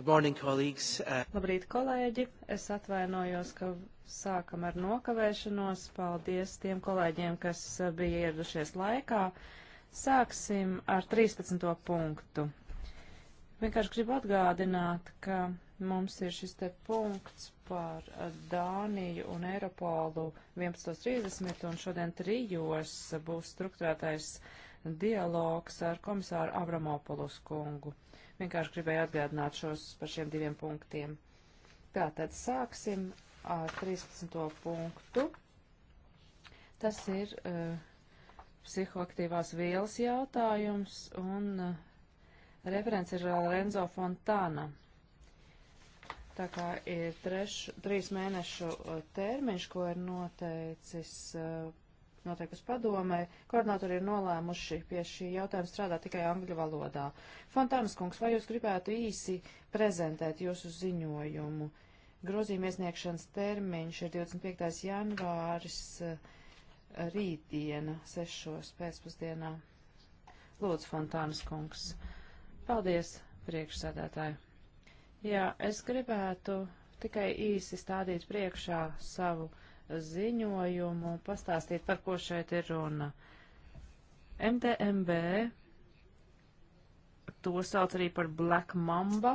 Good morning, colleagues. Uh... Labrīt, kolēģi. Es atvainojos, ka sākam ar nokavēšanos. Paldies tiem kolēģiem, kas uh, bija ieradušies laikā. Sāksim ar 13. punktu. Vienkārši gribu atgādināt, ka mums ir šis te punkts par uh, Dāniju un Eiropolu 11.30 un šodien trijos būs struktūrētais dialogs ar komisāru Avramopolus kungu. Uh, Vienkārši gribēju atgādināt šos par šiem diviem punktiem. Tātad sāksim ar 13. punktu. Tas ir uh, psihoaktīvās vielas jautājums, un uh, referents ir Lorenzo eh, Fontana. Tā kā ir treš, trīs mēnešu termiņš, ko ir noteicis uh, noteikusi padomē, koordinātori ir nolēmuši pie šī jautājuma strādāt tikai angļu valodā. Fontānas kungs, vai jūs gribētu īsi prezentēt jūsu ziņojumu? Grozījuma iesniegšanas termiņš ir 25. janvāris eh, rītdiena, 6. pēcpusdienā. Lūdzu, Fontānas kungs. Paldies, priekšsēdētāji. Jā, es gribētu tikai īsi stādīt priekšā savu uh, ziņojumu un pastāstīt, par ko šeit ir runa. MTMB to sauc arī par Black Mamba.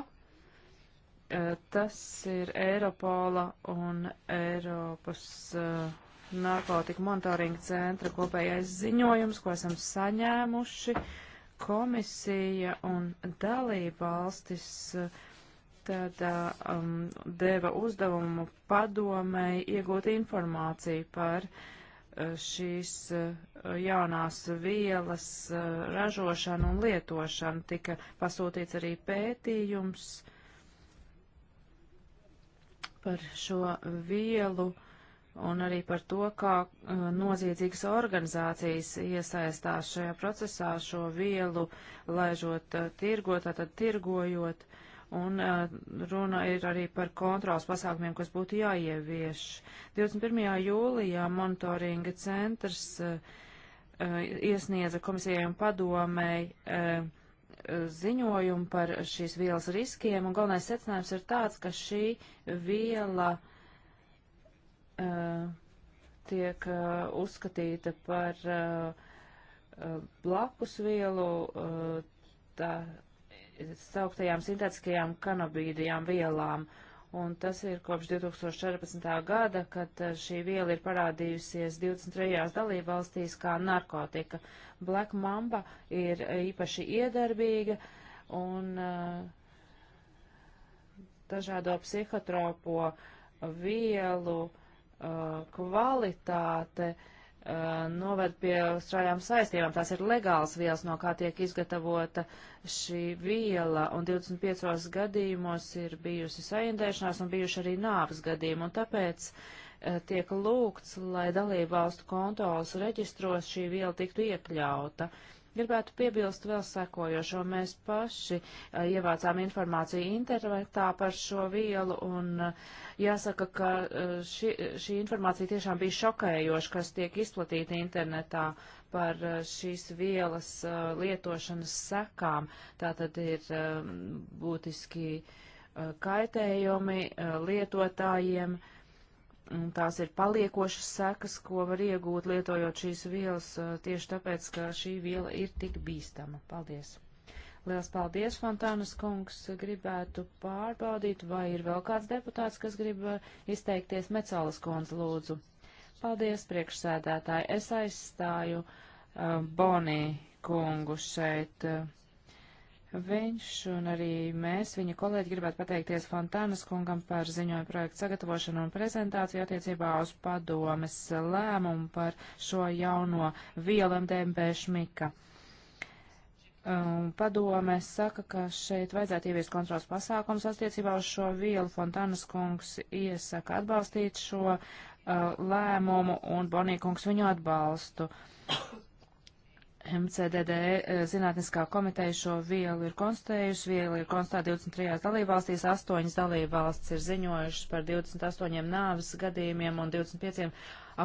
Eh, tas ir Eiropola un Eiropas eh, narkotika monitoringa centra kopējais ziņojums, ko esam saņēmuši. Komisija un dalība valstis uh, tad um, deva uzdevumu padomēji iegūt informāciju par šīs jaunās vielas ražošanu un lietošanu. Tika pasūtīts arī pētījums par šo vielu un arī par to, kā noziedzīgas organizācijas iesaistās šajā procesā šo vielu, laižot tirgot, tātad tirgojot. Un uh, runa ir arī par kontrols pasākumiem, kas būtu jāievieš. 21. jūlijā monitoringa centrs uh, uh, iesniedza komisijai un padomēji ziņojumu par šīs vielas riskiem, un galvenais secinājums ir tāds, ka šī viela tiek uzskatīta par blakus vielu, tā sauktajām sintētiskajām kanabīdijām vielām. Un tas ir kopš 2014. gada, kad eh, šī viela ir parādījusies 23. dalībvalstīs kā narkotika. Black mamba ir eh, īpaši iedarbīga un eh, dažādo psihotropo vielu kvalitāte uh, Uh, noved pie strājām saistībām. Tās ir legāls vielas, no kā tiek izgatavota šī viela, un 25 gadījumos ir bijusi saindēšanās un bijuši arī nāves gadījumi, un tāpēc uh, tiek lūgts, lai dalībvalstu kontrolas reģistros šī viela tiktu iekļauta. Gribētu piebilst vēl sekojošo. Mēs paši uh, ievācām informāciju internetā par šo vielu un uh, jāsaka, ka uh, ši, šī informācija tiešām bija šokējoša, kas tiek izplatīta internetā par šīs vielas lietošanas sekām. Tātad ir būtiski kaitējumi lietotājiem. Uh, Un tās ir paliekošas sekas, ko var iegūt lietojot šīs vielas uh, tieši tāpēc, ka šī viela ir tik bīstama. Paldies! Liels paldies, Fontānas kungs! Gribētu pārbaudīt, vai ir vēl kāds deputāts, kas grib uh, izteikties Mecālas kundz lūdzu. Paldies, priekšsēdētāji! Es aizstāju uh, Bonī kungu šeit. Uh, Viņš un arī mēs, viņa kolēģi, gribētu pateikties Fontānas kungam par ziņojumu projektu sagatavošanu un prezentāciju attiecībā uz padomes lēmumu par šo jauno vielu MDMB šmika. Um, padome saka, ka šeit vajadzētu ieviest kontrols pasākums attiecībā uz šo vielu. Fontānas kungs iesaka atbalstīt šo uh, lēmumu un Bonīkungs viņu atbalstu. MCDD eh, zinātniskā komiteja šo vielu ir konstatējusi. Viela ir konstatēta 23 dalībvalstīs, 8 dalībvalstis ir ziņojušas par 28 nāvis gadījumiem un 25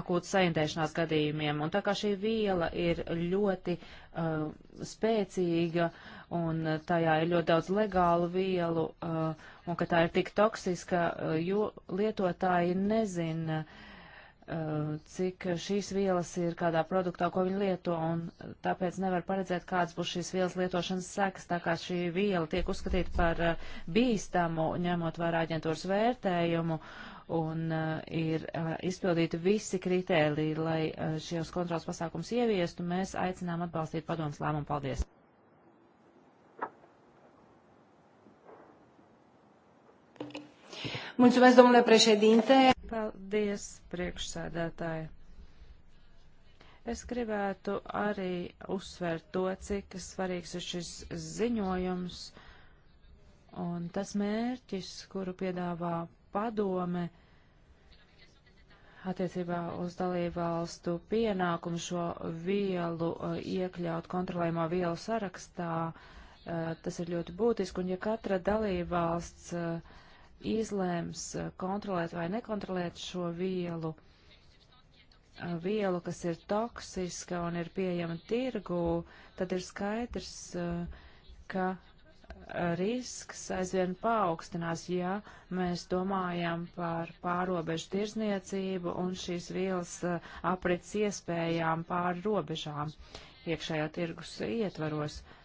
akūtu saindēšanās gadījumiem. Un tā kā šī viela ir ļoti uh, spēcīga un tajā ir ļoti daudz legālu vielu uh, un ka tā ir tik toksiska, uh, jo lietotāji nezina. Uh, Uh, cik šīs vielas ir kādā produktā, ko viņi lieto, un tāpēc nevar paredzēt, kādas būs šīs vielas lietošanas sekas, tā kā šī viela tiek uzskatīta par uh, bīstamu, ņemot vērā aģentūras vērtējumu, un uh, ir izpildīti visi kritēriji, lai šos kontrols pasākums ieviestu, mēs aicinām atbalstīt padomas lēmumu. Paldies! Mulțumesc, domnule președinte. Paldies, priekšsēdētāji. Es gribētu arī uzsvērt to, cik svarīgs ir šis ziņojums un tas mērķis, kuru piedāvā padome attiecībā uz dalībvalstu pienākumu šo vielu uh, iekļaut kontrolējumā vielu sarakstā. Uh, tas ir ļoti būtiski, un ja katra dalībvalsts uh, izlēms eh, kontrolēt vai nekontrolēt šo vielu, eh, vielu, kas ir toksiska un ir pieejama tirgū, tad ir skaidrs, eh, ka risks aizvien paaugstinās, ja mēs domājam par pārobežu tirzniecību un šīs vielas aprits iespējām pāri robežām iekšējā tirgus ietvaros. Uh,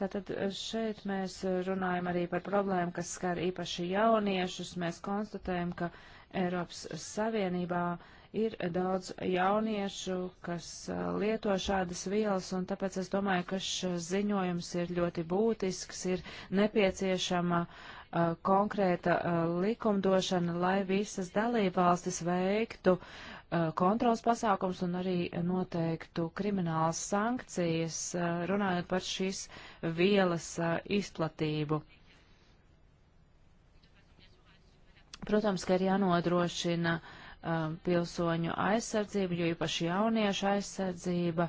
Tātad eh, šeit mēs eh, runājam arī par problēmu, kas skar īpaši jauniešus. Mēs konstatējam, ka Eiropas Savienībā ir daudz jauniešu, kas eh, lieto šādas vielas, un tāpēc es domāju, ka šis ziņojums ir ļoti būtisks, ir nepieciešama a, konkrēta a, likumdošana, lai visas dalībvalstis veiktu uh, Uh, kontrols pasākums un arī noteiktu kriminālas sankcijas, uh, runājot par šīs vielas uh, izplatību. Protams, ka ir jānodrošina pilsoņu aizsardzība, jo īpaši jauniešu aizsardzība.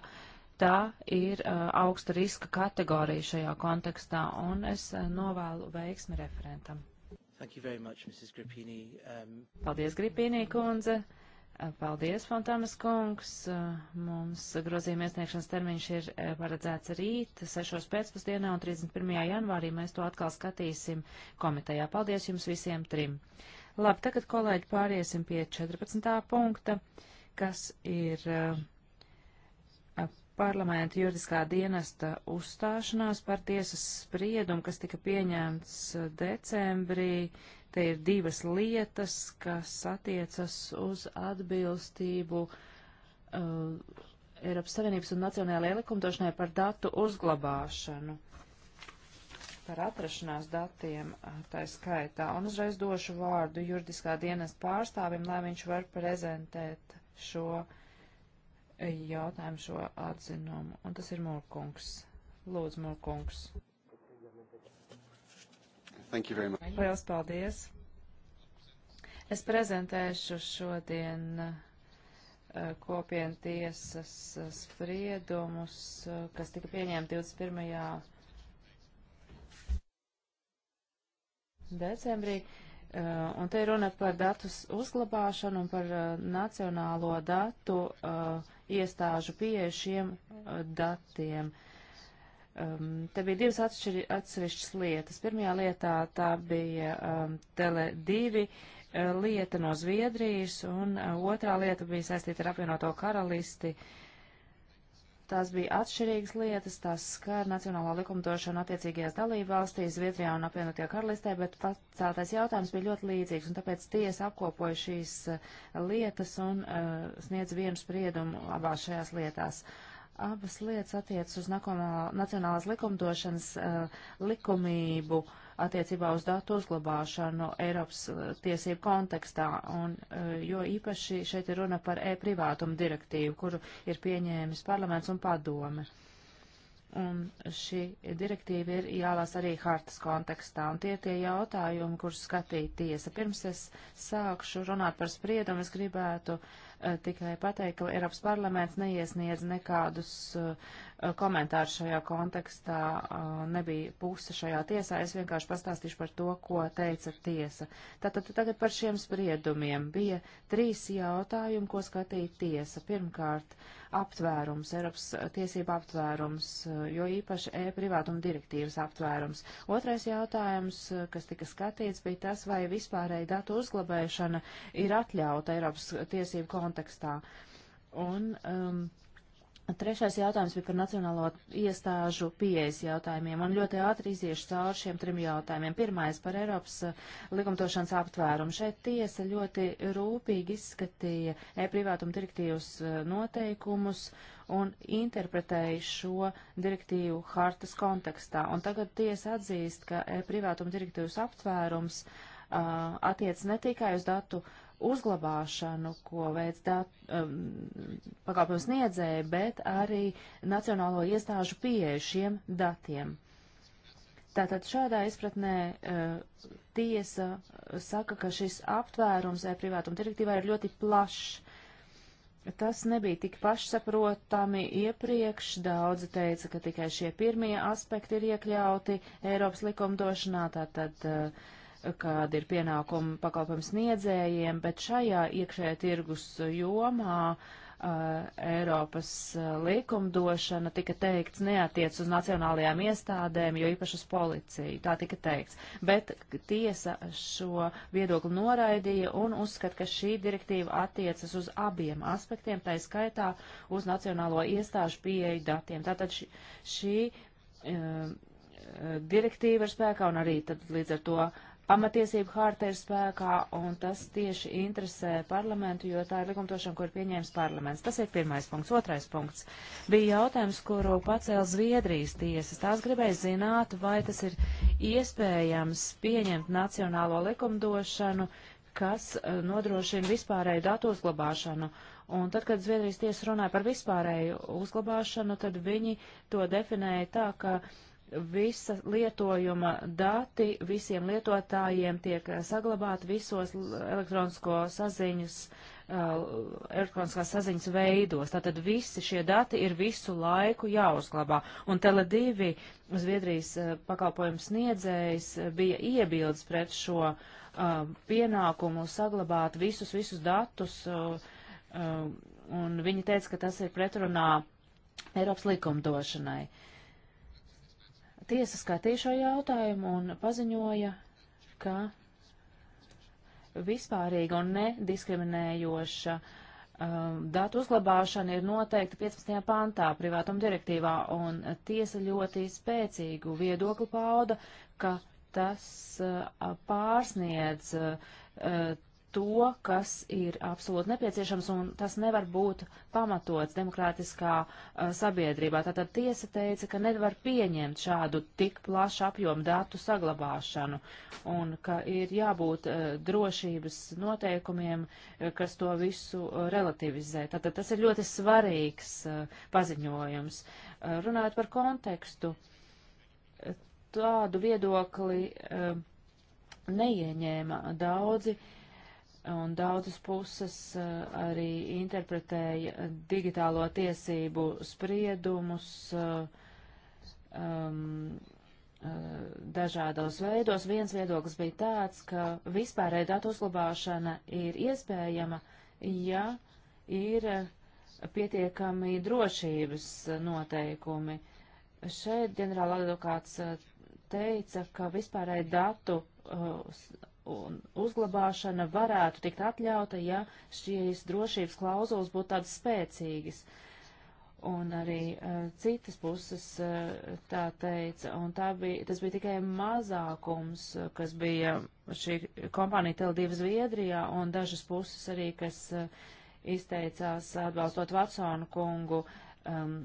Tā ir augsta riska kategorija šajā kontekstā, un es novēlu veiksmi referentam. Much, um... Paldies, Gripīnī kundze. Paldies, Fontānas kungs. Mums grozījuma iesniegšanas termiņš ir eh, paredzēts rīt, 6. pēcpusdienā un 31. janvārī mēs to atkal skatīsim komitejā. Paldies jums visiem trim. Labi, tagad, kolēģi, pāriesim pie 14. punkta, kas ir eh, parlamenta juridiskā dienesta uzstāšanās par tiesas spriedumu, kas tika pieņemts eh, decembrī Te ir divas lietas, kas attiecas uz atbilstību uh, Eiropas Savienības un Nacionālajai likumdošanai par datu uzglabāšanu, par atrašanās datiem uh, tā skaitā. Un uzreiz došu vārdu juridiskā dienesta pārstāvim, lai viņš var prezentēt šo jautājumu, šo atzinumu. Un tas ir Mūrkungs. Lūdzu, Mūrkungs. Thank you very much. Liels paldies. Es prezentēšu šodien eh, kopienu tiesas eh, spriedumus, eh, kas tika pieņemti 21. decembrī. Un te ir runa par datus uzglabāšanu un par nacionālo datu iestāžu pieeju šiem datiem. Uh, Um, te bija divas atšķiri, atsevišķas lietas. Pirmajā lietā tā bija um, tele divi uh, lieta no Zviedrijas, un uh, otrā lieta bija saistīta ar apvienoto karalisti. Tās bija atšķirīgas lietas, tās skar nacionālā likumdošana attiecīgajās dalībvalstīs, Zviedrijā un apvienotajā karalistē, bet paceltais jautājums bija ļoti līdzīgs, un tāpēc tiesa apkopoja šīs uh, lietas un uh, sniedz vienu spriedumu abās šajās lietās. Uh, Abas lietas attiecas uz nacionālās likumdošanas uh, likumību attiecībā uz datu uzglabāšanu Eiropas uh, tiesību kontekstā, un, uh, jo īpaši šeit ir runa par e-privātumu direktīvu, kuru ir pieņēmis parlaments un padome. Un šī direktīva ir jālās arī hartas kontekstā, un tie tie jautājumi, kurus skatīja tiesa. Pirms es sākšu runāt par spriedumu, es gribētu uh, Eh, tikai pateikt, ka Eiropas parlaments neiesniedz nekādus eh, komentārus šajā kontekstā, eh, nebija puse šajā tiesā. Es vienkārši pastāstīšu par to, ko teica tiesa. Tātad tagad par šiem spriedumiem. Bija trīs jautājumi, ko skatīja tiesa. Pirmkārt, aptvērums, Eiropas tiesība aptvērums, jo īpaši e-privātuma direktīvas aptvērums. Otrais jautājums, kas tika skatīts, bija tas, vai vispārēji datu uzglabēšana ir atļauta Eiropas tiesību kontekstā kontekstā. Un, um, Trešais jautājums bija par nacionālo iestāžu pieejas jautājumiem. Un ļoti ātri iziešu cauri šiem trim jautājumiem. Pirmais par Eiropas uh, likumdošanas aptvērumu. Šeit tiesa ļoti rūpīgi izskatīja e-privātuma direktīvas uh, noteikumus un interpretēja šo direktīvu hartas kontekstā. Un tagad tiesa atzīst, ka e-privātuma direktīvas aptvērums uh, attiec ne tikai uz datu uh, uzglabāšanu, ko veids dat, um, pakalpojums sniedzēja, bet arī nacionālo iestāžu pieeju šiem datiem. Tātad šādā izpratnē uh, tiesa uh, saka, ka šis aptvērums e-privātuma direktīvā ir ļoti plašs. Tas nebija tik pašsaprotami iepriekš. Daudzi teica, ka tikai šie pirmie aspekti ir iekļauti Eiropas likumdošanā, tātad uh, kāda ir pienākuma pakalpojumu sniedzējiem, bet šajā iekšējā tirgus jomā Uh, Eiropas uh, likumdošana, tika teikts, neatiec uz nacionālajām iestādēm, jo īpaši uz policiju. Tā tika teikts. Bet tiesa šo viedokli noraidīja un uzskata, ka šī direktīva attiecas uz abiem aspektiem, tā skaitā uz nacionālo iestāžu pieeju datiem. Tātad šī. šī um, uh, direktīva ir spēkā un arī tad līdz ar to uh, Pamatiesība hārta ir spēkā, un tas tieši interesē parlamentu, jo tā ir likumdošana, kur pieņēmis parlaments. Tas ir pirmais punkts. Otrais punkts bija jautājums, kuru pacēla Zviedrijas tiesas. Tās gribēja zināt, vai tas ir iespējams pieņemt nacionālo likumdošanu, kas uh, nodrošina vispārēju datu uzglabāšanu. Un tad, kad Zviedrijas tiesa runāja par vispārēju uzglabāšanu, tad viņi to definēja tā, ka uh, visa lietojuma dati visiem lietotājiem tiek eh, saglabāti visos elektronisko saziņas, eh, elektroniskās saziņas veidos. Tātad visi šie dati ir visu laiku jāuzglabā. Un Tele2 Zviedrijas eh, pakalpojums sniedzējs bija iebildes pret šo uh, pienākumu saglabāt visus, visus datus. Uh, uh, un viņi teica, ka tas ir pretrunā Eiropas likumdošanai. Uh, Tiesa skatīja šo jautājumu un paziņoja, ka vispārīga un nediskriminējoša um, datu uzglabāšana ir noteikta 15. pantā privātuma direktīvā, un tiesa ļoti spēcīgu viedokli pauda, ka tas uh, pārsniedz uh, to, kas ir absolūti nepieciešams, un tas nevar būt pamatots demokrātiskā uh, sabiedrībā. Tātad tiesa teica, ka nevar pieņemt šādu tik plašu apjomu datu saglabāšanu, un ka ir jābūt uh, drošības noteikumiem, uh, kas to visu uh, relativizē. Tātad tas ir ļoti svarīgs uh, paziņojums. Uh, runājot par kontekstu, tādu viedokli neieņēma daudzi. Uh, un daudzas puses eh, arī interpretēja digitālo tiesību spriedumus eh, um, eh, dažādos veidos. Viens viedoklis bija tāds, ka vispārēja datu uzglabāšana ir iespējama, ja ir pietiekami drošības noteikumi. Šeit ģenerāla advokāts teica, ka vispārēja datu uh, un uzglabāšana varētu tikt atļauta, ja šīs drošības klauzulas būtu tādas spēcīgas. Un arī uh, citas puses uh, tā teica, un tā bija, tas bija tikai mazākums, eh, kas bija šī kompānija Tele2 Zviedrijā, un dažas puses arī, kas uh, izteicās atbalstot Vatsonu kungu. Um,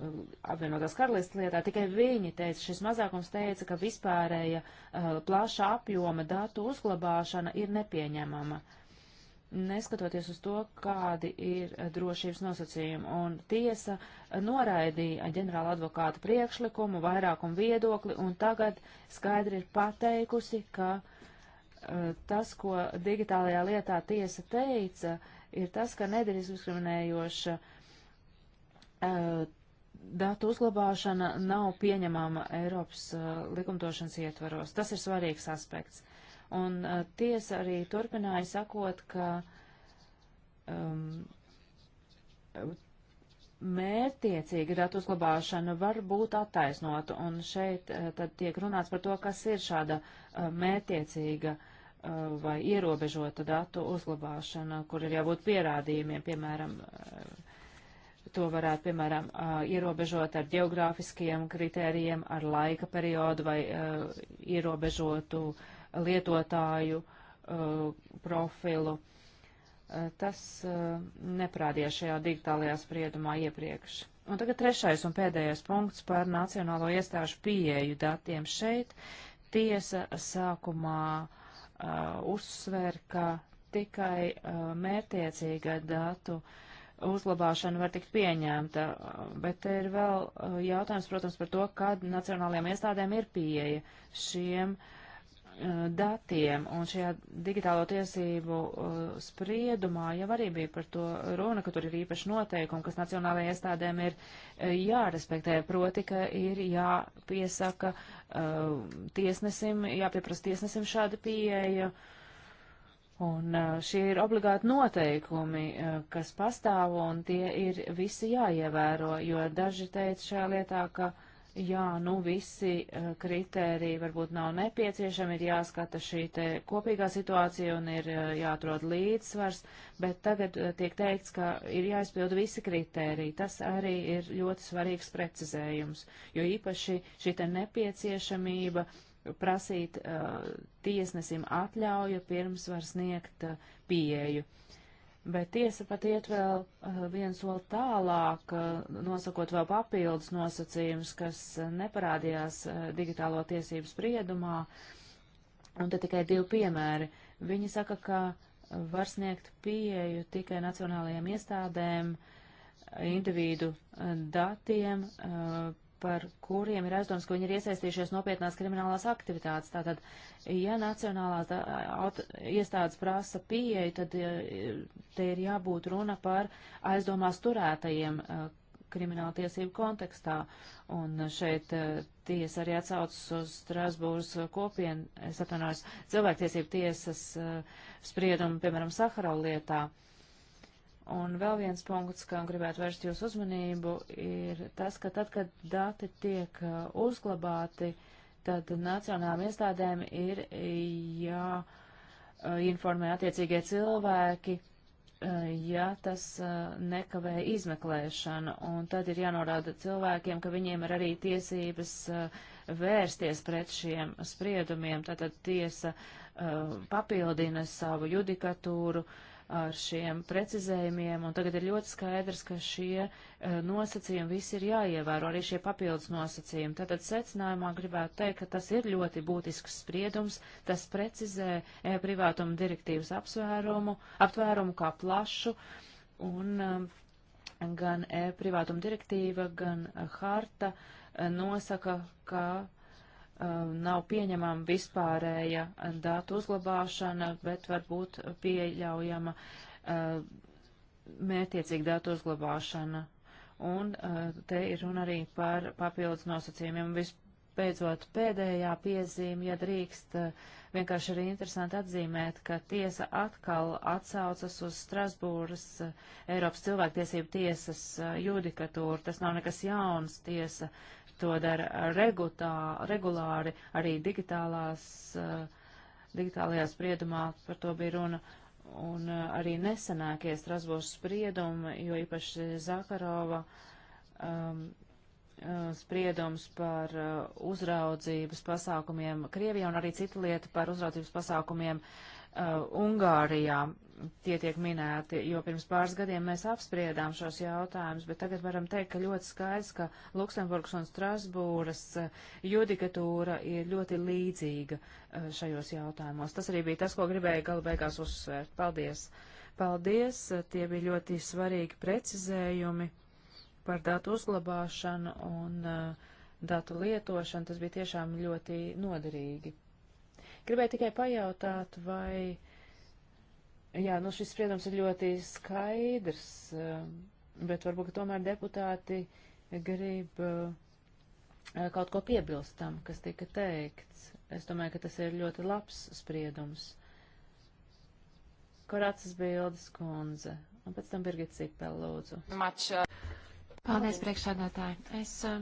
Um, apvienotās karalistas lietā, tikai viņi teica, šis mazākums teica, ka vispārēja uh, plaša apjoma datu uzglabāšana ir nepieņemama, neskatoties uz to, kādi ir uh, drošības nosacījumi. Un tiesa uh, noraidīja ģenerāla advokāta priekšlikumu, vairākumu viedokli, un tagad skaidri ir pateikusi, ka tas, ko digitālajā lietā tiesa teica, ir tas, ka nedarīs diskriminējoša datu uzglabāšana nav pieņemama Eiropas uh, likumdošanas ietvaros. Tas ir svarīgs aspekts. Un uh, tiesa arī turpināja sakot, ka um, mērtiecīga datu uzglabāšana var būt attaisnota, un šeit uh, tad tiek runāts par to, kas ir šāda uh, mērtiecīga uh, vai ierobežota datu uzglabāšana, kur ir jābūt pierādījumiem, piemēram, uh, to varētu, piemēram, ierobežot ar geogrāfiskiem kritērijiem, ar laika periodu vai ierobežotu lietotāju profilu. Tas neprādījās šajā digitālajā spriedumā iepriekš. Un tagad trešais un pēdējais punkts par nacionālo iestāžu pieeju datiem šeit. Tiesa sākumā uh, uzsver, ka tikai uh, mērtiecīga datu uh, uzglabāšana var tikt pieņemta, bet te ir vēl uh, jautājums, protams, par to, kad nacionālajām iestādēm ir pieeja šiem uh, datiem, un šajā digitālo tiesību uh, spriedumā jau arī bija par to runa, ka tur ir īpaši noteikumi, kas nacionālajai iestādēm ir uh, jārespektē, proti, ka ir jāpiesaka uh, tiesnesim, jāpieprasa tiesnesim šāda pieeja, uh, Un šie ir obligāti noteikumi, kas pastāv, un tie ir visi jāievēro, jo daži teica šajā lietā, ka jā, nu visi kritēriji varbūt nav nepieciešami, ir jāskata šī te kopīgā situācija un ir jāatrod līdzsvars, bet tagad tiek teikts, ka ir jāizpild visi kritēriji. Tas arī ir ļoti svarīgs precizējums, jo īpaši šī te nepieciešamība prasīt uh, tiesnesim atļauju pirms var sniegt uh, pieeju. Bet tiesa pat iet vēl uh, eh, viens soli tālāk, nosakot vēl papildus nosacījumus, kas neparādījās digitālo tiesību spriedumā. Un te tikai divi piemēri. Viņi saka, ka var sniegt pieeju tikai nacionālajiem iestādēm, individu datiem, par kuriem ir aizdoms, ka viņi ir iesaistījušies nopietnās kriminālās aktivitātes. Tātad, ja nacionālās tā, aut, iestādes prasa pieeju, tad te ir jābūt runa par aizdomās turētajiem eh, krimināla tiesību kontekstā. Un šeit eh, tiesa arī atsaucas uz Strasbūras kopienu, es atvainojos, cilvēktiesību tiesas eh, spriedumu, piemēram, Saharau lietā. Uh, Un vēl viens punkts, kā gribētu vērst jūsu uzmanību, ir tas, ka tad, kad dati tiek uh, uzglabāti, tad nacionālām iestādēm ir jāinformē uh, attiecīgie cilvēki, uh, ja tas nekavē izmeklēšanu. Un tad ir jānorāda cilvēkiem, ka viņiem ir arī tiesības vērsties pret šiem spriedumiem. Tātad tiesa papildina savu judikatūru. Uh, ar šiem precizējumiem, un tagad ir ļoti skaidrs, ka šie uh, nosacījumi visi ir jāievēro, arī šie papildus nosacījumi. Tātad secinājumā gribētu teikt, ka tas ir ļoti būtisks spriedums, tas precizē e privātuma direktīvas apsvērumu, aptvērumu kā plašu, un um, gan e privātuma direktīva, gan harta e, nosaka, ka Um, nav pieņemama vispārēja datu uzglabāšana, bet varbūt pieļaujama uh, mērķiecīga datu uzglabāšana. Un uh, te ir runa arī par papildus nosacījumiem. Vispēcot pēdējā piezīme, ja drīkst, uh, vienkārši arī interesanti atzīmēt, ka tiesa atkal atsaucas uz Strasbūras Eiropas cilvēktiesību tiesas judikatūru. Tas nav nekas jauns tiesa to dara regulā, regulāri, arī digitālās, eh, digitālajā spriedumā par to bija runa. Un eh, arī nesenākie Strasbūras spriedumi, jo īpaši Zakarova um, spriedums par uzraudzības pasākumiem Krievijā un arī cita lieta par uzraudzības pasākumiem uh, uh, Ungārijā. Tie tiek minēti, jo pirms pāris gadiem mēs apspriedām šos jautājumus, bet tagad varam teikt, ka ļoti skaidrs, ka Luksemburgas un Strasbūras uh, judikatūra ir ļoti līdzīga uh, šajos jautājumos. Tas arī bija tas, ko gribēju galu beigās uzsvērt. Paldies! Paldies! Tie bija ļoti svarīgi precizējumi par datu uzglabāšanu un uh, datu lietošanu. Tas bija tiešām ļoti noderīgi. Gribēju tikai pajautāt, vai. Jā, nu šis spriedums ir ļoti skaidrs, um, bet varbūt tomēr deputāti grib uh, kaut ko piebilst tam, kas tika teikts. Es domāju, ka tas ir ļoti labs spriedums. Korācis Bildes kundze, un pēc tam Birgit Cipel, lūdzu. Mačā. Uh, Paldies, priekšsādātāji. Es uh,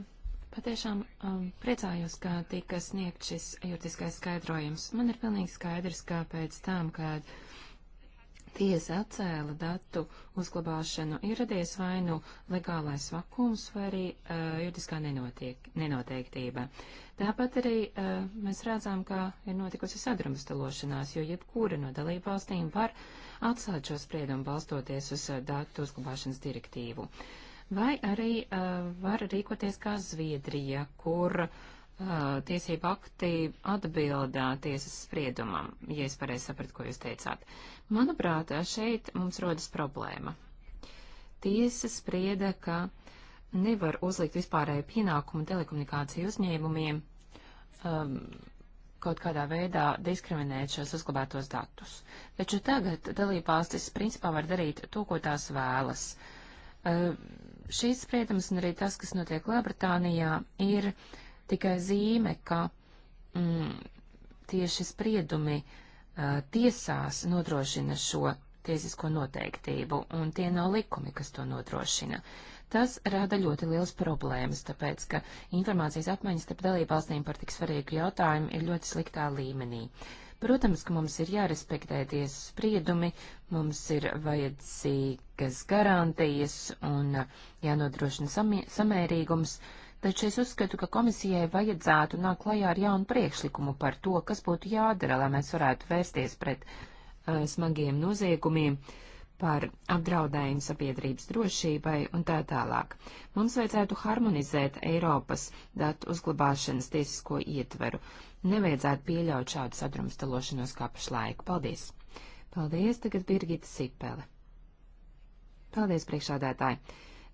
Patiešām um, priecājos, ka tika sniegt šis juridiskais skaidrojums. Man ir pilnīgi skaidrs, ka pēc tam, kad tiesa atcēla datu uzglabāšanu, ir radies vai nu legālais vakums, vai arī uh, juridiskā nenotiek, nenoteiktība. Tāpat arī uh, mēs redzam, ka ir notikusi sadrumstalošanās, jo jebkura no dalību valstīm var atstāt šo spriedumu balstoties uz uh, datu uzglabāšanas direktīvu. Uh, vai arī uh, var rīkoties kā Zviedrija, kur uh, eh, tiesība akti atbildā eh, tiesas spriedumam, ja es pareizi sapratu, ko jūs teicāt. Manuprāt, šeit mums rodas problēma. Tiesa sprieda, ka nevar uzlikt vispārēju pienākumu telekomunikāciju uzņēmumiem um, kaut kādā veidā diskriminēt šos uzglabātos datus. Taču tagad dalībvalstis principā var darīt to, ko tās vēlas. Um, Šīs spriedums un arī tas, kas notiek Lielbritānijā, ir tikai zīme, ka mm, tieši spriedumi uh, tiesās nodrošina šo tiesisko noteiktību, un tie nav likumi, kas to nodrošina. Tas rada ļoti liels problēmas, tāpēc, ka informācijas apmaiņas starp dalībvalstīm par tik svarīgu jautājumu ir ļoti sliktā līmenī. Uh, Protams, ka mums ir jārespektē tiesas spriedumi, mums ir vajadzīgas garantijas un uh, jānodrošina samie, samērīgums, taču es uzskatu, ka komisijai vajadzētu nākt klajā ar jaunu priekšlikumu par to, kas būtu jādara, lai mēs varētu vērsties pret uh, smagiem noziegumiem. Uh, par apdraudējumu sabiedrības drošībai un tā tālāk. Mums vajadzētu harmonizēt Eiropas datu uzglabāšanas tiesisko ietveru. Nevajadzētu pieļaut šādu sadrumstalošanos kā pašlaik. Paldies! Paldies, tagad Birgita Sipele. Paldies, priekšādētāji!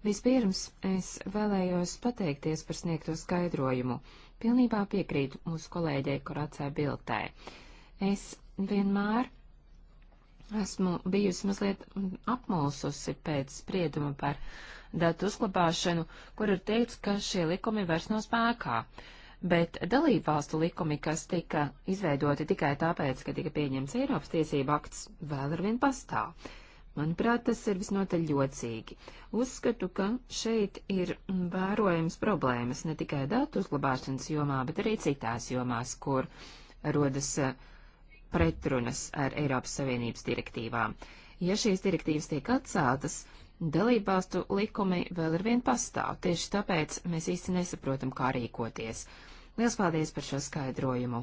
Vispirms es vēlējos pateikties par sniegto skaidrojumu. Pilnībā piekrītu mūsu kolēģei Koracē Biltē. Es vienmēr Esmu bijusi mazliet apmulsusi pēc sprieduma par datu uzglabāšanu, kur ir teikts, ka šie likumi vairs nav spēkā. Bet dalībvalstu likumi, kas tika izveidoti tikai tāpēc, ka tika pieņemts Eiropas tiesība akts, vēl ar vien pastāv. Manuprāt, tas ir visnotaļ jocīgi. Uzskatu, ka šeit ir vērojams problēmas ne tikai datu uzglabāšanas jomā, bet arī citās jomās, kur rodas uh, pretrunas ar Eiropas Savienības direktīvām. Ja šīs direktīvas tiek atceltas, dalībvalstu likumi vēl ir vien pastāv, tieši tāpēc mēs īsti nesaprotam, kā rīkoties. Liels paldies par šo skaidrojumu.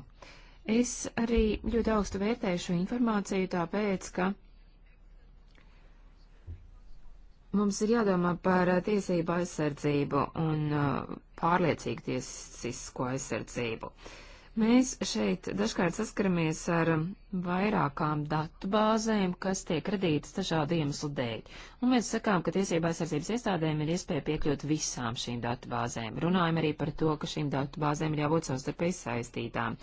Es arī ļoti augstu vērtēju šo informāciju, tāpēc, ka mums ir jādomā par tiesību aizsardzību un pārliecīgu tiesisko aizsardzību. Uh, Mēs šeit dažkārt saskaramies ar vairākām datu bāzēm, kas tiek radītas dažādu iemeslu dēļ. Un mēs sakām, ka tiesībā aizsardzības iestādēm ir iespēja piekļūt visām šīm datu bāzēm. Runājam arī par to, ka šīm datu bāzēm ir jābūt savstarpēji saistītām.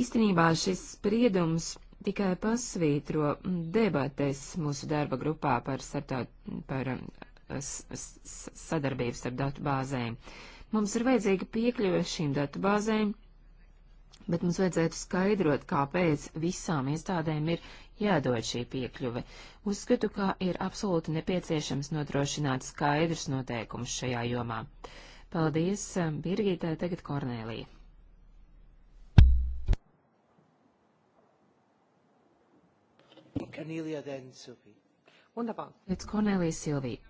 Īstenībā šis spriedums tikai pasvītro debates mūsu darba grupā par, sartā, par um, sadarbības ar datu bāzēm. Mums ir vajadzīga piekļuve šīm datu bāzēm, bet mums vajadzētu skaidrot, kāpēc visām iestādēm ir jādod šī piekļuve. Uzskatu, ka ir absolūti nepieciešams nodrošināt skaidrus noteikumus šajā jomā. Paldies, um, Birgītē, tagad Kornēlija. Kornelija Dēn Silvija. Un labāk. Pēc Kornelijas Silvija.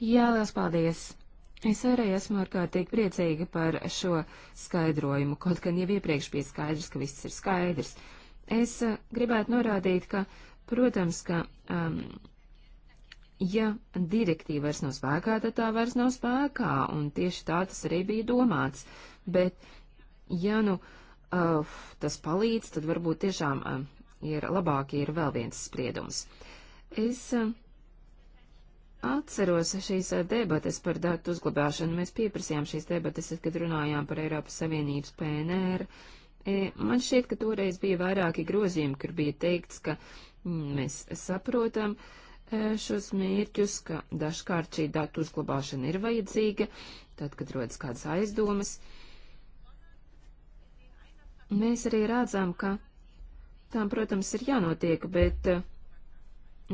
Jā, liels paldies. Es arī esmu ārkārtīgi priecīga par šo skaidrojumu, kaut gan jau iepriekš bija skaidrs, ka viss ir skaidrs. Es a, eh, gribētu norādīt, ka, protams, ka, um, ja direktīva vairs nav spēkā, tad tā vairs nav spēkā, un tieši tā tas arī bija domāts. Bet, ja nu uh, tas palīdz, tad varbūt tiešām uh, ir labāk, ja ir vēl viens spriedums. Es uh, Atceros šīs debates par datu uzglabāšanu. Mēs pieprasījām šīs debates, kad runājām par Eiropas Savienības PNR. E, man šķiet, ka toreiz bija vairāki grozījumi, kur bija teikts, ka mm, mēs saprotam šos mērķus, ka dažkārt šī datu uzglabāšana ir vajadzīga, tad, kad rodas kādas aizdomas. Mēs arī redzam, ka tām, protams, ir jānotiek, bet uh,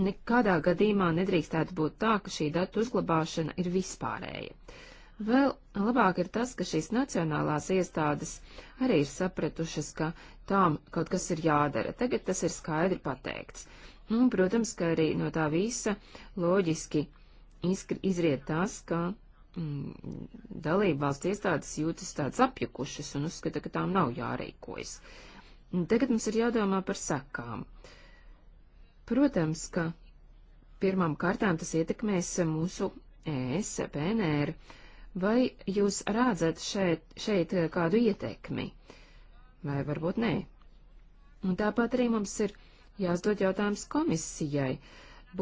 nekādā gadījumā nedrīkstētu būt tā, ka šī datu uzglabāšana ir vispārēja. Vēl labāk ir tas, ka šīs nacionālās iestādes arī ir sapratušas, ka tām kaut kas ir jādara. Tagad tas ir skaidri pateikts. Nu, un, protams, ka arī no tā visa loģiski izriet tas, ka mm, dalība valsts iestādes jūtas tādas apjukušas un uzskata, ka tām nav jārīkojas. Tagad mums ir jādomā par sekām. Uh, Protams, ka pirmām kārtām tas ietekmēs mūsu ES, PNR. Vai jūs rādzat šeit, šeit kādu ietekmi? Vai varbūt nē? Un tāpat arī mums ir jāuzdod jautājums komisijai.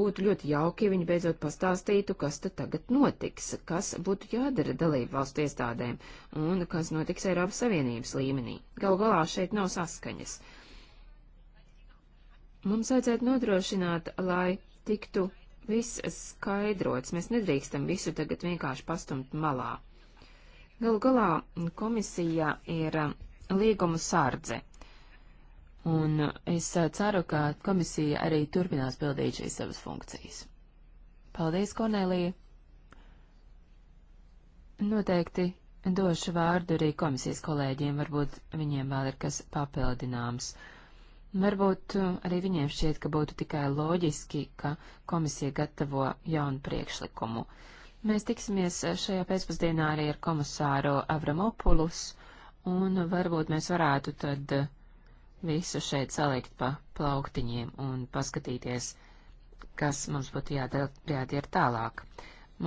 Būtu ļoti jauki, ja viņi beidzot pastāstītu, kas tad tagad notiks, kas būtu jādara dalību valstu iestādēm un kas notiks Eiropas Savienības līmenī. Galu galā šeit nav saskaņas. Uh, Mums vajadzētu nodrošināt, lai tiktu viss skaidrots. Mēs nedrīkstam visu tagad vienkārši pastumt malā. Galu galā komisija ir um, līgumu sārdze. Un es uh, ceru, ka komisija arī turpinās pildīt šīs savas funkcijas. Paldies, Kornelija! Noteikti došu vārdu arī komisijas kolēģiem, varbūt viņiem vēl ir kas papildināms. Uh, Varbūt uh, arī viņiem šķiet, ka būtu tikai loģiski, ka komisija gatavo jaunu priekšlikumu. Mēs tiksimies uh, šajā pēcpusdienā arī ar komisāru Avramopulus, un varbūt mēs varētu tad uh, visu šeit salikt pa plauktiņiem un paskatīties, kas mums būtu jādara tālāk.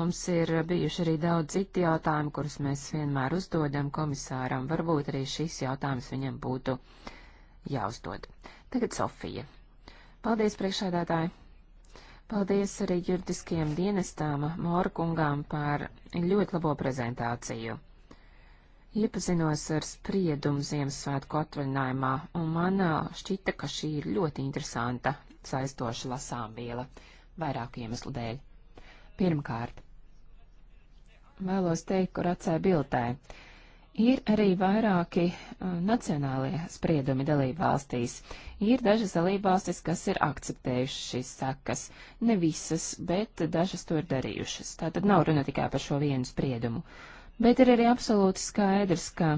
Mums ir bijuši arī daudz citi jautājumi, kurus mēs vienmēr uzdodam komisāram. Varbūt arī šis jautājums viņam būtu jāuzdod. Tagad Sofija. Paldies, priekšādātāji! Paldies arī juridiskajiem dienestām Morkungām par ļoti labo prezentāciju. Iepazinos ar spriedumu Ziemassvētku atvaļinājumā, un man šķita, ka šī ir ļoti interesanta, saistoša lasāmviela vairāku iemeslu dēļ. Pirmkārt, vēlos teikt, kur atsē biltē, Ir arī vairāki uh, nacionālie spriedumi dalību valstīs. Ir dažas dalību valstis, kas ir akceptējušas šīs sakas. Ne visas, bet dažas to ir darījušas. Tātad nav runa tikai par šo vienu spriedumu. Bet ir arī absolūti skaidrs, ka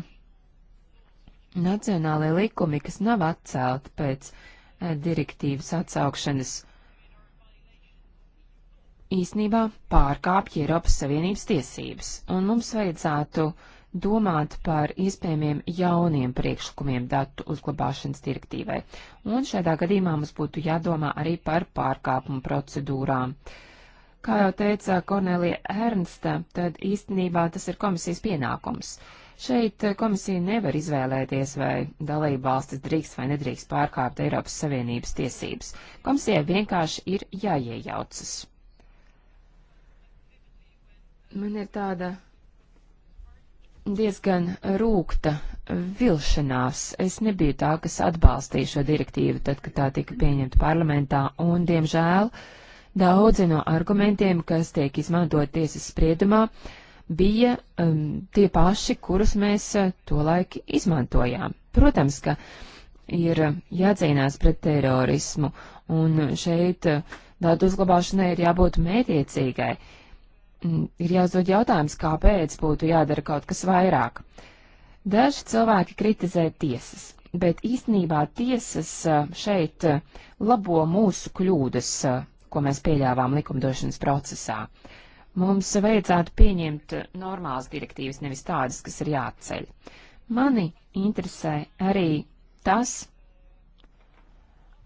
nacionālie likumi, kas nav atcelti pēc uh, direktīvas atsaukšanas, īsnībā pārkāpja Eiropas Savienības tiesības, un mums vajadzētu uh, domāt par iespējamiem jauniem priekšlikumiem datu uzglabāšanas direktīvai, un šādā gadījumā mums būtu jādomā arī par pārkāpumu procedūrām. Kā jau teica Kornelija Ernsta, tad īstenībā tas ir komisijas pienākums. Šeit komisija nevar izvēlēties, vai dalība valstis drīkst vai nedrīkst pārkāpt Eiropas Savienības tiesības. Komisijai vienkārši ir jāiejaucas. Man ir tāda diezgan rūkta vilšanās. Es nebiju tā, kas atbalstīja šo direktīvu, tad, kad tā tika pieņemta parlamentā, un, diemžēl, daudzi no argumentiem, kas tiek izmantot tiesas spriedumā, bija um, tie paši, kurus mēs uh, tolaik izmantojām. Protams, ka ir uh, jācīnās pret terorismu, un šeit uh, datu uzglabāšanai ir jābūt mētiecīgai. Uh, Mm, ir jāuzdod jautājums, kāpēc būtu jādara kaut kas vairāk. Daži cilvēki kritizē tiesas, bet īstenībā tiesas šeit labo mūsu kļūdas, ko mēs pieļāvām likumdošanas procesā. Mums vajadzētu pieņemt normālas direktīvas, nevis tādas, kas ir jāatceļ. Mani interesē arī tas,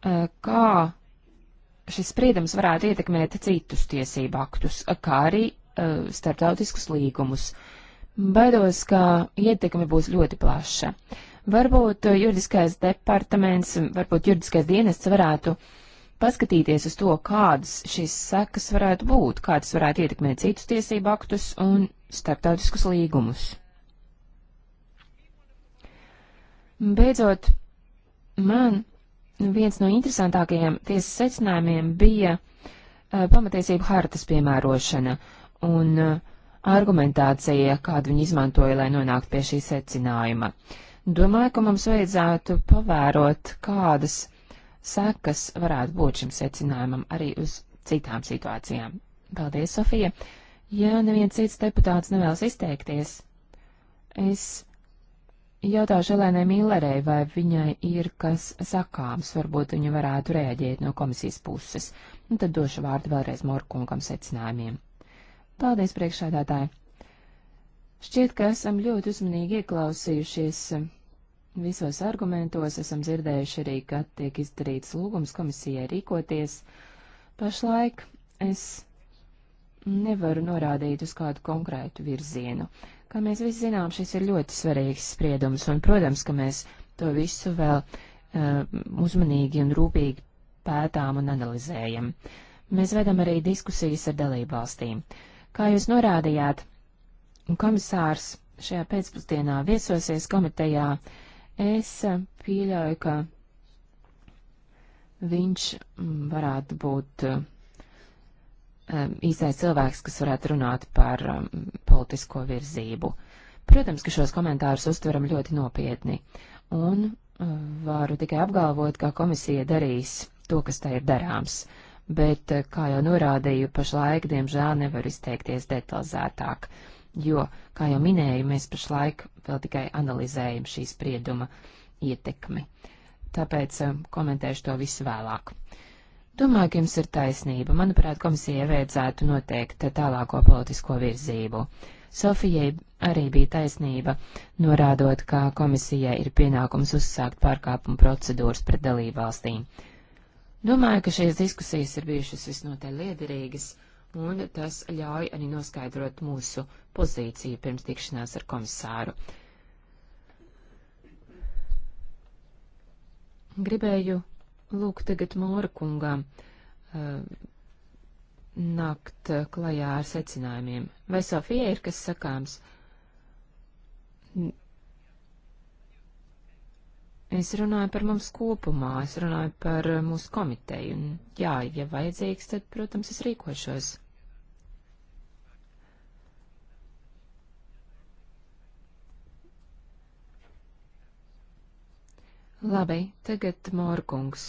kā šis spriedums varētu ietekmēt citus tiesību aktus, kā arī uh, starptautiskus līgumus. Baidos, ka ietekme būs ļoti plaša. Varbūt uh, juridiskais departaments, varbūt juridiskais dienests varētu paskatīties uz to, kādas šīs sekas varētu būt, kādas varētu ietekmēt citus tiesību aktus un starptautiskus līgumus. Beidzot, man viens no interesantākajiem tiesas secinājumiem bija uh, pamatiesību hartas piemērošana. Uh, un uh, argumentācija, kādu viņi izmantoja, lai nonāktu pie šī secinājuma. Domāju, ka mums vajadzētu pavērot, kādas sekas varētu būt šim secinājumam arī uz citām situācijām. Paldies, Sofija! Ja neviens cits deputāts nevēlas izteikties, es jautāšu Elēnai Millerei, vai viņai ir kas sakāms, varbūt viņa varētu rēģēt no komisijas puses, un tad došu vārdu vēlreiz Morkunkam secinājumiem. Paldies, priekšādātāji! Šķiet, ka esam ļoti uzmanīgi ieklausījušies visos argumentos, esam dzirdējuši arī, ka tiek izdarīts lūgums komisijai rīkoties. Pašlaik es nevaru norādīt uz kādu konkrētu virzienu. Kā mēs visi zinām, šis ir ļoti svarīgs spriedums, un, protams, ka mēs to visu vēl uh, uzmanīgi un rūpīgi pētām un analizējam. Mēs vedam arī diskusijas ar dalībvalstīm. valstīm. Kā jūs norādījāt, komisārs šajā pēcpusdienā viesosies komitejā. Es eh, pieļauju, ka viņš mm, varētu būt eh, eh, īstais cilvēks, kas varētu runāt par mm, politisko virzību. Protams, ka šos komentārus uztveram ļoti nopietni, un varu tikai apgalvot, ka komisija darīs to, kas tā ir darāms. Uh, bet, eh, kā jau norādīju, pašlaik, diemžēl, nevar izteikties detalizētāk, jo, kā jau minēju, mēs pašlaik vēl tikai analizējam šī sprieduma ietekmi. Tāpēc eh, komentēšu to visu vēlāk. Domāju, ka jums ir taisnība. Manuprāt, komisijai vajadzētu noteikt tālāko politisko virzību. Sofijai arī bija taisnība, norādot, ka komisijai ir pienākums uzsākt pārkāpumu procedūras pret dalībvalstīm. valstīm. Domāju, ka šīs diskusijas ir bijušas visnotaļ liederīgas, un tas ļauj arī noskaidrot mūsu pozīciju pirms tikšanās ar komisāru. Gribēju lūgt tagad Māra kungām eh, nakt klajā ar secinājumiem. Vai Sofija ir kas sakāms? Es runāju par mums kopumā, es runāju par eh, mūsu komiteju, un jā, ja vajadzīgs, tad, protams, es rīkošos. Labi, tagad Morkungs.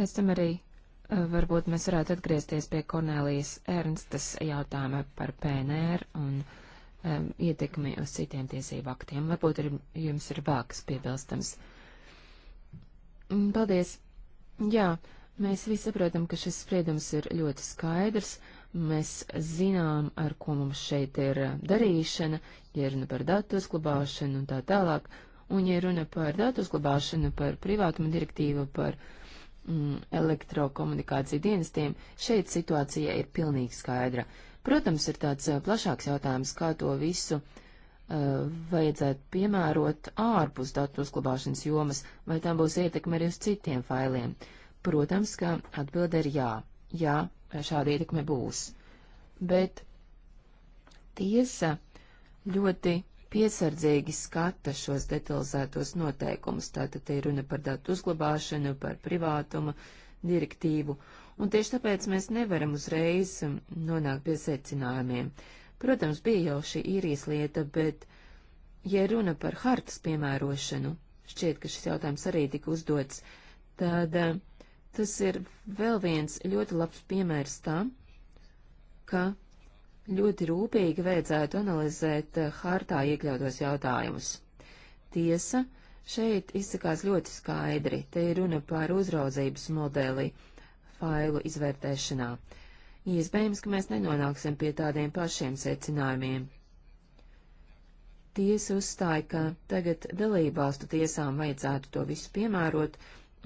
Pēc tam arī eh, varbūt mēs varētu atgriezties pie Kornelijas Ernstas jautājuma par PNR un um, ietekmi uz citiem tiesību aktiem. Varbūt ir, jums ir vēl kas piebilstams. Mm, paldies! Jā, mēs visi saprotam, ka šis spriedums ir ļoti skaidrs. Mēs zinām, ar ko mums šeit ir uh, darīšana, ja runa par datu uzglabāšanu un tā tālāk. Un, ja runa par datu uzglabāšanu, par privātumu direktīvu, par mm, elektrokomunikāciju dienestiem, šeit situācija ir pilnīgi skaidra. Uh, Protams, ir tāds plašāks jautājums, kā to visu uh, vajadzētu piemērot ārpus datu uzglabāšanas jomas, vai tam būs ietekme arī uz citiem failiem. Protams, ka atbilde ir jā. Jā, šāda ietekme būs. Bet tiesa ļoti piesardzīgi skata šos detalizētos noteikumus. Tātad te ir runa par datu uzglabāšanu, par privātuma direktīvu. Uh, un tieši tāpēc mēs nevaram uzreiz um, nonākt pie secinājumiem. Protams, bija jau šī īrijas lieta, bet, ja runa par hartas piemērošanu, šķiet, ka šis jautājums arī tika uzdots, tad um, tas ir vēl viens ļoti labs piemērs tam, ka ļoti rūpīgi vajadzētu analizēt uh, hartā iekļautos jautājumus. Tiesa, šeit izsakās ļoti skaidri, te ir runa par uzraudzības modeli failu izvērtēšanā. Iespējams, ka mēs nenonāksim pie tādiem pašiem secinājumiem. Tiesa uzstāja, ka tagad dalībvalstu tiesām vajadzētu to visu piemērot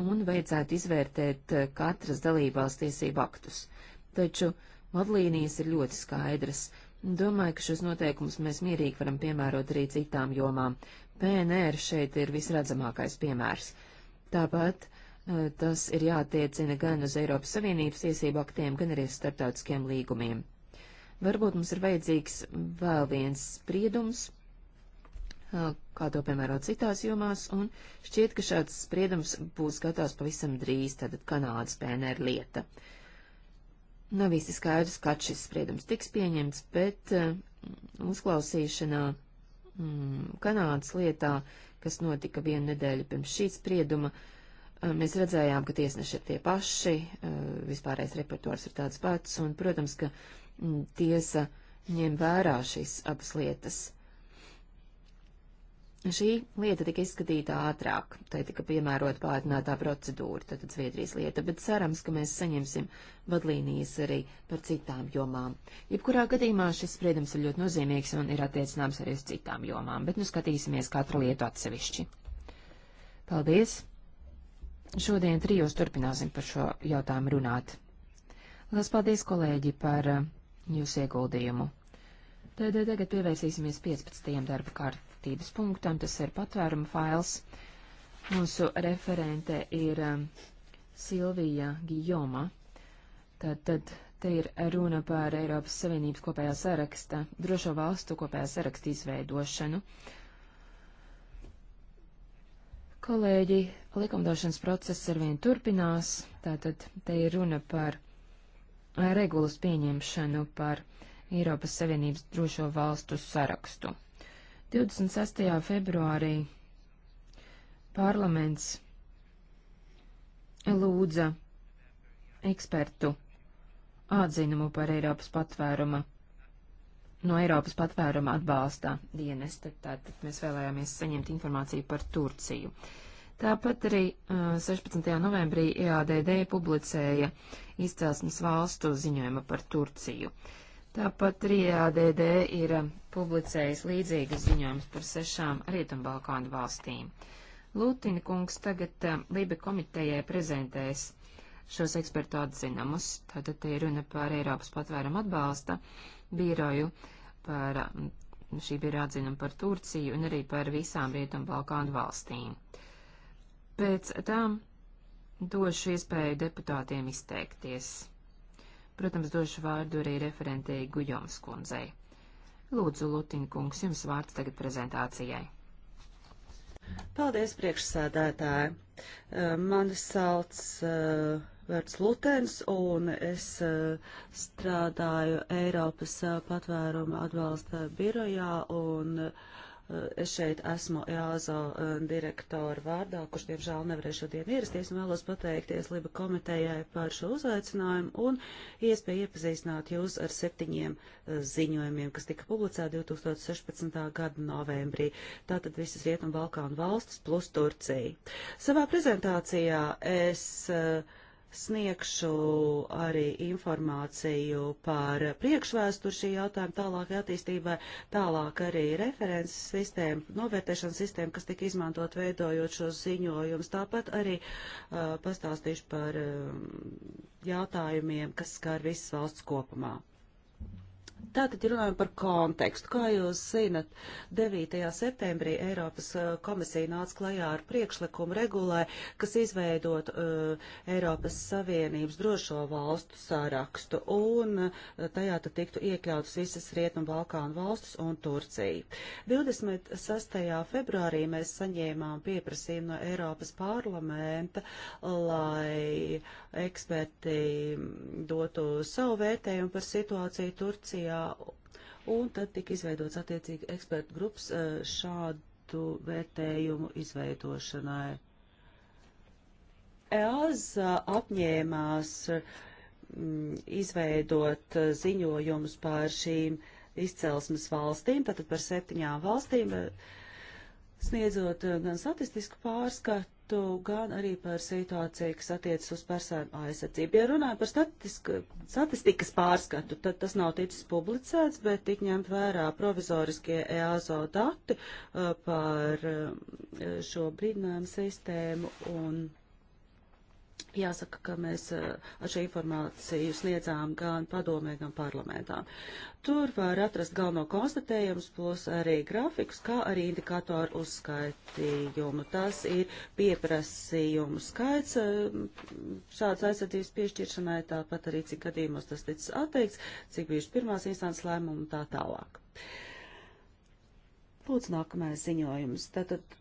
un vajadzētu izvērtēt eh, katras dalībvalsts tiesību aktus. Taču vadlīnijas ir ļoti skaidras. Domāju, ka šos noteikumus mēs mierīgi varam piemērot arī citām jomām. PNR šeit ir visredzamākais piemērs. Tāpat Tas ir jātiecina gan uz Eiropas Savienības tiesību aktiem, gan arī uz starptautiskiem līgumiem. Varbūt mums ir vajadzīgs vēl viens spriedums, kā to piemēro citās jomās, un šķiet, ka šāds spriedums būs gatavs pavisam drīz, tātad Kanādas PNR lieta. Nav īsti skaidrs, kad šis spriedums tiks pieņemts, bet uzklausīšanā mm, Kanādas lietā, kas notika vienu nedēļu pirms šī sprieduma, uh, Eh, mēs redzējām, ka tiesneši ir tie paši, eh, vispārējais repertuārs ir tāds pats, un, protams, ka mm, tiesa ņem vērā šīs abas lietas. Šī lieta tika izskatīta ātrāk, tai tika piemērota pātrinātā procedūra, tātad Zviedrijas lieta, bet cerams, ka mēs saņemsim vadlīnijas arī par citām jomām. Jebkurā gadījumā šis spriedums ir ļoti nozīmīgs un ir attiecināms arī uz citām jomām, bet nu skatīsimies katru lietu atsevišķi. Paldies! Šodien trijos turpināsim par šo jautājumu runāt. Lielas paldies, kolēģi, par uh, jūsu ieguldījumu. Tad uh, tagad pievērsīsimies 15. darba kārtības punktam, tas ir patvēruma fails. Mūsu referente ir um, Silvija Gijoma. Tad, tad te ir runa par Eiropas Savienības kopējā saraksta, drošo valstu kopējā saraksta izveidošanu. Uh, Kolēģi, likumdošanas process ar vienu turpinās, tātad te ir runa par regulas pieņemšanu par Eiropas Savienības drošo valstu sarakstu. 26. februārī parlaments lūdza ekspertu atzinumu par Eiropas patvēruma no Eiropas patvēruma atbalsta dienesta, tātad mēs vēlējāmies saņemt informāciju par Turciju. Tāpat arī 16. Uh, novembrī EADD publicēja izcelsmes valstu ziņojuma par Turciju. Tāpat arī EADD ir uh, publicējis līdzīgas ziņojumus par sešām Rietumbalkānu valstīm. Lūtina kungs tagad uh, Lībe komitejai prezentēs šos ekspertu atzinumus, tātad te ir runa par Eiropas patvērumu atbalsta biroju par šī bija atziņa par Turciju un arī par visām Rietumbalkānu valstīm. Pēc tam došu iespēju deputātiem izteikties. Protams, došu vārdu arī referentei Gujoms kundzei. Lūdzu, Lutinkungs, jums vārds tagad prezentācijai. Paldies, priekšsēdētāji. Mani sauc uh, vārds Lutens, un es eh, strādāju Eiropas eh, patvēruma atbalsta birojā, un eh, es šeit esmu EASO direktora vārdā, kurš, diemžēl, nevarēs šodien ierasties, un vēlos pateikties Liba komitejai par šo uzaicinājumu un iespēju iepazīstināt jūs ar septiņiem ziņojumiem, kas tika publicēti 2016. gada novembrī. Tātad visas Rietumu Balkānu valstis plus Turcija. Savā prezentācijā es uh, sniegšu arī informāciju par priekšvēsturu šī jautājuma tālāk attīstībai, tālāk arī references sistēma, novērtēšanas sistēma, kas tika izmantot veidojot šos ziņojumus. Tāpat arī uh, pastāstīšu par uh, jautājumiem, kas skar visas valsts kopumā. Tātad runājam par kontekstu. Kā jūs zinat, 9. septembrī Eiropas uh, komisija nāca klajā ar priekšlikumu regulē, kas izveidot uh, Eiropas Savienības drošo valstu sarakstu, un uh, tajā tad tiktu iekļautas visas Rietumu Balkānu valstis un Turcija. 26. februārī mēs saņēmām pieprasījumu no Eiropas parlamenta, lai eksperti mm, dotu savu vērtējumu par situāciju Turcijā komitejā, un tad tika izveidots attiecīgi ekspertu grups eh, šādu vērtējumu izveidošanai. EASA apņēmās mm, izveidot eh, ziņojumus pār šīm izcelsmes valstīm, tātad par septiņām valstīm, eh, sniedzot gan statistisku pārskatu, datu, gan arī par situāciju, kas attiecas uz personu aizsardzību. Ja runājam par statistikas pārskatu, tad tas nav ticis publicēts, bet tik ņemt vērā provizoriskie EASO dati uh, par uh, šo brīdinājumu sistēmu un Jāsaka, ka mēs eh, ar šo informāciju sniedzām gan padomē, gan parlamentām. Tur var atrast galveno konstatējumus, plus arī grafikus, kā arī indikātoru uzskaitījumu. Tas ir pieprasījumu skaits eh, šādas aizsardzības piešķiršanai, tāpat arī cik gadījumos tas ticis atteikts, cik bijuši pirmās instants lēmumu un tā tālāk. Lūdzu, nākamais ziņojums. Tātad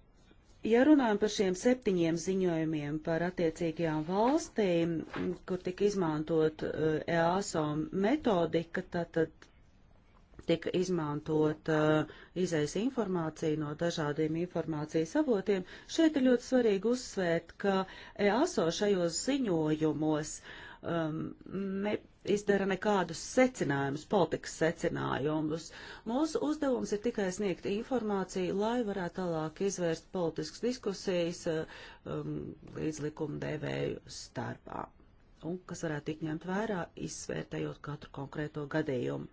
Ja runājam par šiem septiņiem ziņojumiem par attiecīgajām valstīm, kur tika izmantot eh, EASO metodika, tātad tika izmantot eh, izējas informācija no dažādiem informācijas avotiem, šeit ir ļoti svarīgi uzsvērt, ka EASO šajos ziņojumos um, ehm, ne, izdara nekādus secinājumus, politikas secinājumus. Mūsu uzdevums ir tikai sniegt informāciju, lai varētu tālāk izvērst politiskas diskusijas eh, um, līdz likuma devēju starpā, un kas varētu tikt ņemt vērā, izsvērtējot katru konkrēto gadījumu.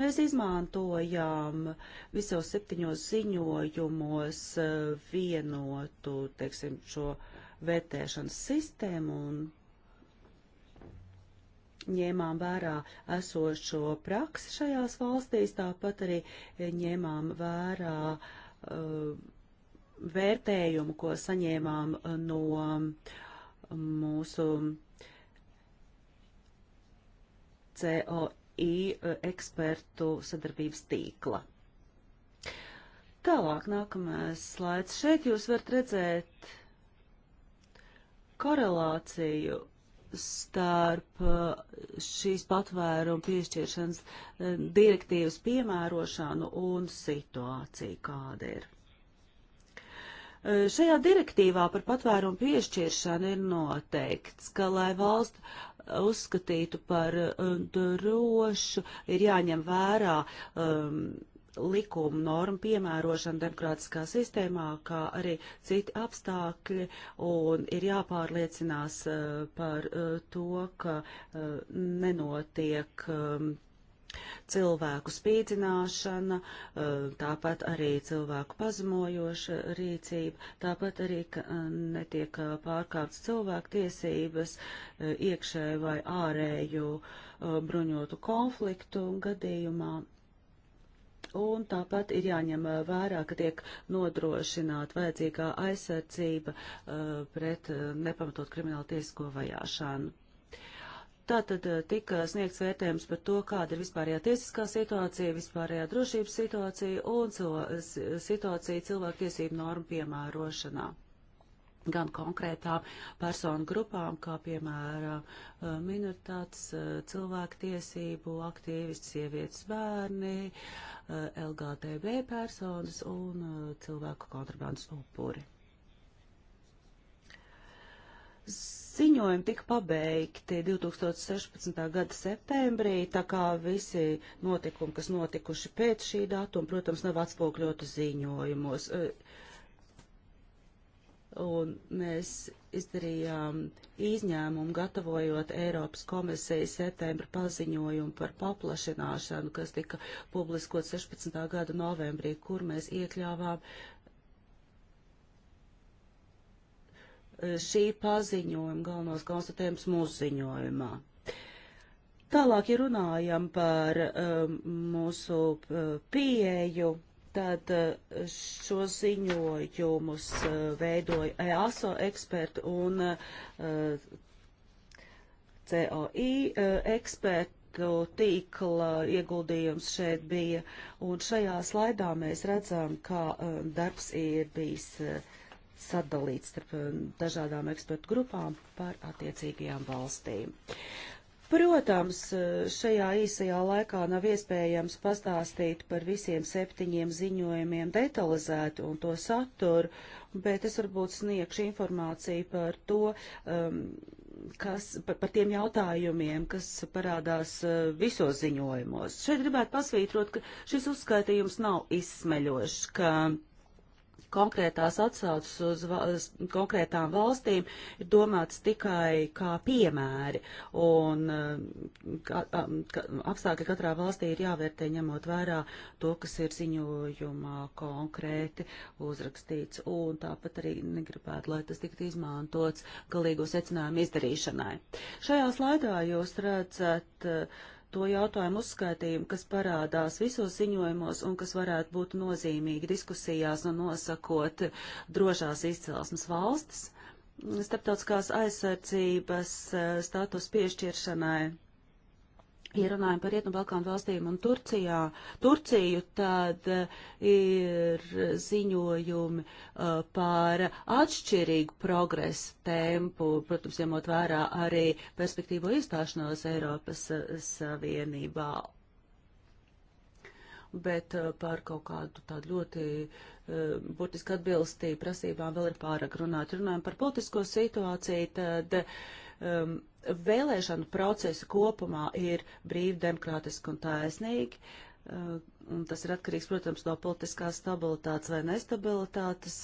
Mēs izmantojām visos septiņos ziņojumos eh, vienotu, teiksim, šo vērtēšanas sistēmu un ņēmām vērā esošo praksi šajās valstīs, tāpat arī ņēmām vērā uh, vērtējumu, ko saņēmām no um, mūsu COI uh, ekspertu sadarbības tīkla. Tālāk nākamais slaids. Šeit jūs varat redzēt korelāciju starp eh, šīs patvērumu piešķiršanas eh, direktīvas piemērošanu un situāciju, kāda ir. Eh, šajā direktīvā par patvērumu piešķiršanu ir noteikts, ka, lai valsts uzskatītu par drošu, ir jāņem vērā um, likumu normu piemērošana demokrātiskā sistēmā, kā arī citi apstākļi, un ir jāpārliecinās eh, par eh, to, ka eh, nenotiek ehm, cilvēku spīdzināšana, tāpat arī cilvēku pazemojoša rīcība, tāpat arī netiek pārkāptas cilvēku tiesības iekšēju vai ārēju bruņotu konfliktu gadījumā un tāpat ir jāņem vērā, ka tiek nodrošināta vajadzīgā aizsardzība uh, pret uh, nepamatot kriminālu tiesisko vajāšanu. Tātad tika sniegts vērtējums par to, kāda ir vispārējā tiesiskā situācija, vispārējā drošības situācija un cilvē, situācija cilvēku tiesību normu piemērošanā gan konkrētām personu grupām, kā piemēram minoritātes, cilvēktiesību aktīvisti, sievietes bērni, LGTB personas un cilvēku kontrabandas upuri. Ziņojumi tika pabeigti 2016. gada septembrī, tā kā visi notikumi, kas notikuši pēc šī datuma, protams, nav atspūkļotu ziņojumos un mēs izdarījām izņēmumu gatavojot Eiropas komisijas septembra paziņojumu par paplašināšanu, kas tika publiskot 16. gada novembrī, kur mēs iekļāvām eh, šī paziņojuma galvenos konstatējums mūsu ziņojumā. Tālāk, ja runājam par um, mūsu eh, pieeju Tad eh, šo ziņojumus eh, veidoja EASO eksperti un eh, COI ekspertu tīkla ieguldījums šeit bija. Un šajā slaidā mēs redzam, kā darbs ir bijis sadalīts starp dažādām ekspertu grupām par attiecīgajām valstīm. Protams, šajā īsajā laikā nav iespējams pastāstīt par visiem septiņiem ziņojumiem detalizēti un to saturu, bet es varbūt sniegšu informāciju par to, um, kas, par, par tiem jautājumiem, kas parādās uh, visos ziņojumos. Šeit gribētu pasvītrot, ka šis uzskaitījums nav izsmeļošs, ka uh, konkrētās atsaucas uz, uz konkrētām valstīm ir domāts tikai kā piemēri, un um, ka, um, ka, apstākļi katrā valstī ir jāvērtē ņemot vērā to, kas ir ziņojumā konkrēti uzrakstīts, un tāpat arī negribētu, lai tas tiktu izmantots galīgo secinājumu izdarīšanai. Šajā slaidā jūs redzat uh, to jautājumu uzskaitījumu, kas parādās visos ziņojumos un kas varētu būt nozīmīgi diskusijās un nosakot drošās izcelsmes valstis starptautiskās aizsardzības eh, status piešķiršanai Ja runājam par Rietumbalkānu valstīm un Turcijā, Turciju, tad eh, ir ziņojumi eh, par atšķirīgu progresu tempu, protams, ņemot vērā arī perspektīvo iestāšanos Eiropas eh, Savienībā. Bet par kaut kādu tādu ļoti burtisku atbilstību prasībām vēl ir pārāk runāt. Runājam par politisko situāciju, tad. Um, vēlēšanu procesi kopumā ir brīvi, demokrātiski un taisnīgi. Uh, Eh, un tas ir atkarīgs, protams, no politiskās stabilitātes vai nestabilitātes.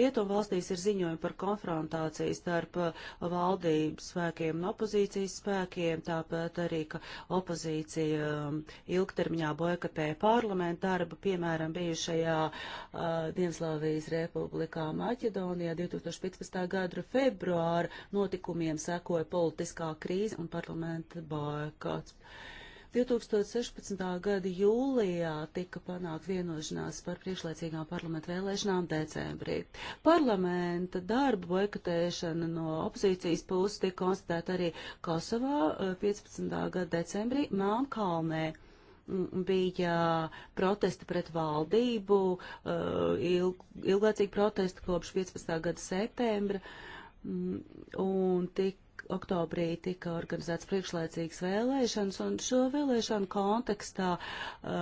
Rietumvalstīs ir ziņojumi par konfrontāciju starp eh, valdības spēkiem un opozīcijas spēkiem, tāpēc arī, ka opozīcija eh, ilgtermiņā boikotēja parlamentu darbu, piemēram, bijušajā uh, Dienslāvijas republikā Maķedonijā 2015. gada februāra notikumiem sekoja politiskā krīze un parlamenta boikots. Uh, 2016. gada jūlijā tika panākt vienošanās par priekšlaicīgām parlamentu vēlēšanām decembrī. Parlamenta darba boikotēšana no opozīcijas puses tika konstatēta arī Kosovā 15. Eh, gada decembrī Melnkalnē mm, bija protesti pret valdību, eh, ilg, ilglaicīgi protesti kopš 15. gada septembra, mm, un tik oktobrī tika organizēts priekšlaicīgas vēlēšanas, un šo vēlēšanu kontekstā uh,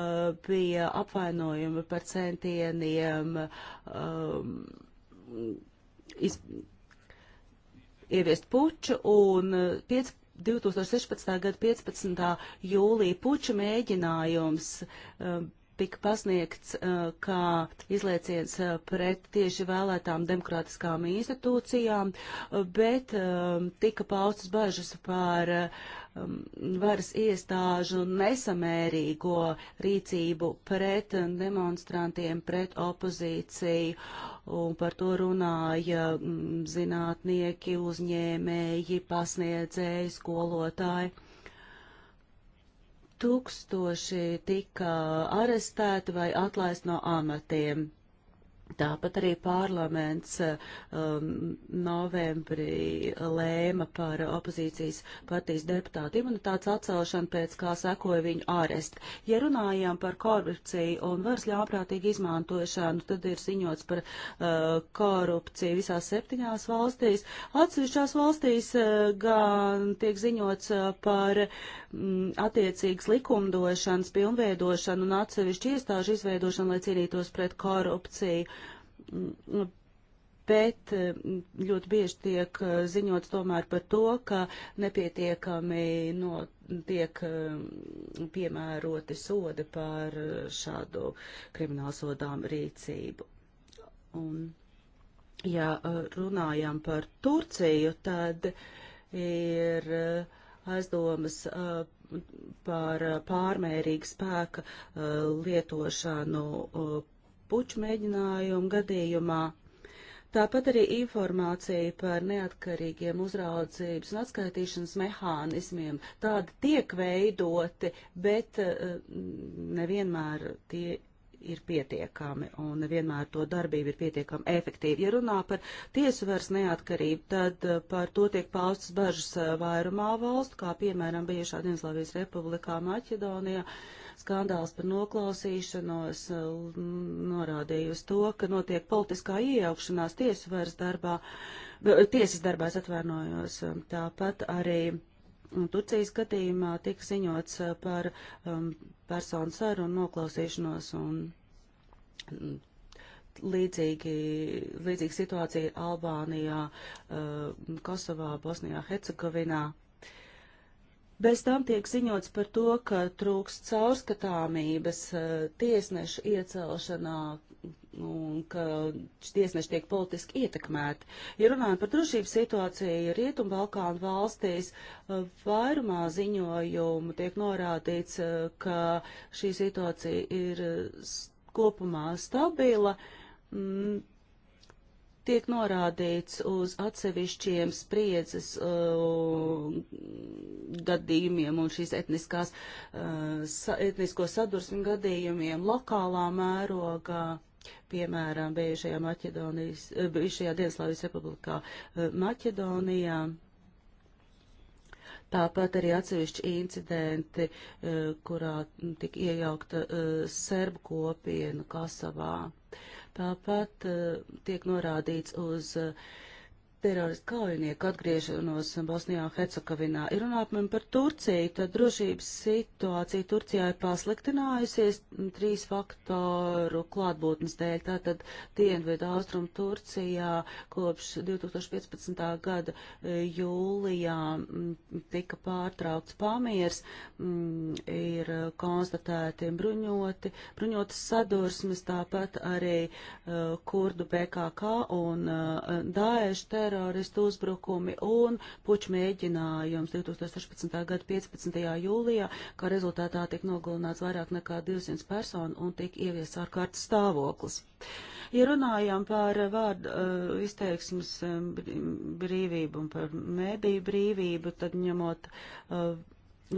bija apvainojumi par centieniem um, iz, ieviest puču, un 5, uh, 2016. gada 15. jūlija puča mēģinājums um, tika pasniegts uh, kā izlieciens uh, pret tieši vēlētām demokrātiskām institūcijām, uh, bet um, tika paustas bažas par um, varas iestāžu nesamērīgo rīcību pret demonstrantiem, pret opozīciju, un par to runāja mm, zinātnieki, uzņēmēji, pasniedzēji, skolotāji tūkstoši tika arestēti vai atlaist no amatiem. Tāpat arī parlaments eh, um, novembrī lēma par opozīcijas partijas deputātu imunitātes atcelšanu, pēc kā sekoja viņu ārest. Ja runājām par korupciju un varas ļāprātīgu izmantošanu, tad ir ziņots par uh, korupciju visās septiņās valstīs. Atsevišķās valstīs uh, gan tiek ziņots uh, par mm, attiecīgas likumdošanas pilnveidošanu un atsevišķu iestāžu izveidošanu, lai cīnītos pret korupciju Nu, bet eh, ļoti bieži tiek eh, ziņots tomēr par to, ka nepietiekami no, tiek eh, piemēroti sodi par šādu kriminālsodām rīcību. Un, ja runājam par Turciju, tad ir aizdomas par pārmērīgu spēka lietošanu puču mēģinājumu gadījumā. Tāpat arī informācija par neatkarīgiem uzraudzības un atskaitīšanas mehānismiem. Tādi tiek veidoti, bet eh, nevienmēr tie ir pietiekami un nevienmēr to darbība ir pietiekami efektīva. Ja runā par tiesu vairs neatkarību, tad eh, par to tiek paustas bažas eh, vairumā valstu, kā piemēram bijušā Dienaslavijas republikā Maķedonijā. Uh, Skandāls par noklausīšanos norādīja uz to, ka notiek politiskā iejaukšanās tiesu varas darbā, tiesas darbā, es atvainojos, tāpat arī. Turcijas gadījumā tika ziņots par um, personu sarunu noklausīšanos un um, līdzīgi, līdzīga situācija ir Albānijā, uh, Kosovā, Bosnijā, Hercegovinā. Bez tam tiek ziņots par to, ka trūks caurskatāmības eh, tiesnešu iecelšanā un ka tiesneši tiek politiski ietekmēti. Ja runājam par drošības situāciju Rietumbalkānu valstīs, eh, vairumā ziņojumu tiek norādīts, eh, ka šī situācija ir kopumā stabila. Mm, tiek norādīts uz atsevišķiem spriedzes uh, gadījumiem un šīs etniskās, uh, sa, etnisko sadursmi gadījumiem lokālā mērogā. Piemēram, bijušajā, Maķedonijas, uh, bijušajā Dienaslāvijas republikā uh, Maķedonijā. Tāpat arī atsevišķi incidenti, uh, kurā tika iejaukta uh, serbu kopiena Kasavā. Tāpat eh, tiek norādīts uz uh, teroristu kaujinieku atgriešanos Bosnijā un Hercegovinā. Ir un apmēram par Turciju, tad drošības situācija Turcijā ir pasliktinājusies trīs faktoru klātbūtnes dēļ. Tātad dienvidu austrumu Turcijā kopš 2015. gada e, jūlijā tika pārtraukts pamiers, ir konstatēti bruņoti, bruņotas sadursmes, tāpat arī e, kurdu PKK un e, Daesh teroristu teroristu uzbrukumi un puču mēģinājums 2016. gada 15. jūlijā, kā rezultātā tika nogalināts vairāk nekā 200 personu un tika ieviests ārkārtas stāvoklis. Ja runājām par vārdu eh, izteiksmes eh, brīvību un par mēdīju brīvību, tad ņemot eh,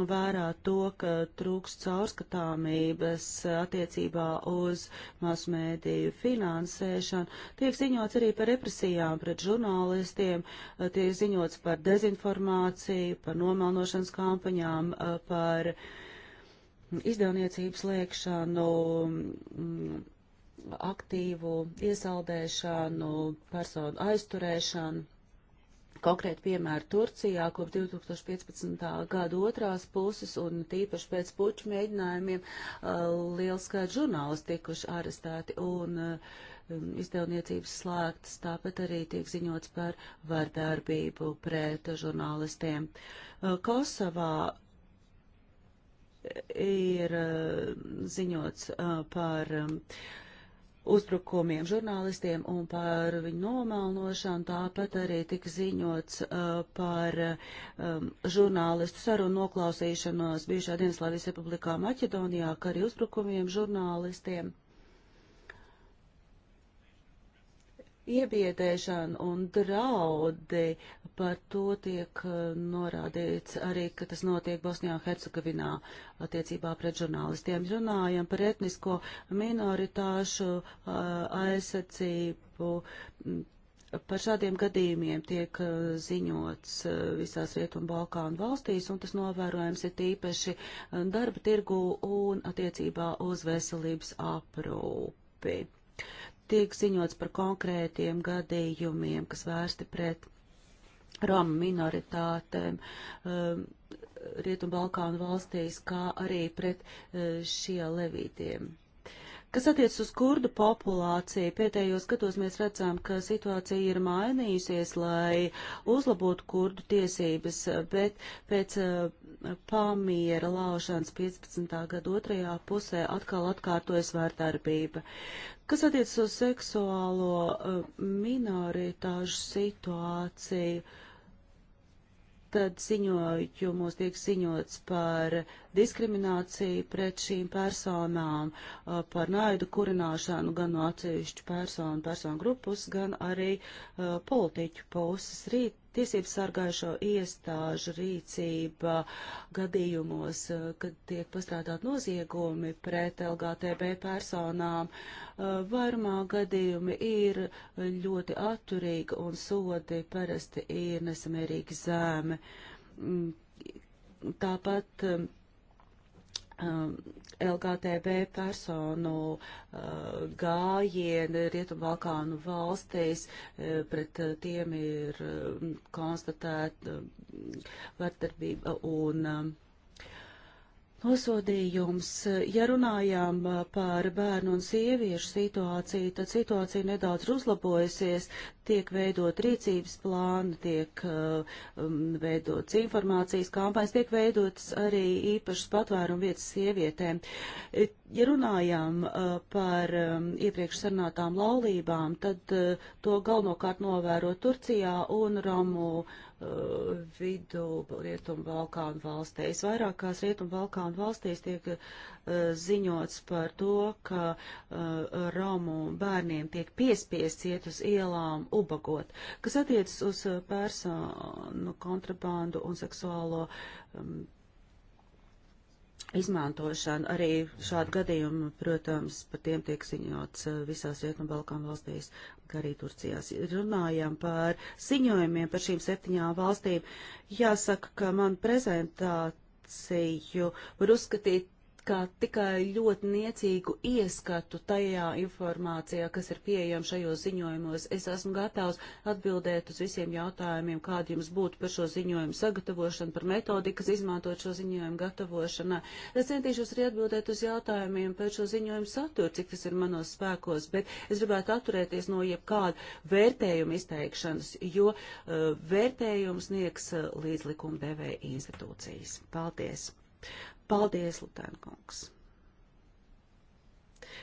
Nu, vērā to, ka trūks caurskatāmības attiecībā uz masmēdīju finansēšanu. Tiek ziņots arī par represijām pret žurnālistiem, tiek ziņots par dezinformāciju, par nomelnošanas kampaņām, par izdevniecības liekšanu, aktīvu iesaldēšanu, personu aizturēšanu konkrēti piemēri Turcijā kopš 2015. gada otrās puses un tīpaši pēc puču mēģinājumiem liels skaits žurnālisti tikuši arestēti un izdevniecības slēgtas, tāpat arī tiek ziņots par vardarbību pret žurnālistiem. Kosovā ir ziņots par uzbrukumiem žurnālistiem un par viņu nomelnošanu. Tāpat arī tika ziņots uh, par um, žurnālistu sarunu noklausīšanos bijušā Dienaslāvijas republikā Maķedonijā, kā arī uzbrukumiem žurnālistiem. Iebiedēšana un draudi par to tiek uh, norādīts arī, ka tas notiek Bosnijā un Hercegovinā attiecībā pret žurnālistiem. Runājam par etnisko minoritāšu uh, aizsardzību. Mm, par šādiem gadījumiem tiek uh, ziņots visās Rietumu Balkānu valstīs, un tas novērojams ir tīpaši darba tirgu un attiecībā uz veselības aprūpi tiek ziņots par konkrētiem gadījumiem, kas vērsti pret Roma minoritātēm um, Rietumbalkānu valstīs, kā arī pret uh, šie levītiem. Kas attiec uz kurdu populāciju, pēdējos gados mēs redzam, ka situācija ir mainījusies, lai uzlabotu kurdu tiesības, bet pēc eh, pamiera laušanas 15. gada otrajā pusē atkal atkārtojas vārdarbība. Kas attiec uz seksuālo eh, minoritāžu situāciju? tad ziņojumos tiek ziņots par diskrimināciju pret šīm personām, par naidu kurināšanu gan no atsevišķu personu, personu grupas, gan arī politiķu puses. Rīt tiesību sargājušo iestāžu rīcība gadījumos, eh, kad tiek pastrādāt noziegumi pret LGTB personām. Eh, Vairumā gadījumi ir ļoti atturīgi un sodi parasti ir nesamērīgi zēmi. Mm, tāpat mm, um, LGTB personu uh, gājieni Rietumbalkānu valstīs, uh, pret uh, tiem ir uh, konstatēta uh, vardarbība un uh, Nosodījums, eh, ja runājām eh, par bērnu un sieviešu situāciju, tad situācija nedaudz uzlabojusies, tiek veidot rīcības plāni, tiek eh, um, veidots informācijas kampaņas, tiek veidotas arī īpašas patvērumu vietas sievietēm. Ja runājām uh, par um, iepriekš sarunātām laulībām, tad uh, to galvenokārt novēro Turcijā un Romu uh, Uh, vidu Rietumu Balkānu valstīs. Vairākās Rietumu Balkānu valstīs tiek uh, ziņots par to, ka uh, Romu bērniem tiek piespiests iet uz ielām ubagot, kas attiecas uz uh, personu kontrabandu un seksuālo um, izmantošanu. Arī šādu gadījumu, protams, par tiem tiek ziņots eh, visās Rietumbalkām valstīs, kā arī Turcijās. Runājām par ziņojumiem par šīm septiņām valstīm. Jāsaka, ka man prezentāciju var uzskatīt kā tikai ļoti niecīgu ieskatu tajā informācijā, kas ir pieejama šajos ziņojumos. Es esmu gatavs atbildēt uz visiem jautājumiem, kādi jums būtu par šo ziņojumu sagatavošanu, par metodiku, kas izmantot šo ziņojumu gatavošanā. Es centīšos arī atbildēt uz jautājumiem par šo ziņojumu saturu, cik tas ir manos spēkos, bet es gribētu atturēties no jebkāda vērtējuma izteikšanas, jo uh, vērtējums sniegs uh, eh, līdzlikuma devēja institūcijas. Paldies! Paldies, Lutenkungs!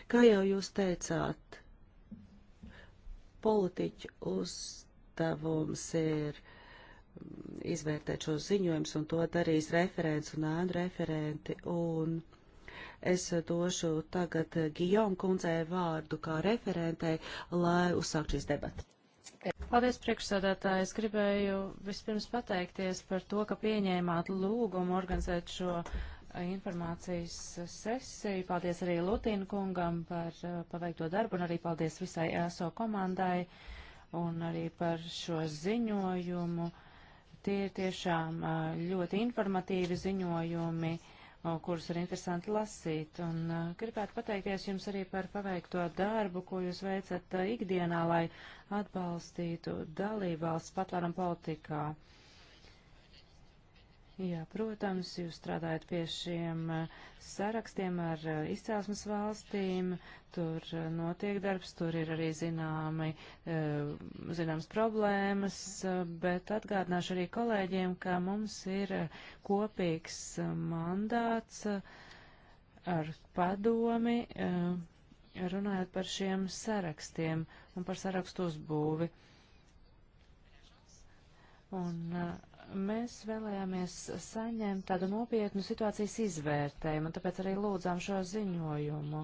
Kā jau jūs teicāt, politiķu uzdevums ir mm, izvērtēt šos ziņojumus, un to darīs referents un ēnu referenti. Un es došu tagad Gijom kundzei vārdu kā referentei, lai uzsākt šīs debatas. Paldies, priekšsādātāji. Es gribēju vispirms pateikties par to, ka pieņēmāt lūgumu organizēt šo uh, informācijas sesiju. Paldies arī Lutīnu kungam par uh, paveikto darbu un arī paldies visai ESO komandai un arī par šo ziņojumu. Tie ir tiešām uh, ļoti informatīvi ziņojumi, uh, kurus ir interesanti lasīt. Un gribētu pateikties jums arī par paveikto darbu, ko jūs veicat ikdienā, lai atbalstītu dalībvalsts patvērumu politikā. Jā, protams, jūs strādājat pie šiem eh, sarakstiem ar eh, izcelsmes valstīm, tur eh, notiek darbs, tur ir arī zināmi, zināms problēmas, bet atgādināšu arī kolēģiem, ka mums ir kopīgs mandāts ar padomi runājot par šiem sarakstiem un par sarakstu uzbūvi. Un uh, Mēs vēlējāmies saņemt tādu nopietnu situācijas izvērtējumu, un tāpēc arī lūdzām šo ziņojumu.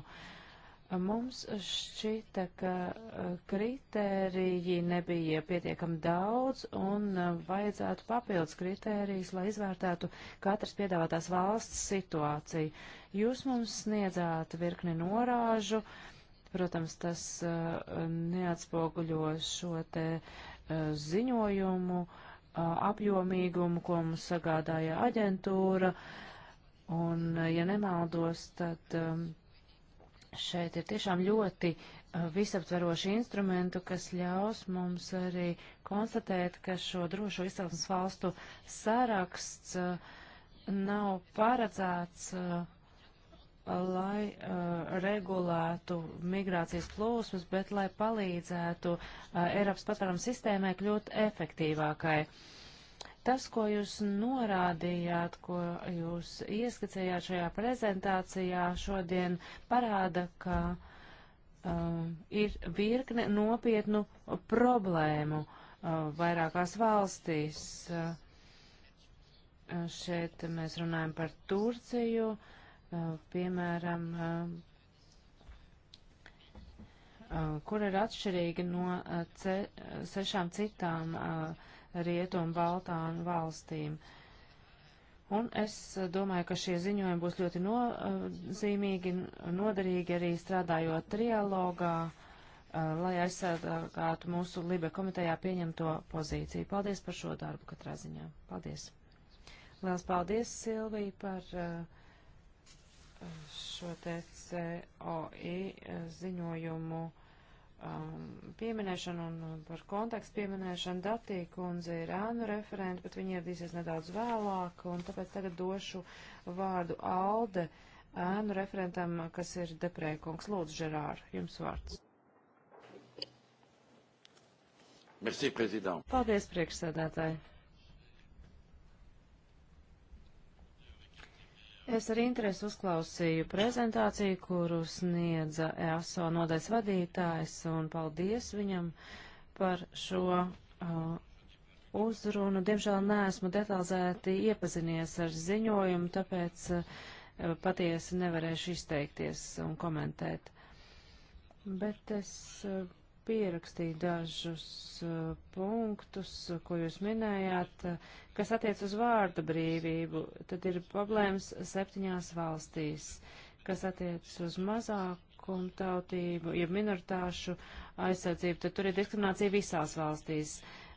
Mums šķita, ka uh, kritēriji nebija pietiekami daudz un uh, vajadzētu papildus kritērijas, lai izvērtētu katras piedāvātās valsts situāciju. Jūs mums sniedzāt virkni norāžu, protams, tas uh, neatspoguļo šo te ziņojumu, uh, apjomīgumu, ko mums sagādāja aģentūra. Un, ja nemaldos, tad šeit ir tiešām ļoti visaptveroši instrumentu, kas ļaus mums arī konstatēt, ka šo drošo izcelsmes valstu saraksts nav paredzēts lai uh, regulētu migrācijas plūsmas, bet lai palīdzētu uh, Eiropas patvaram sistēmai kļūt efektīvākai. Tas, ko jūs norādījāt, ko jūs ieskicējāt šajā prezentācijā šodien, parāda, ka uh, ir virkne nopietnu problēmu uh, vairākās valstīs. Uh, šeit mēs runājam par Turciju. Uh, Eh, piemēram, eh, eh, kur ir atšķirīga no ce, sešām citām rietumu Baltānu valstīm. Un es domāju, ka šie ziņojumi būs ļoti nozīmīgi, noderīgi arī strādājot trialogā, lai aizsargātu mūsu Libe komitejā pieņemto pozīciju. Paldies par šo darbu katrā ziņā. Paldies. Liels paldies, Silvija, par uh, šo te COI eh, ziņojumu um, pieminēšanu un um, par kontekstu pieminēšanu. Datī kundze ir ēnu referenti, bet viņi ieradīsies nedaudz vēlāk, un tāpēc tagad došu vārdu Alde ēnu referentam, kas ir deprēkungs. Lūdzu, Žerār, jums vārds. Merci, prezident. Paldies, priekšsēdētāji. Es ar interesi uzklausīju prezentāciju, kuru sniedza EASO nodaļas vadītājs, un paldies viņam par šo uh, uzrunu. Diemžēl neesmu detalizēti iepazinies ar ziņojumu, tāpēc uh, patiesi nevarēšu izteikties un komentēt. Bet es uh, pierakstīju dažus uh, punktus, ko jūs minējāt, kas attiec uz vārdu brīvību. Tad ir problēmas septiņās valstīs, kas attiec uz mazākumu tautību, ja minoritāšu aizsardzību, tad tur ir diskriminācija visās valstīs.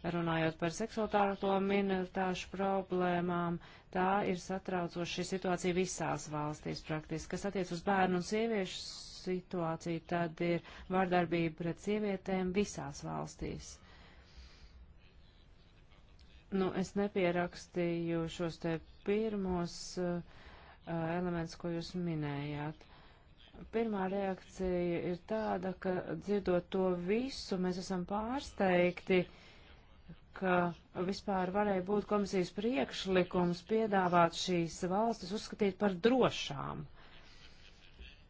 Runājot par seksualitāro minoritāšu problēmām, tā ir satraucoša šī situācija visās valstīs praktiski, kas attiec uz bērnu un sieviešu situāciju, tad ir vardarbība pret sievietēm visās valstīs. Nu, es nepierakstīju šos te pirmos uh, elementus, ko jūs minējāt. Pirmā reakcija ir tāda, ka dzirdot to visu, mēs esam pārsteigti, ka vispār varēja būt komisijas priekšlikums piedāvāt šīs valstis uzskatīt par drošām. Uh,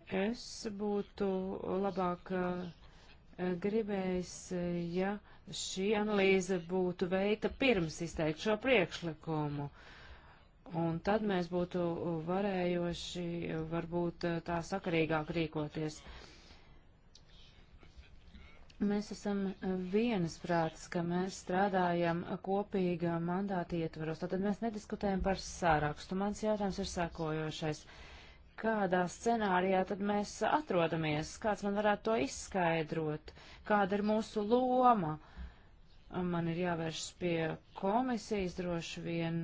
Es būtu labāk eh, gribējis, eh, ja šī analīze būtu veikta pirms izteikt šo priekšlikumu. Un tad mēs būtu varējoši varbūt eh, tā sakarīgāk rīkoties. Mēs esam vienasprātis, ka mēs strādājam kopīga mandāta ietvaros. Tātad mēs nediskutējam par sārakstu. Mans jautājums ir sākojošais. Uh, kādā scenārijā tad mēs atrodamies, kāds man varētu to izskaidrot, kāda ir mūsu loma. Man ir jāvēršas pie komisijas droši vien,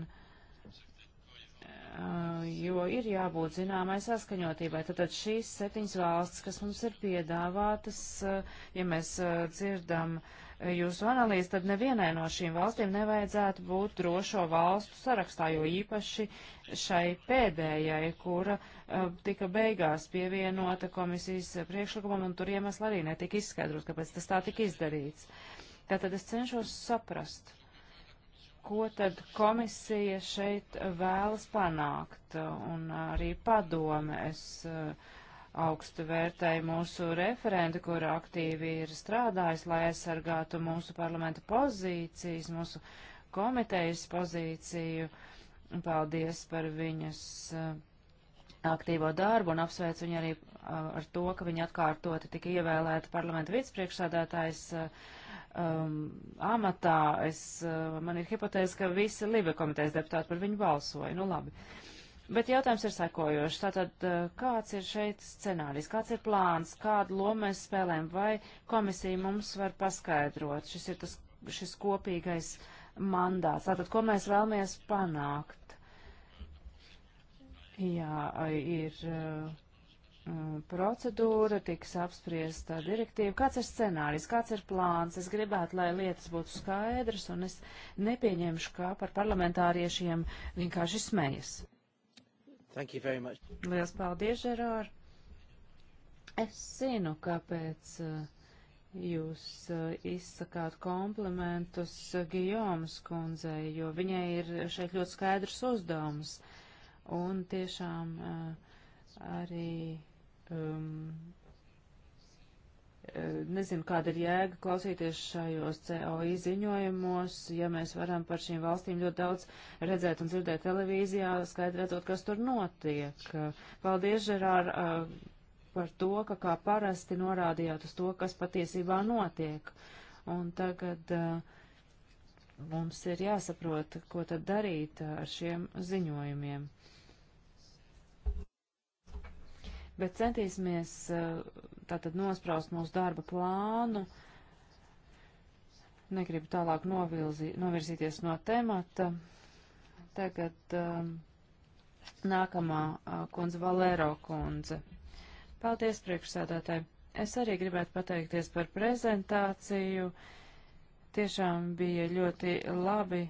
jo ir jābūt zināmai saskaņotībai. Tātad šīs septiņas valstis, kas mums ir piedāvātas, ja mēs dzirdam jūsu analīzi, tad nevienai no šīm valstīm nevajadzētu būt drošo valstu sarakstā, jo īpaši šai pēdējai, kura uh, Eh, tika beigās pievienota komisijas priekšlikumam, un tur iemesli arī netika izskaidrot, kāpēc tas tā tika izdarīts. Tātad es cenšos saprast, ko tad komisija šeit vēlas panākt, un arī padome. Es eh, augstu vērtēju mūsu referenti, kur aktīvi ir strādājis, lai aizsargātu mūsu parlamenta pozīcijas, mūsu komitejas pozīciju. Paldies par viņas uh, aktīvo darbu un apsveicu viņu arī ar to, ka viņa atkārtoti tika ievēlēta parlamenta vicepriekšsādātājs um, amatā. Es, man ir hipotēze, ka visi Libe komitejas deputāti par viņu balsoja. Nu labi. Bet jautājums ir sekojošs. Tātad, kāds ir šeit scenārijs, kāds ir plāns, kādu lomu mēs spēlējam, vai komisija mums var paskaidrot? Šis ir tas, šis kopīgais mandāts. Tātad, ko mēs vēlamies panākt? Jā, ir uh, procedūra, tiks apspriesta direktīva. Kāds ir scenārijs, kāds ir plāns? Es gribētu, lai lietas būtu skaidras, un es nepieņemšu, kā par parlamentāriešiem vienkārši smējas. Lielas paldies, Žerār! Es zinu, kāpēc uh, jūs uh, izsakāt komplimentus Gijomas kundzei, jo viņai ir šeit ļoti skaidrs uzdevums. Uh, un tiešām eh, arī um, eh, nezinu, kāda ir jēga klausīties šajos COI ziņojumos, ja mēs varam par šīm valstīm ļoti daudz redzēt un dzirdēt televīzijā, skaidrētot, kas tur notiek. Paldies, Žerār, eh, par to, ka kā parasti norādījāt uz to, kas patiesībā notiek. Un tagad mums ir jāsaprot, ko tad darīt ar šiem ziņojumiem. bet centīsimies eh, tātad nospraust mūsu darba plānu. Negribu tālāk novilzi, novirzīties no temata. Tagad um, nākamā eh, kundze Valero kundze. Paldies, priekšsēdētāji. Es arī gribētu pateikties par prezentāciju. Tiešām bija ļoti labi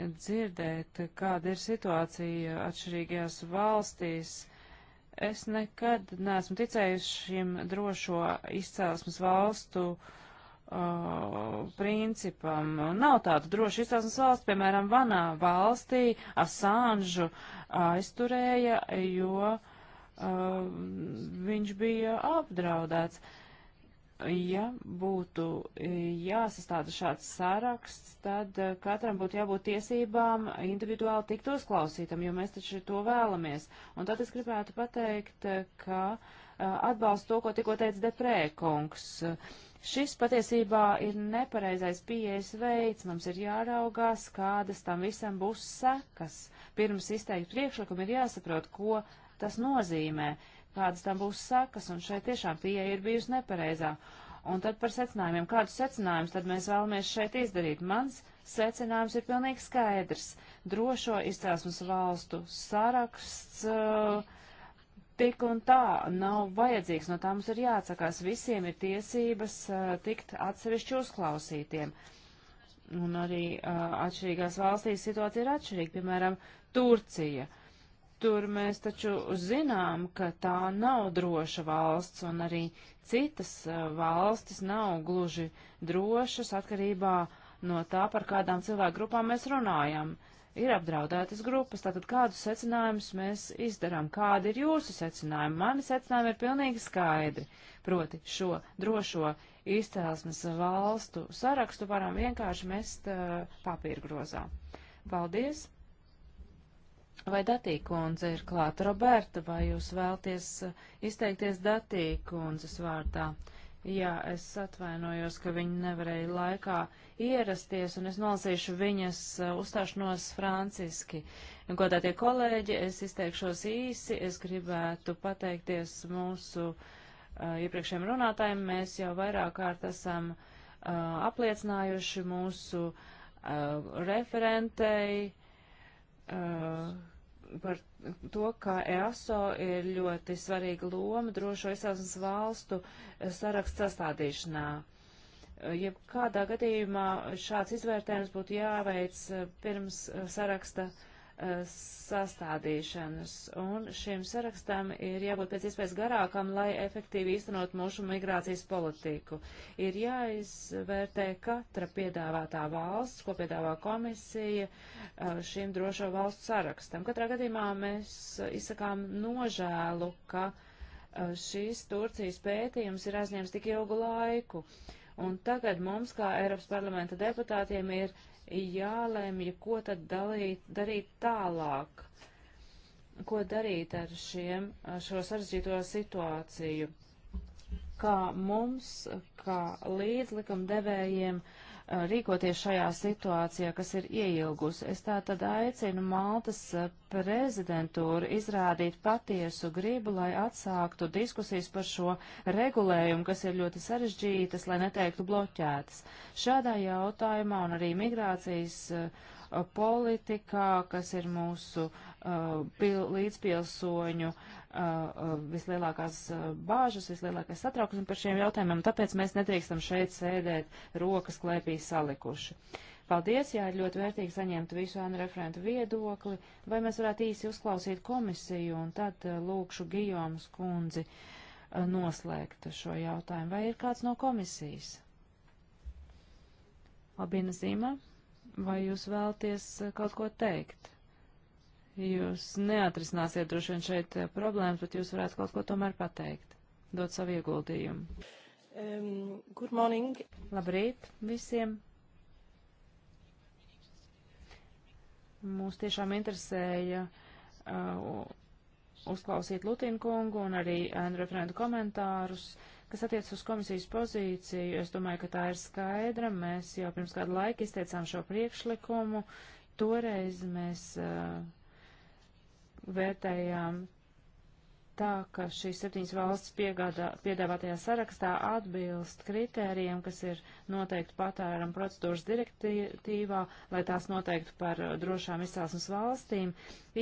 dzirdēt, kāda ir situācija atšķirīgajās valstīs Es nekad neesmu ticējusi šim drošo izcelsmes valstu uh, principam. Nav tādu drošu izcelsmes valstu, piemēram, Vanā valstī Asanžu uh, aizturēja, jo uh, viņš bija apdraudēts. Uh, ja būtu e, jāsastāda šāds saraksts, tad e, katram būtu jābūt tiesībām individuāli tikt uzklausītam, jo mēs taču to vēlamies. Un tad es gribētu pateikt, e, ka atbalstu to, ko tikko teica Deprēkungs. Šis patiesībā ir nepareizais pieejas veids, mums ir jāraugās, kādas tam visam būs sekas. Pirms izteikt priekšlikumu ir jāsaprot, ko tas nozīmē. Uh, kādas tam būs sakas, un šeit tiešām pieeja ir bijusi nepareizā. Un tad par secinājumiem. Kādus secinājumus tad mēs vēlamies šeit izdarīt? Mans secinājums ir pilnīgi skaidrs. Drošo izcelsmes valstu saraksts uh, tik un tā nav vajadzīgs, no tā mums ir jāatsakās. Visiem ir tiesības uh, tikt atsevišķi uzklausītiem. Un arī uh, atšķirīgās valstīs situācija ir atšķirīga, piemēram, Turcija. Uh, Tur mēs taču zinām, ka tā nav droša valsts, un arī citas eh, valstis nav gluži drošas atkarībā no tā, par kādām cilvēku grupām mēs runājam. Ir apdraudētas grupas, tātad kādus secinājumus mēs izdarām, kādi ir jūsu secinājumi. Mani secinājumi ir pilnīgi skaidri, proti šo drošo izcelsmes valstu sarakstu varam vienkārši mest uh, papīra grozā. Paldies! Vai Datī kundze ir klāta? Roberta, vai jūs vēlties eh, izteikties Datī kundzes vārdā? Jā, es atvainojos, ka viņa nevarēja laikā ierasties, un es nolasīšu viņas eh, uzstāšanos franciski. Godātie kolēģi, es izteikšos īsi, es gribētu pateikties mūsu uh, iepriekšējiem runātājiem. Mēs jau vairāk kārt esam uh, apliecinājuši mūsu uh, referentei. Uh, par to, ka EASO ir ļoti svarīga loma drošo izcelsmes valstu sarakstu sastādīšanā. Jebkādā gadījumā šāds izvērtējums būtu jāveic eh, pirms eh, saraksta uh, sastādīšanas. Un šim sarakstam ir jābūt pēc iespējas garākam, lai efektīvi īstenot mūsu migrācijas politiku. Ir jāizvērtē katra piedāvātā valsts, ko piedāvā komisija šim drošo valstu sarakstam. Katrā gadījumā mēs izsakām nožēlu, ka šīs Turcijas pētījums ir aizņēmis tik ilgu laiku. Un tagad mums, kā Eiropas parlamenta deputātiem, ir jālemj, ko tad dalīt, darīt tālāk, ko darīt ar šiem, šo sarežģīto situāciju, kā mums, kā līdzlikumdevējiem, devējiem, Uh, rīkoties šajā situācijā, kas ir ieilgusi. Es tā tad aicinu Maltas uh, prezidentūru izrādīt patiesu gribu, lai atsāktu diskusijas par šo regulējumu, kas ir ļoti sarežģītas, lai neteiktu bloķētas. Šādā jautājumā un arī migrācijas uh, politikā, kas ir mūsu uh, pil, līdzpilsoņu uh, Uh, uh, vislielākās uh, bāžas, vislielākais satraukums par šiem jautājumiem, tāpēc mēs nedrīkstam šeit sēdēt rokas klēpī salikuši. Paldies, jā, ir ļoti vērtīgi saņemt visu ANU referentu viedokli, vai mēs varētu īsi uzklausīt komisiju un tad lūkšu Gijomas kundzi noslēgt šo jautājumu. Vai ir kāds no komisijas? Labina Zīma, vai jūs vēlties kaut ko teikt? Jūs neatrisināsiet droši vien šeit eh, problēmas, bet jūs varētu kaut ko tomēr pateikt, dot savu ieguldījumu. Um, good morning. Labrīt visiem. Mūs tiešām interesēja uh, uzklausīt Lutinu kungu un arī Andru referentu komentārus. Kas attiec uz komisijas pozīciju, es domāju, ka tā ir skaidra. Mēs jau pirms kādu laiku izteicām šo priekšlikumu. Toreiz mēs uh, vērtējām tā, ka šīs septiņas valstis piegādā, piedāvātajā sarakstā atbilst kritērijiem, kas ir noteikti patēram procedūras direktīvā, lai tās noteikti par uh, drošām izcelsmes valstīm.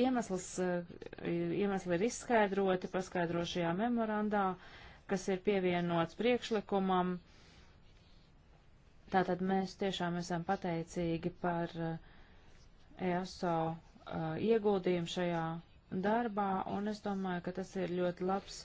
Iemesls, uh, iemesli ir izskaidroti paskaidrošajā memorandā, kas ir pievienots priekšlikumam. Tātad mēs tiešām esam pateicīgi par uh, ESO ieguldījumu šajā darbā, un es domāju, ka tas ir ļoti labs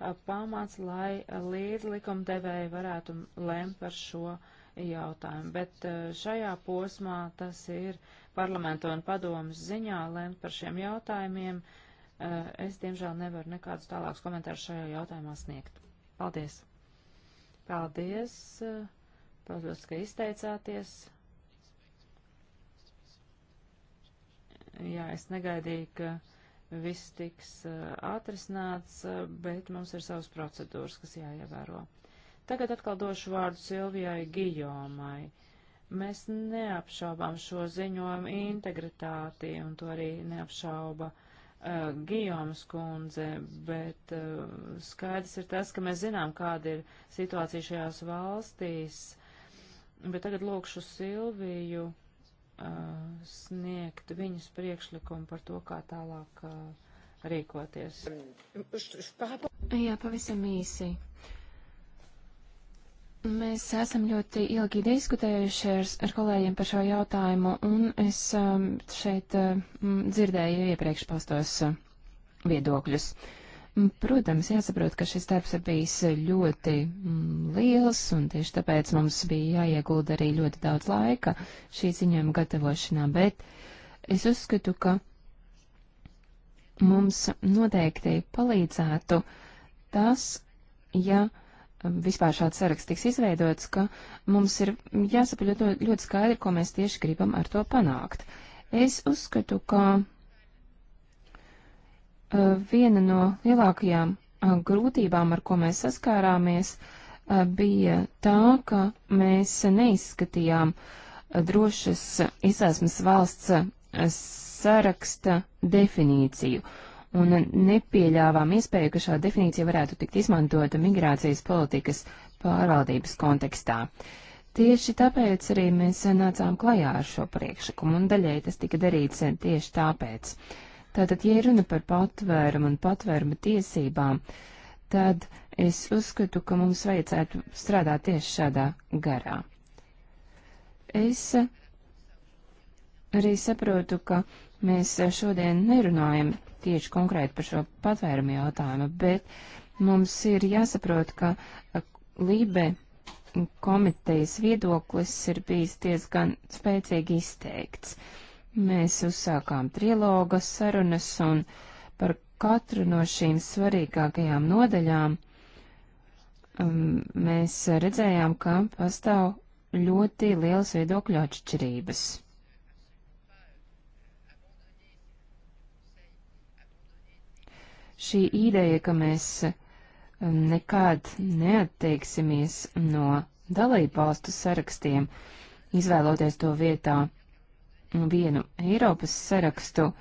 a, pamats, lai līdz likumdevēji varētu lēmt par šo jautājumu. Bet a, šajā posmā tas ir parlamenta un padomas ziņā lēmt par šiem jautājumiem. A, es, diemžēl, nevaru nekādus tālākus komentārus šajā jautājumā sniegt. Paldies! Paldies! Paldies, ka izteicāties! Jā, es negaidīju, ka viss tiks eh, atrisināts, eh, bet mums ir savas procedūras, kas jāievēro. Tagad atkal došu vārdu Silvijai Gijomai. Mēs neapšaubām šo ziņojumu integritāti, un to arī neapšauba uh, Gijomas kundze, bet uh, skaidrs ir tas, ka mēs zinām, kāda ir situācija šajās valstīs. Bet tagad lūkšu Silviju Uh, sniegt viņus priekšlikumu par to, kā tālāk uh, rīkoties. Jā, pavisam īsi. Mēs esam ļoti ilgi diskutējuši ar, ar kolēģiem par šo jautājumu, un es um, šeit uh, dzirdēju iepriekš pastos viedokļus. Uh, Mm, protams, jāsaprot, ka šis darbs ir bijis ļoti mm, liels, un tieši tāpēc mums bija jāiegulda arī ļoti daudz laika šī ziņojuma gatavošanā, bet es uzskatu, ka mums noteikti palīdzētu tas, ja mm, vispār šāds saraksts tiks izveidots, ka mums ir jāsaprot ļoti, ļoti skaidri, ko mēs tieši gribam ar to panākt. Es uzskatu, ka Eh, viena no lielākajām eh, grūtībām, ar ko mēs saskārāmies, eh, bija tā, ka mēs neizskatījām drošas izsēsmes valsts saraksta definīciju un nepieļāvām iespēju, ka šāda definīcija varētu tikt izmantota migrācijas politikas pārvaldības kontekstā. Tieši tāpēc arī mēs nācām klajā ar šo priekšlikumu, un daļai tas tika darīts tieši tāpēc. Uh, Tātad, ja runa par patvērumu un patvērumu tiesībām, tad es uzskatu, ka mums vajadzētu strādāt tieši šādā garā. Es arī saprotu, ka mēs šodien nerunājam tieši konkrēti par šo patvērumu jautājumu, bet mums ir jāsaprot, ka Lībe komitejas viedoklis ir bijis diezgan spēcīgi izteikts. Uh, Mēs uzsākām trilogas sarunas un par katru no šīm svarīgākajām nodaļām um, mēs redzējām, ka pastāv ļoti liels viedokļu atšķirības. Šī ideja, ka mēs um, nekad neatteiksimies no dalībvalstu sarakstiem, izvēloties to vietā, vienu Eiropas sarakstu,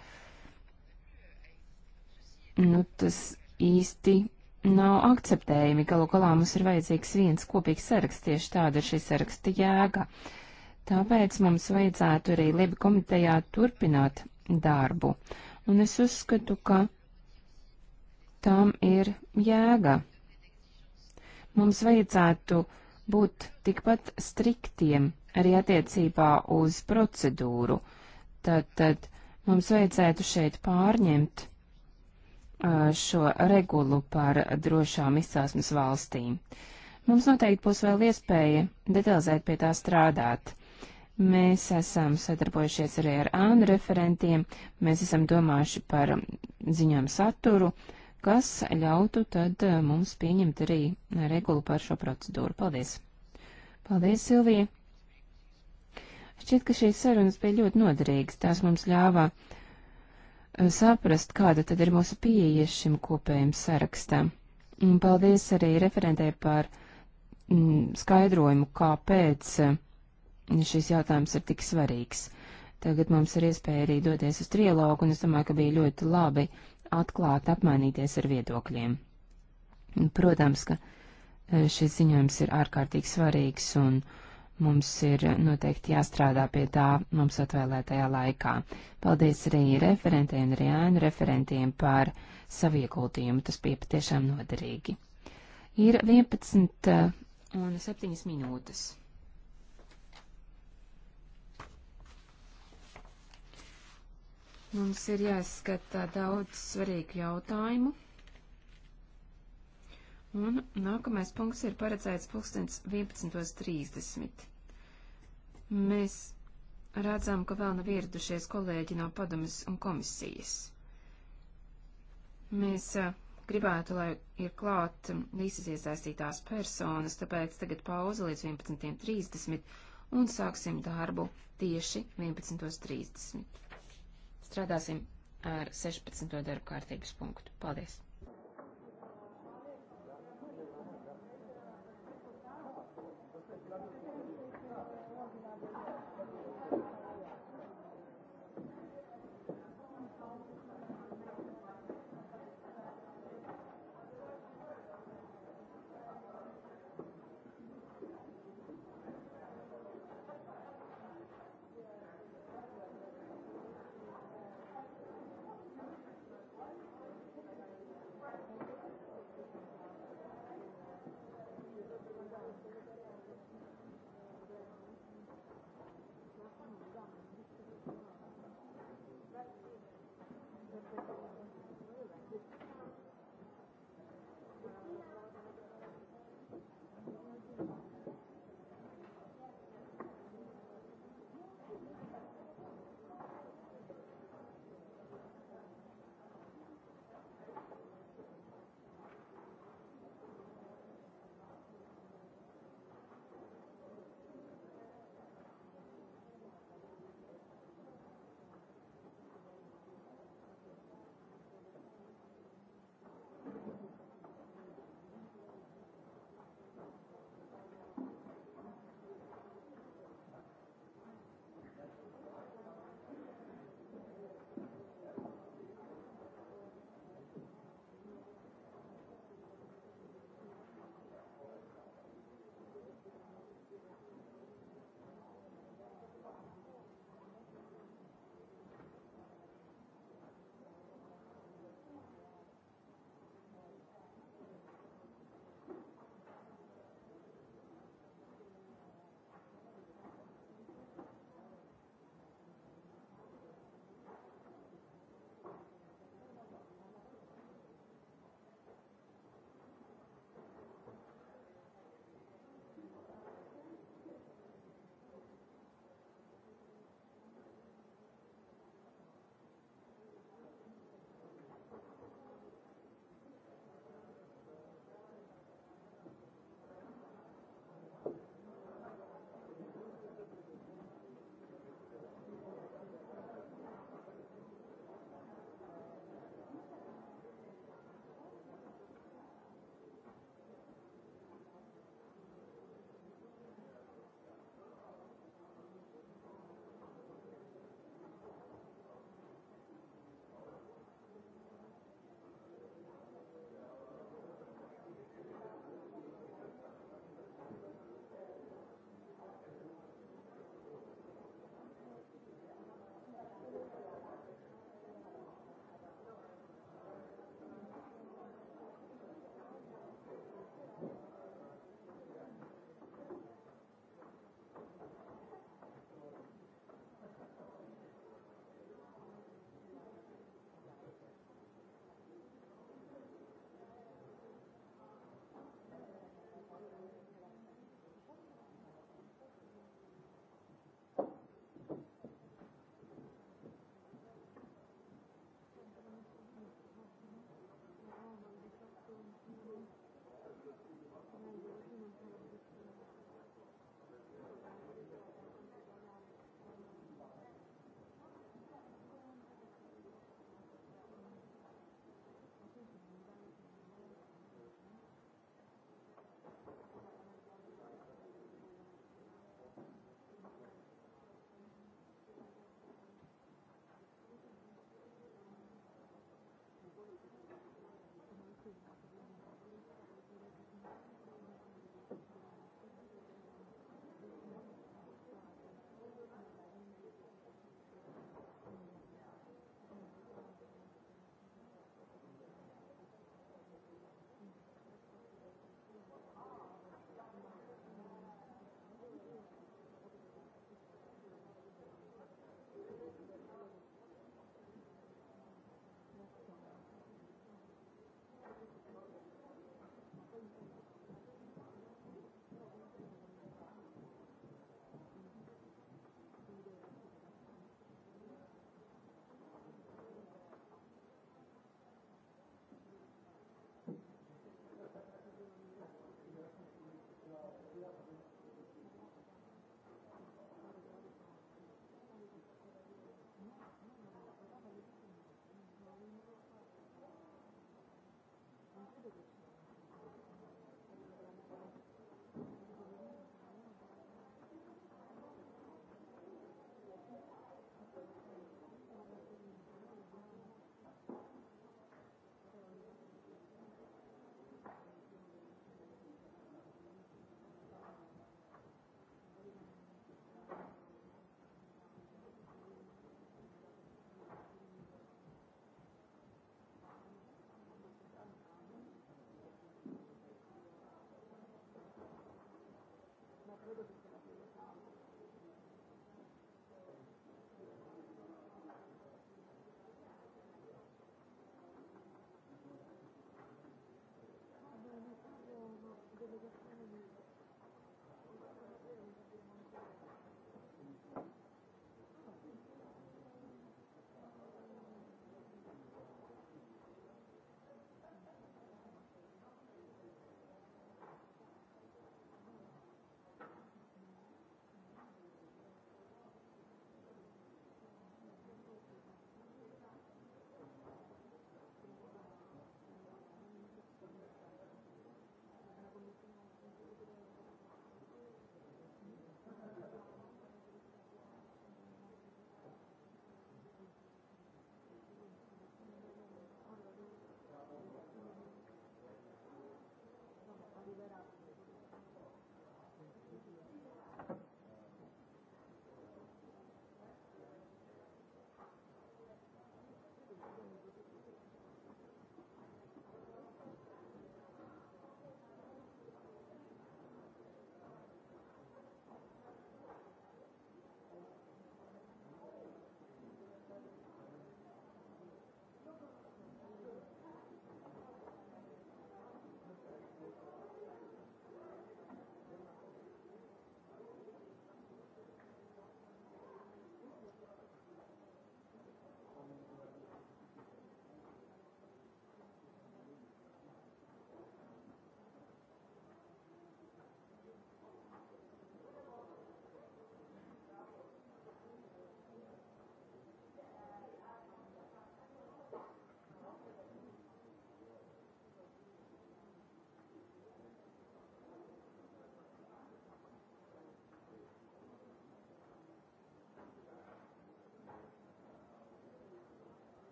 nu, tas īsti nav akceptējami. Galu galā mums ir vajadzīgs viens kopīgs saraksts, tieši tāda ir šī saraksta jēga. Tāpēc mums vajadzētu arī Libi komitejā turpināt darbu. Un es uzskatu, ka tam ir jēga. Mums vajadzētu būt tikpat striktiem arī attiecībā uz procedūru. Tad, tad mums vajadzētu šeit pārņemt uh, šo regulu par drošām izcelsmes valstīm. Mums noteikti būs vēl iespēja detalizēt pie tā strādāt. Mēs esam sadarbojušies arī ar ānu referentiem, mēs esam domājuši par ziņām saturu, kas ļautu tad mums pieņemt arī regulu par šo procedūru. Paldies! Paldies, Silvija! Šķiet, ka šīs sarunas bija ļoti noderīgas. Tās mums ļāva uh, saprast, kāda tad ir mūsu pieeja šim kopējam sarakstam. Un paldies arī referentē par mm, skaidrojumu, kāpēc uh, šis jautājums ir tik svarīgs. Tagad mums ir iespēja arī doties uz trialogu, un es domāju, ka bija ļoti labi atklāt apmainīties ar viedokļiem. Protams, ka uh, šis ziņojums ir ārkārtīgi svarīgs, un uh, Mums ir noteikti jāstrādā pie tā mums atvēlētajā laikā. Paldies arī referentiem, arī ēnu referentiem par savu iekultījumu. Tas bija patiešām noderīgi. Ir 11 eh, un 7 minūtes. Mums ir jāizskata daudz svarīgu jautājumu. Un nākamais punkts ir paredzēts 11.30. Mēs redzam, ka vēl nav ieradušies kolēģi no padomas un komisijas. Mēs a, gribētu, lai ir klāt visas iesaistītās personas, tāpēc tagad pauze līdz 11.30 un sāksim darbu tieši 11.30. Strādāsim ar 16. darbu kārtības punktu. Paldies!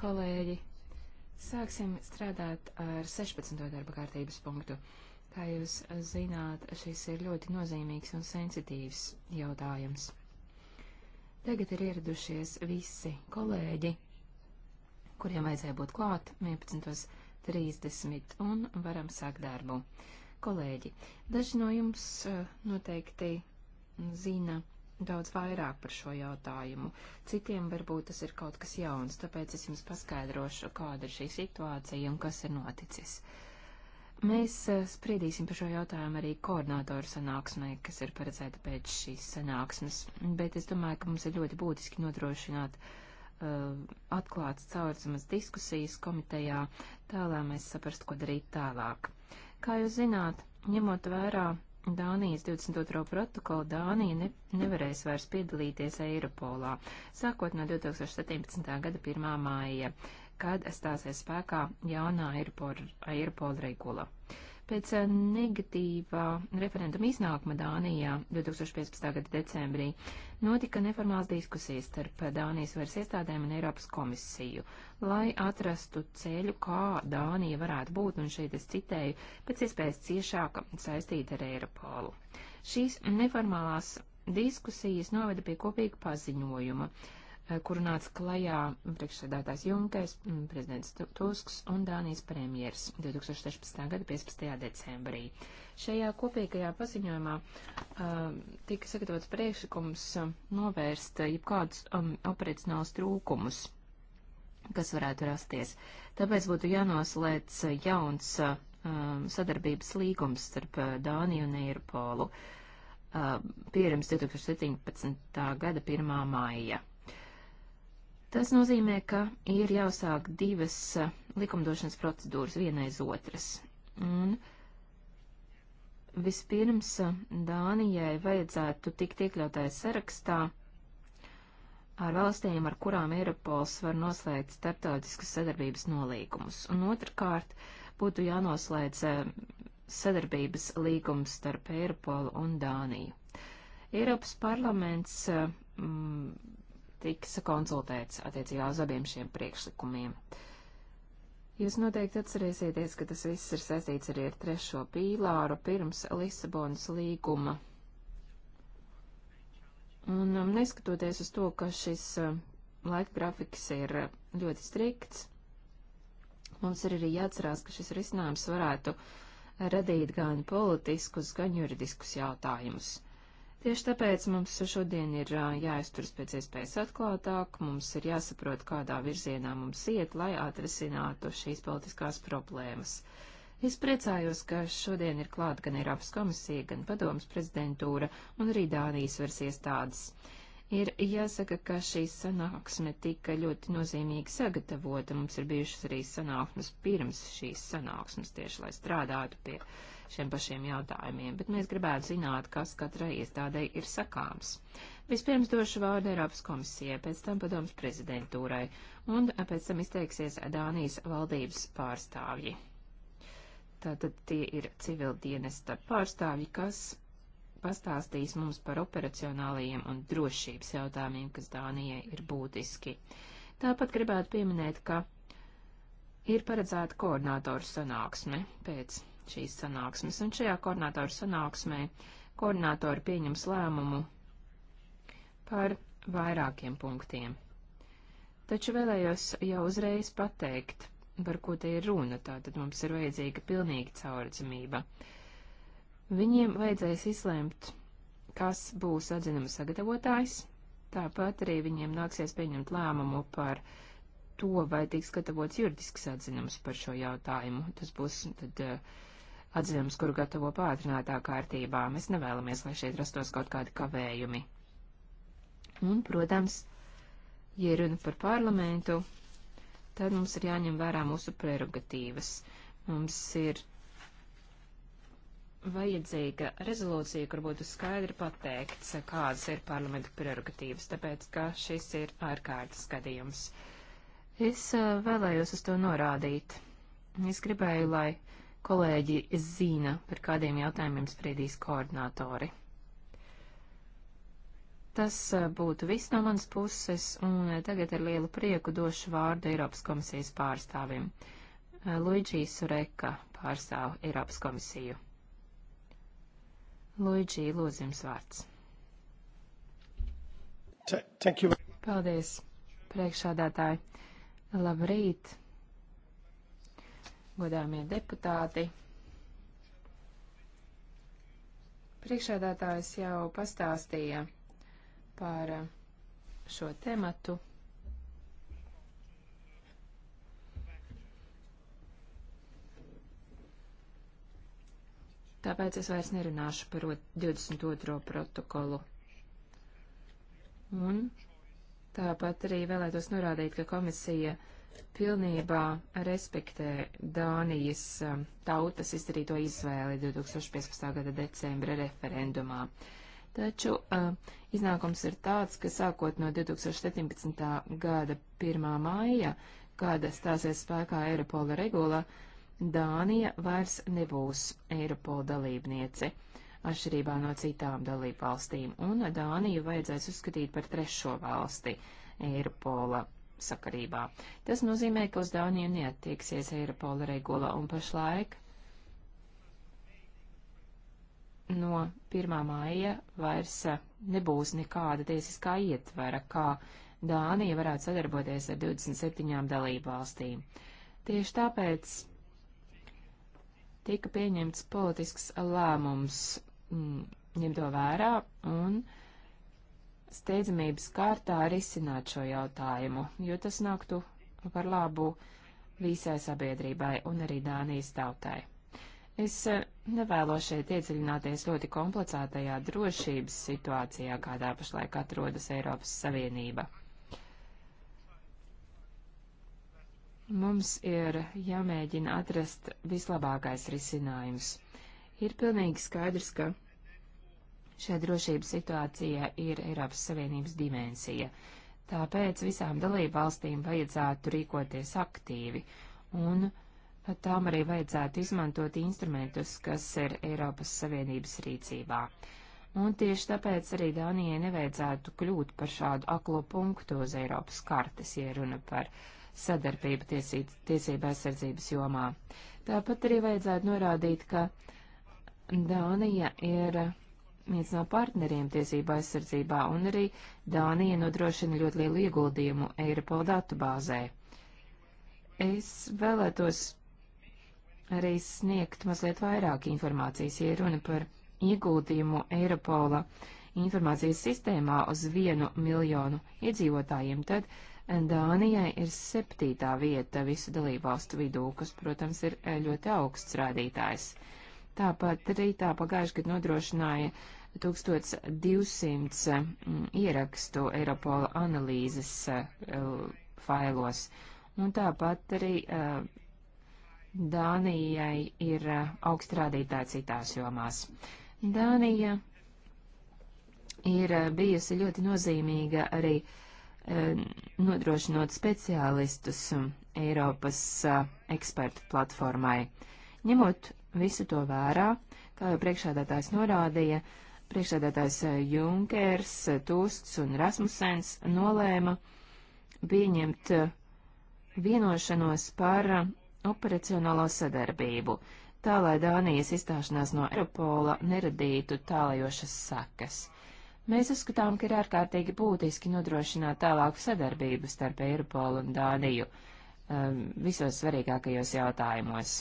Kolēģi, sāksim strādāt ar 16. darba kārtības punktu. Kā jūs zināt, šis ir ļoti nozīmīgs un sensitīvs jautājums. Tagad ir ieradušies visi kolēģi, kuriem vajadzēja būt klāt 11.30 un varam sākt darbu. Kolēģi, daži no jums eh, noteikti zina, daudz vairāk par šo jautājumu. Citiem varbūt tas ir kaut kas jauns, tāpēc es jums paskaidrošu, kāda ir šī situācija un kas ir noticis. Mēs eh, spriedīsim par šo jautājumu arī koordinātoru sanāksmē, kas ir paredzēta pēc šīs sanāksmes, bet es domāju, ka mums ir ļoti būtiski nodrošināt uh, eh, atklāts caurzumas diskusijas komitejā, tā lai mēs saprastu, ko darīt tālāk. Kā jūs zināt, ņemot vērā Dānijas 22. protokolu Dānija ne, nevarēs vairs piedalīties Eiropolā, sākot no 2017. gada 1. māja, kad stāsies spēkā jaunā Eiropola regula. Eiropol Pēc eh, negatīvā referenduma iznākuma Dānijā 2015. gada decembrī notika neformāls diskusijas starp Dānijas varas iestādēm un Eiropas komisiju, lai atrastu ceļu, kā Dānija varētu būt, un šeit es citēju, pēc iespējas ciešāka saistīta ar Eiropolu. Šīs neformālās diskusijas noveda pie kopīga paziņojuma. Uh, Eh, kuru nāca klajā priekšsēdētājs Junkers, mm, prezidents Tusks un Dānijas premjers 2016. gada 15. decembrī. Šajā kopīgajā paziņojumā um, tika sagatavots priekšlikums um, novērst jebkādus um, operacionālus trūkumus, kas varētu rasties. Tāpēc būtu jānoslēdz jauns um, sadarbības līgums starp Dāniju un Eiropolu pirms 2017. gada 1. māja. Tas nozīmē, ka ir jāsāk divas eh, likumdošanas procedūras viena aiz otras. Un vispirms eh, Dānijai vajadzētu tikt iekļautājas sarakstā ar valstīm, ar kurām Eiropols var noslēgt starptautiskas sadarbības nolīgumus. Un otrkārt, būtu jānoslēdz eh, sadarbības līgums starp Eiropolu un Dāniju. Eiropas parlaments mm, tiks konsultēts attiecībā uz abiem šiem priekšlikumiem. Jūs noteikti atcerēsieties, ka tas viss ir saistīts arī ar trešo pīlāru pirms Lisabonas līguma. Un um, neskatoties uz to, ka šis um, laika grafiks ir uh, ļoti strikts, mums ir arī jāatcerās, ka šis risinājums varētu radīt gan politiskus, gan juridiskus jautājumus. Tieši tāpēc mums šodien ir jāizturas pēc iespējas atklātāk, mums ir jāsaprot, kādā virzienā mums iet, lai atrisinātu šīs politiskās problēmas. Es priecājos, ka šodien ir klāt gan Eiropas komisija, gan padomas prezidentūra un arī Dānijas varas iestādes. Ir jāsaka, ka šī sanāksme tika ļoti nozīmīgi sagatavota. Mums ir bijušas arī sanāksmes pirms šīs sanāksmes tieši, lai strādātu pie uh, šiem pašiem jautājumiem, bet mēs gribētu zināt, kas katrai iestādei ir sakāms. Vispirms došu vārdu Eiropas komisijai, pēc tam padoms prezidentūrai, un pēc tam izteiksies Dānijas valdības pārstāvji. Tātad tie ir civildienesta pārstāvji, kas pastāstīs mums par operacionālajiem un drošības jautājumiem, kas Dānijai ir būtiski. Tāpat gribētu pieminēt, ka ir paredzēta koordinātoru sanāksme pēc šīs sanāksmes, un šajā koordinātoru sanāksmē koordinātori pieņems lēmumu par vairākiem punktiem. Taču vēlējos jau uzreiz pateikt, par ko te ir runa, tātad mums ir vajadzīga pilnīga caurdzamība. Viņiem vajadzēs izlēmt, kas būs atzinuma sagatavotājs, tāpat arī viņiem nāksies pieņemt lēmumu par to, vai tiks gatavots juridisks atzinums par šo jautājumu. Tas būs tad uh, atzinums, kuru gatavo pātrinātā kārtībā. Mēs nevēlamies, lai šeit rastos kaut kādi kavējumi. Un, protams, ja runa par parlamentu, tad mums ir jāņem vērā mūsu prerogatīvas. Mums ir vajadzīga rezolūcija, kur būtu skaidri pateikts, kādas ir parlamenta prerogatīvas, tāpēc, ka šis ir ārkārtas gadījums. Es eh, vēlējos uz to norādīt. Es gribēju, lai kolēģi zina, par kādiem jautājumiem spriedīs koordinātori. Tas eh, būtu viss no manas puses, un eh, tagad ar lielu prieku došu vārdu Eiropas komisijas pārstāvim. Eh, Luigi Sureka pārstāv Eiropas komisiju. Luigi, lūdzu jums vārds. T Thank you. Paldies, priekšādātāji. Labrīt godāmie deputāti. Priekšādātājs jau pastāstīja par šo tematu. Tāpēc es vairs nerunāšu par 22. protokolu. Un tāpat arī vēlētos norādīt, ka komisija uh, pilnībā respektē Dānijas um, tautas izdarīto izvēli 2015. gada decembra referendumā. Taču uh, iznākums ir tāds, ka sākot no 2017. gada 1. māja, kāda stāsies spēkā Eiropola regula, Dānija vairs nebūs Eiropola dalībniece, atšķirībā no citām dalībvalstīm, un Dāniju vajadzēs uzskatīt par trešo valsti Eiropola sakarībā. Tas nozīmē, ka uz Dāniju neattieksies Eiropola regula un pašlaik no 1. māja vairs eh, nebūs nekāda tiesiskā ietvera, kā Dānija varētu sadarboties ar 27 dalību valstīm. Tieši tāpēc tika pieņemts politisks lēmums mm, ņemto vērā un uh, steidzamības kārtā risināt šo jautājumu, jo tas nāktu par labu visai sabiedrībai un arī Dānijas tautai. Es e, nevēlos šeit iedziļināties ļoti komplicētajā drošības situācijā, kādā pašlaik atrodas Eiropas Savienība. Mums ir jāmēģina atrast vislabākais risinājums. Ir pilnīgi skaidrs, ka Šajā drošības situācijā ir Eiropas Savienības dimensija. Tāpēc visām dalību valstīm vajadzētu rīkoties aktīvi, un tām arī vajadzētu izmantot instrumentus, kas ir Eiropas Savienības rīcībā. Un tieši tāpēc arī Dānijai nevajadzētu kļūt par šādu aklo punktu uz Eiropas kartes, ja runa par sadarbību tiesība aizsardzības jomā. Tāpat arī vajadzētu norādīt, ka Dānija ir viens no partneriem tiesība aizsardzībā, un arī Dānija nodrošina ļoti lielu ieguldījumu Eiropol datubāzē. Es vēlētos arī sniegt mazliet vairāk informācijas, ja runa par ieguldījumu Eiropola informācijas sistēmā uz vienu miljonu iedzīvotājiem, tad Dānijai ir septītā vieta visu dalībvalstu vidū, kas, protams, ir eh, ļoti augsts rādītājs. Tāpat rītā pagājuši, kad nodrošināja 1200 mm, ierakstu Eiropola analīzes eh, failos. Un tāpat arī eh, Dānijai ir eh, augstrādītāji citās jomās. Dānija ir bijusi ļoti nozīmīga arī nodrošinot speciālistus Eiropas ekspertu platformai. Ņemot visu to vērā, kā jau priekšādātājs norādīja, uh, priekšsēdētājs eh, Junkers, eh, Tusks un Rasmusens nolēma pieņemt eh, vienošanos par operacionālo sadarbību, tā lai Dānijas izstāšanās no Eiropola neradītu tālajošas sakas. Mēs uzskatām, ka ir ārkārtīgi būtiski nodrošināt tālāku sadarbību starp Eiropolu un Dāniju um, visos svarīgākajos jautājumos.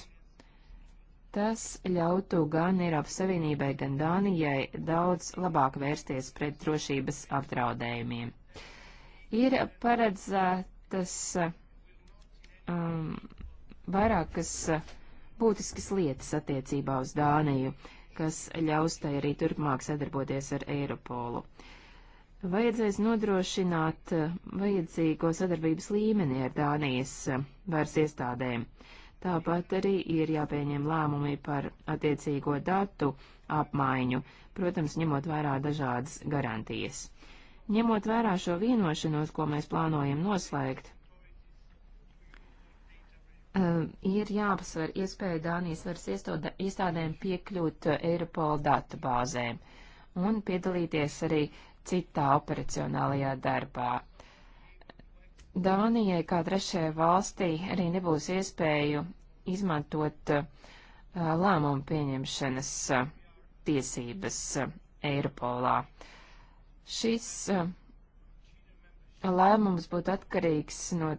Tas ļautu gan Eiropas Savienībai, gan Dānijai daudz labāk vērsties pret drošības apdraudējumiem. Ir paredzētas um, vairākas būtiskas lietas attiecībā uz Dāniju, kas ļaus tai arī turpmāk sadarboties ar Eiropolu. Vajadzēs nodrošināt uh, vajadzīgo sadarbības līmeni ar Dānijas uh, varas iestādēm. Uh, Tāpat arī ir jāpieņem lēmumi par attiecīgo datu apmaiņu, protams, ņemot vērā dažādas garantijas. Ņemot vērā šo vienošanos, ko mēs plānojam noslēgt, eh, ir jāapsver iespēja Dānijas varas iestādēm piekļūt eh, Eiropola datu bāzēm un piedalīties arī citā operacionālajā darbā. Dānijai kā trešajai valstī arī nebūs iespēju izmantot uh, lēmumu pieņemšanas uh, tiesības uh, Eiropolā. Šis lēmums būtu atkarīgs no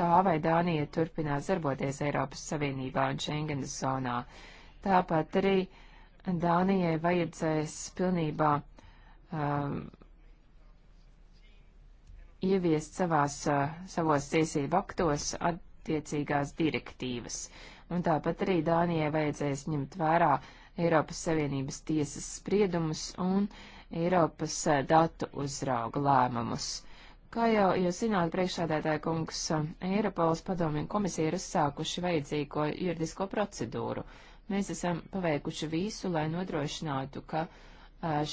tā, vai Dānija turpinās darboties Eiropas Savienībā un Schengenas zonā. Tāpat arī Dānijai vajadzēs pilnībā um, ieviest savās, eh, savos tiesību aktos attiecīgās direktīvas. Un tāpat arī Dānijai vajadzēs ņemt vērā Eiropas Savienības tiesas spriedumus un Eiropas eh, datu uzrauga lēmumus. Kā jau jūs zināt, priekšsādētāja kungs, eh, Eiropas padomju komisija ir uzsākuši vajadzīgo juridisko procedūru. Mēs esam paveikuši visu, lai nodrošinātu, ka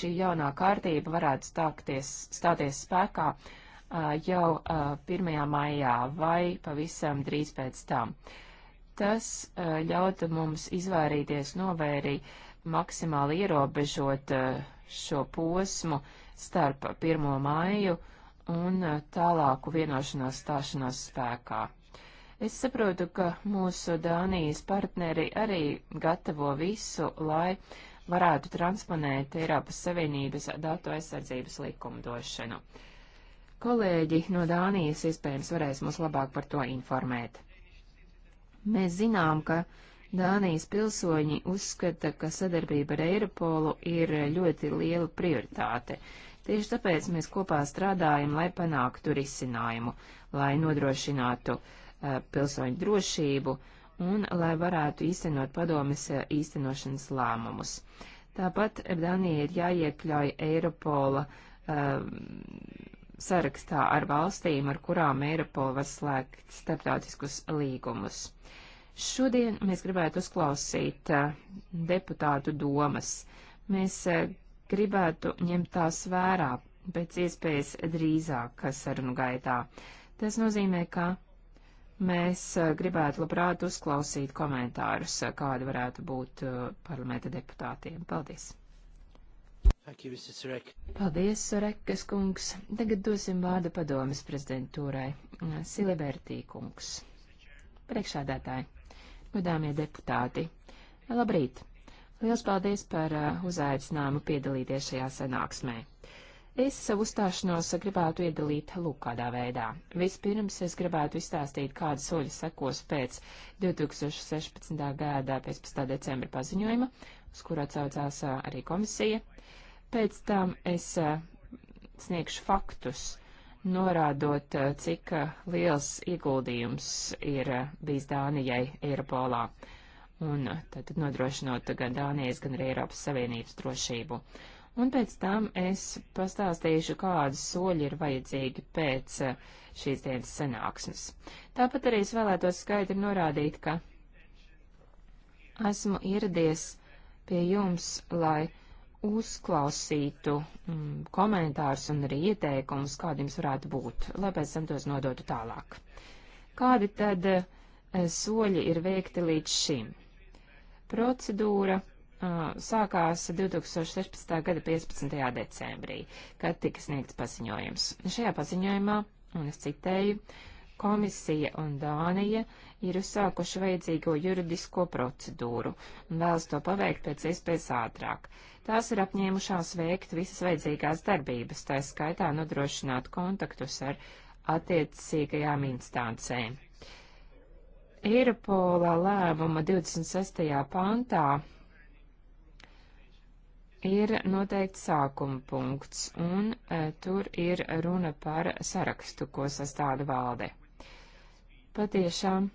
šī jaunā kārtība varētu stākties, stāties spēkā jau 1. maijā vai pavisam drīz pēc tam. Tas ļauta mums izvairīties novērī maksimāli ierobežot šo posmu starp 1. māju un tālāku vienošanos stāšanās spēkā. Es saprotu, ka mūsu Dānijas partneri arī gatavo visu, lai varētu transponēt Eiropas Savienības datu aizsardzības likumdošanu. Uh, Kolēģi no Dānijas iespējams varēs mūs labāk par to informēt. Mēs zinām, ka Dānijas pilsoņi uzskata, ka sadarbība ar Eiropolu ir ļoti liela prioritāte. Tieši tāpēc mēs kopā strādājam, lai panāktu risinājumu, lai nodrošinātu uh, pilsoņu drošību un lai varētu īstenot padomis eh, īstenošanas lēmumus. Tāpat Danija ir jāiekļauj Eiropola uh, sarakstā ar valstīm, ar kurām Eiropola var slēgt starptautiskus līgumus. Šodien mēs gribētu uzklausīt eh, deputātu domas. Mēs eh, gribētu ņemt tās vērā pēc iespējas drīzāk sarunu gaitā. Tas nozīmē, ka Mēs eh, gribētu labprāt uzklausīt komentārus, kādi varētu būt parlamenta deputātiem. Paldies! You, Paldies, Sorekas kungs. Tagad dosim vārdu padomas prezidentūrai. Eh, Silibertī kungs. Priekšādātāji, godāmie deputāti, labrīt! Liels paldies par uh, uzaicinājumu piedalīties šajā sanāksmē. Es savu uzstāšanos gribētu iedalīt lūk kādā veidā. Vispirms es gribētu izstāstīt, kāda soļa sekos pēc 2016. gada 15. decembra paziņojuma, uz kuru atsaucās uh, arī komisija. Pēc tam es eh, sniegšu faktus, norādot, eh, cik eh, liels ieguldījums ir bijis Dānijai Eiropolā un tad nodrošinot gan Dānijas, gan arī Eiropas Savienības drošību. Un pēc tam es pastāstīšu, kādas soļi ir vajadzīgi pēc šīs dienas sanāksmes. Tāpat arī es vēlētos skaidri norādīt, ka esmu ieradies pie jums, lai uzklausītu mm, komentārus un arī ieteikumus, kādi jums varētu būt, lai pēc tam tos nodotu tālāk. Kādi tad e, soļi ir veikti līdz šim? Procedūra eh, sākās 2016. gada 15. decembrī, kad tika sniegts paziņojums. Šajā paziņojumā, un es citēju, komisija un Dānija ir uzsākuši vajadzīgo juridisko procedūru un vēlas to paveikt pēc iespējas ātrāk. Tās ir apņēmušās veikt visas vajadzīgās darbības, tā skaitā nodrošināt kontaktus ar attiecīgajām instancēm. Eiropola lēmuma 26. pantā ir noteikti sākuma punkts, un e, tur ir runa par sarakstu, ko sastāda valde. Patiešām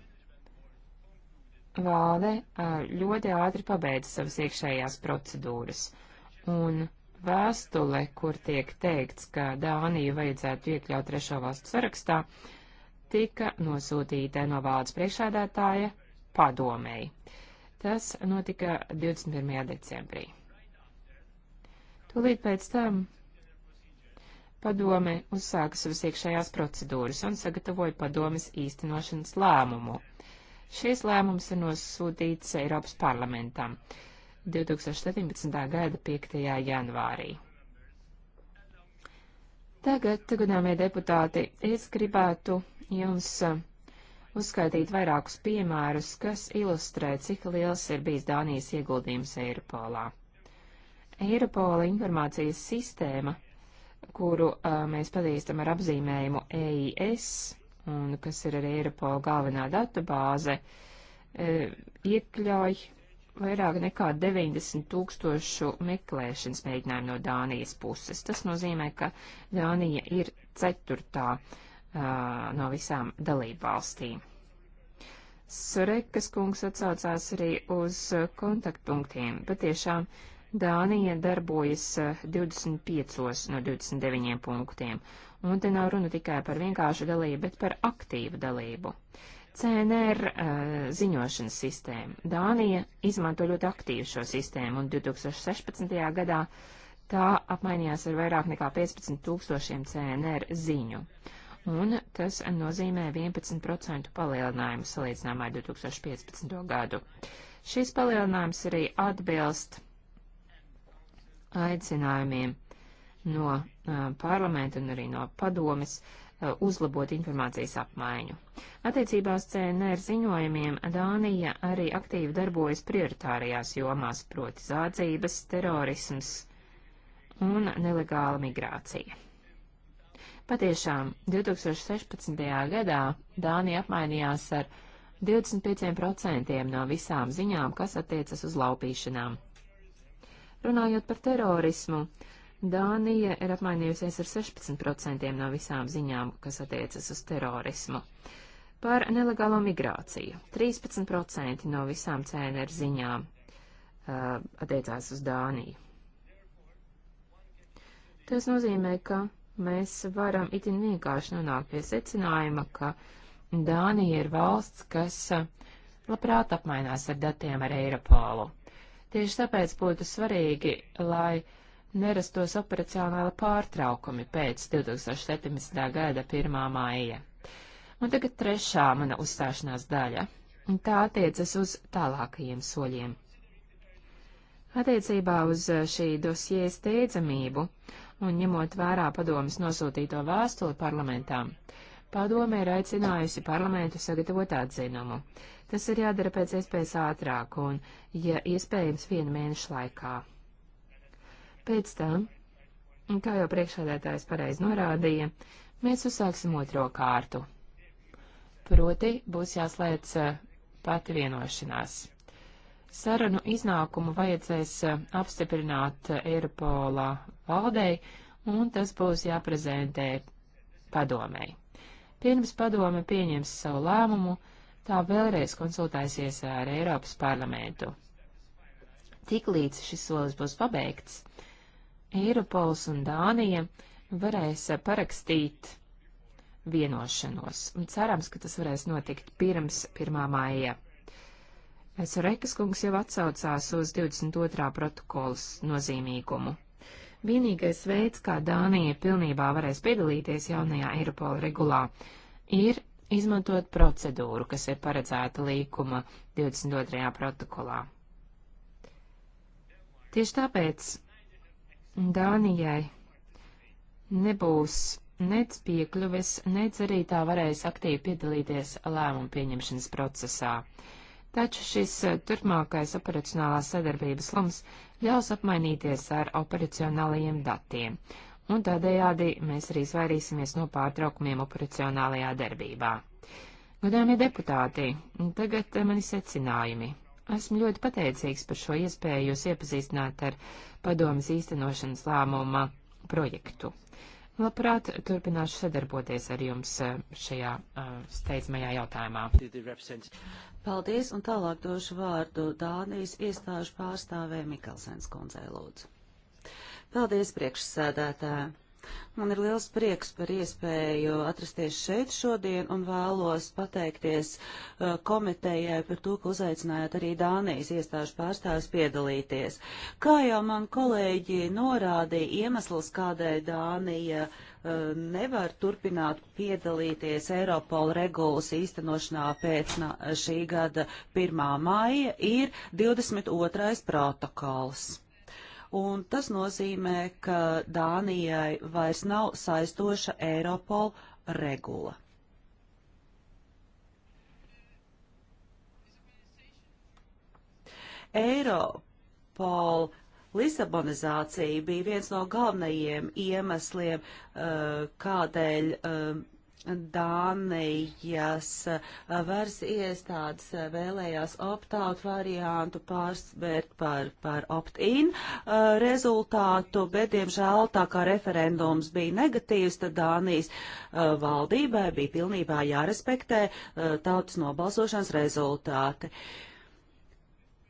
valde ļoti ātri pabeidza savas iekšējās procedūras, un vēstule, kur tiek teikts, ka Dāniju vajadzētu iekļaut trešo valstu sarakstā, tika nosūtīta no valdes priekšādātāja padomēji. Tas notika 21. decembrī. Tūlīt pēc tam padome uzsāka savas iekšējās procedūras un sagatavoja padomes īstenošanas lēmumu – Šis lēmums ir nosūtīts Eiropas parlamentam 2017. gada 5. janvārī. Tagad, godāmie deputāti, es gribētu jums uh, uzskaitīt vairākus piemērus, kas ilustrē, cik liels ir bijis Dānijas ieguldījums Eiropolā. Eiropola informācijas sistēma, kuru uh, mēs pazīstam ar apzīmējumu EIS, un kas ir arī Eiropola galvenā databāze, e, iekļauj vairāk nekā 90 tūkstošu meklēšanas mēģinājumu no Dānijas puses. Tas nozīmē, ka Dānija ir ceturtā uh, no visām dalību valstīm. Surekas kungs atsaucās arī uz kontaktpunktiem. Patiešām Dānija darbojas 25 e, no 29 punktiem, Un te nav runa tikai par vienkāršu dalību, bet par aktīvu dalību. CNR uh, eh, ziņošanas sistēma. Dānija izmanto ļoti aktīvu šo sistēmu, un 2016. gadā tā apmainījās ar vairāk nekā 15 tūkstošiem CNR ziņu. Un tas nozīmē 11% palielinājumu salīdzinājumā ar 2015. gadu. Šis palielinājums arī atbilst aicinājumiem no parlamenta un arī no padomes uzlabot informācijas apmaiņu. Attiecībā uz CNR ziņojumiem Dānija arī aktīvi darbojas prioritārajās jomās, proti zādzības, terorisms un nelegāla migrācija. Patiešām 2016. gadā Dānija apmainījās ar 25% no visām ziņām, kas attiecas uz laupīšanām. Runājot par terorismu, uh, Dānija ir apmainījusies ar 16% no visām ziņām, kas attiecas uz terorismu. Par nelegālo migrāciju 13% no visām CNR ziņām uh, attiecās uz Dāniju. Tas nozīmē, ka mēs varam itin vienkārši nonākt pie secinājuma, ka Dānija ir valsts, kas uh, labprāt apmainās ar datiem ar Eiropālu. Tieši tāpēc būtu svarīgi, lai uh, nerastos operacionāla pārtraukumi pēc 2017. gada 1. māja. Un tagad trešā mana uzstāšanās daļa, un tā attiecas uz tālākajiem soļiem. Attiecībā uz eh, šī dosie steidzamību un ņemot vērā padomas nosūtīto vēstuli parlamentām, padome ir aicinājusi parlamentu sagatavot atzinumu. Tas ir jādara pēc iespējas ātrāk un, ja iespējams, vienu mēnešu laikā. Pēc tam, kā jau priekšādētājs pareiz norādīja, mēs uzsāksim otro kārtu. Proti būs jāslēdz eh, pati vienošanās. Sarunu iznākumu vajadzēs eh, apstiprināt eh, Eiropola valdei, un tas būs jāprezentē padomēji. Pirms padome pieņems savu lēmumu, tā vēlreiz konsultēsies ar Eiropas parlamentu. Tiklīdz šis solis būs pabeigts, Eiropols un Dānija varēs parakstīt vienošanos. Un cerams, ka tas varēs notikt pirms 1. maija. Esorekas kungs jau atsaucās uz 22. protokolas nozīmīgumu. Vienīgais veids, kā Dānija pilnībā varēs piedalīties jaunajā Eiropola regulā, ir izmantot procedūru, kas ir paredzēta līkuma 22. protokolā. Tieši tāpēc Dānijai nebūs nec piekļuves, nec arī tā varēs aktīvi piedalīties lēmumu pieņemšanas procesā. Taču šis eh, turpmākais operacionālās sadarbības lums ļaus apmainīties ar operacionālajiem datiem, un tādējādi mēs arī izvairīsimies no pārtraukumiem operacionālajā darbībā. Godāmie deputāti, tagad eh, mani secinājumi. Esmu ļoti pateicīgs par šo iespēju jūs iepazīstināt ar padomas īstenošanas lēmuma projektu. Labprāt, turpināšu sadarboties ar jums eh, šajā uh, steidzamajā jautājumā. Paldies, un tālāk došu vārdu Dānijas iestāžu pārstāvē Mikelsens kundzei lūdzu. Paldies, priekšsēdētāji! Man ir liels prieks par iespēju atrasties šeit šodien un vēlos pateikties uh, komitejai par to, ka uzaicinājāt arī Dānijas iestāžu pārstāvis piedalīties. Kā jau man kolēģi norādīja, iemesls, kādēļ Dānija uh, nevar turpināt piedalīties Eiropola regulas īstenošanā pēc šī gada 1. maija, ir 22. protokols un tas nozīmē, ka Dānijai vairs nav saistoša Eiropol regula. Eiropol Lisabonizācija bija viens no galvenajiem iemesliem, eh, kādēļ eh, Dānijas varas iestādes vēlējās opt-out variantu pārsvērt par, par opt-in uh, rezultātu, bet, diemžēl, tā kā referendums bija negatīvs, tad Dānijas uh, valdībai bija pilnībā jārespektē uh, tautas nobalsošanas rezultāti. Uh,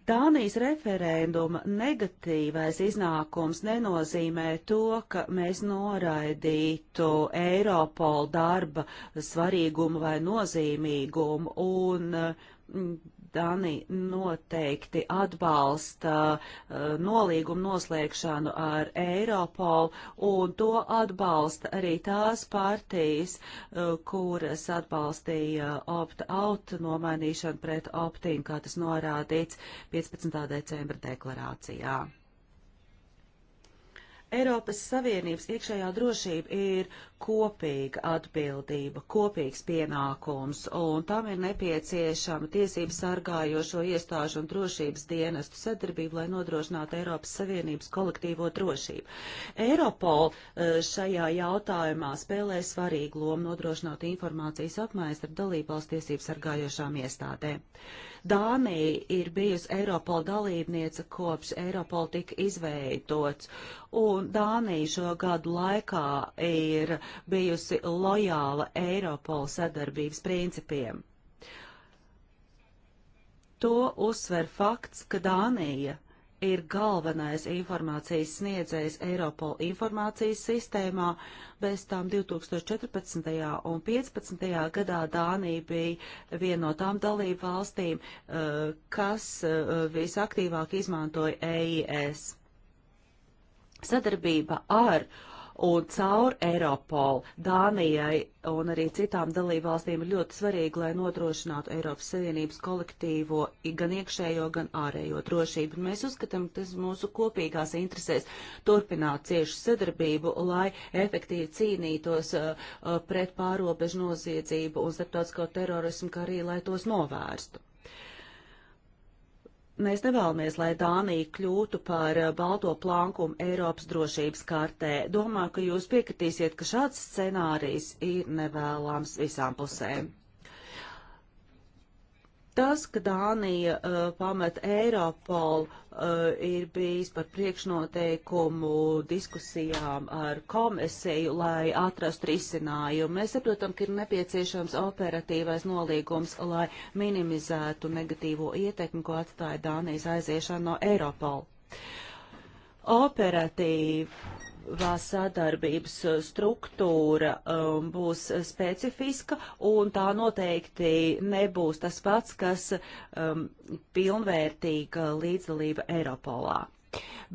Dānijas referenduma negatīvais iznākums nenozīmē to, ka mēs noraidītu Eiropola darba svarīgumu vai nozīmīgumu un mm, Dānija noteikti atbalsta uh, nolīgumu noslēgšanu ar Eiropolu, un to atbalsta arī tās partijas, uh, kuras atbalstīja opt-out nomainīšanu pret opt-in, kā tas norādīts 15. decembra deklarācijā. Eiropas Savienības iekšējā drošība ir kopīga atbildība, kopīgs pienākums, un tam ir nepieciešama tiesību sargājošo iestāžu un drošības dienestu sadarbība, lai nodrošinātu Eiropas Savienības kolektīvo drošību. Eiropol eh, šajā jautājumā spēlē svarīgu lomu nodrošinot informācijas apmaiņas ar dalībvalsts tiesību sargājošām iestādēm. Dānija ir bijusi Eiropola dalībniece kopš Eiropola tika izveidots, un Dānija šo gadu laikā ir bijusi lojāla Eiropola sadarbības principiem. To uzsver fakts, ka Dānija ir galvenais informācijas sniedzējs Eiropol informācijas sistēmā. Bez tām 2014. un 2015. gadā Dānija bija viena no tām dalību valstīm, eh, kas eh, visaktīvāk izmantoja EIS. Sadarbība ar uh, un caur Eiropolu Dānijai un arī citām dalībvalstīm ir ļoti svarīgi, lai nodrošinātu Eiropas Savienības kolektīvo gan iekšējo, gan ārējo drošību. Un mēs uzskatām, ka tas mūsu kopīgās interesēs turpināt ciešu sadarbību, lai efektīvi cīnītos uh, uh pret pārobežu noziedzību un starptautisko terorismu, kā arī lai tos novērstu. Mēs nevēlamies, lai Dānija kļūtu par eh, balto plankumu Eiropas drošības kartē. Domāju, ka jūs piekritīsiet, ka šāds scenārijs ir nevēlams visām pusēm. Tas, ka Dānija uh, pamet Eiropolu, uh, ir bijis par priekšnoteikumu diskusijām ar komisiju, lai atrastu risinājumu. Mēs saprotam, ka ir nepieciešams operatīvais nolīgums, lai minimizētu negatīvo ietekmi, ko atstāja Dānijas aiziešana no Eiropola. Operatīvi Vās sadarbības uh, struktūra um, būs specifiska un tā noteikti nebūs tas pats, kas um, pilnvērtīga līdzdalība Eiropolā.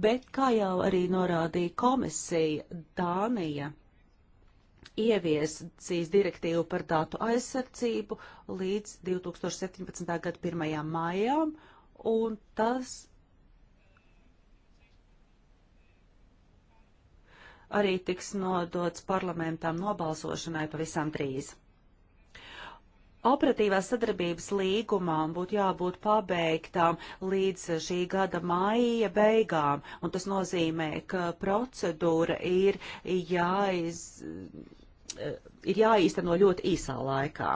Bet, kā jau arī norādīja komisija, Dānija ieviesīs direktīvu par datu aizsardzību līdz 2017. gada 1. maijām, un tas arī tiks nodots parlamentam nobalsošanai pavisam drīz. Operatīvās sadarbības līgumām būtu jābūt pabeigtām līdz šī gada maija beigām, un tas nozīmē, ka procedūra ir jāiz ir jāīsteno ļoti īsā laikā.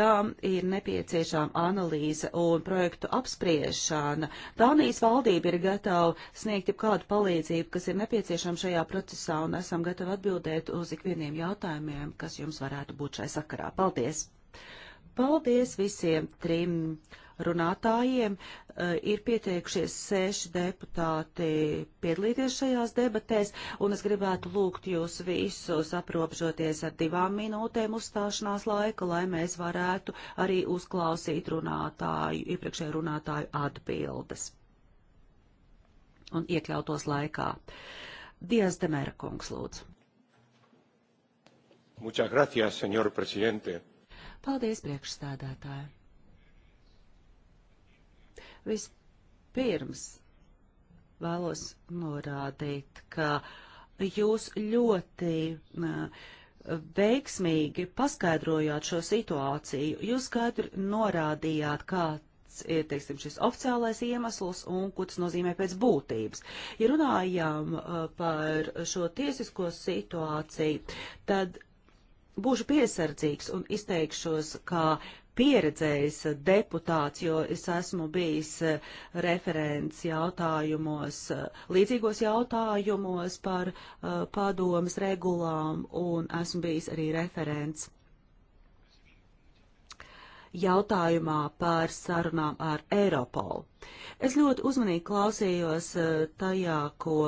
Tām ir nepieciešama analīze un projektu apspriešana. Dānijas valdība ir gatava sniegt jau kādu palīdzību, kas ir nepieciešama šajā procesā, un esam gatavi atbildēt uz ikvieniem jautājumiem, kas jums varētu būt šai sakarā. Paldies! Paldies visiem trim runātājiem. Eh, ir pieteikušies seši deputāti piedalīties šajās debatēs, un es gribētu lūgt jūs visus aprobežoties ar divām minūtēm uzstāšanās laika, lai mēs varētu arī uzklausīt runātāju, iepriekšēju runātāju atbildes un iekļautos laikā. Dievs Demēra kungs lūdzu. Muchas gracias, señor presidente. Paldies, priekšstādātāji! Vispirms vēlos norādīt, ka jūs ļoti uh, veiksmīgi paskaidrojāt šo situāciju. Jūs skaidri norādījāt, kāds ir, teiksim, šis oficiālais iemesls un ko tas nozīmē pēc būtības. Ja runājām uh, par šo tiesisko situāciju, tad Būšu piesardzīgs un izteikšos kā pieredzējis deputāts, jo es esmu bijis eh, referents jautājumos, eh, līdzīgos jautājumos par uh, padomas regulām un esmu bijis arī referents jautājumā par sarunām ar Eiropolu. Es ļoti uzmanīgi klausījos tajā, ko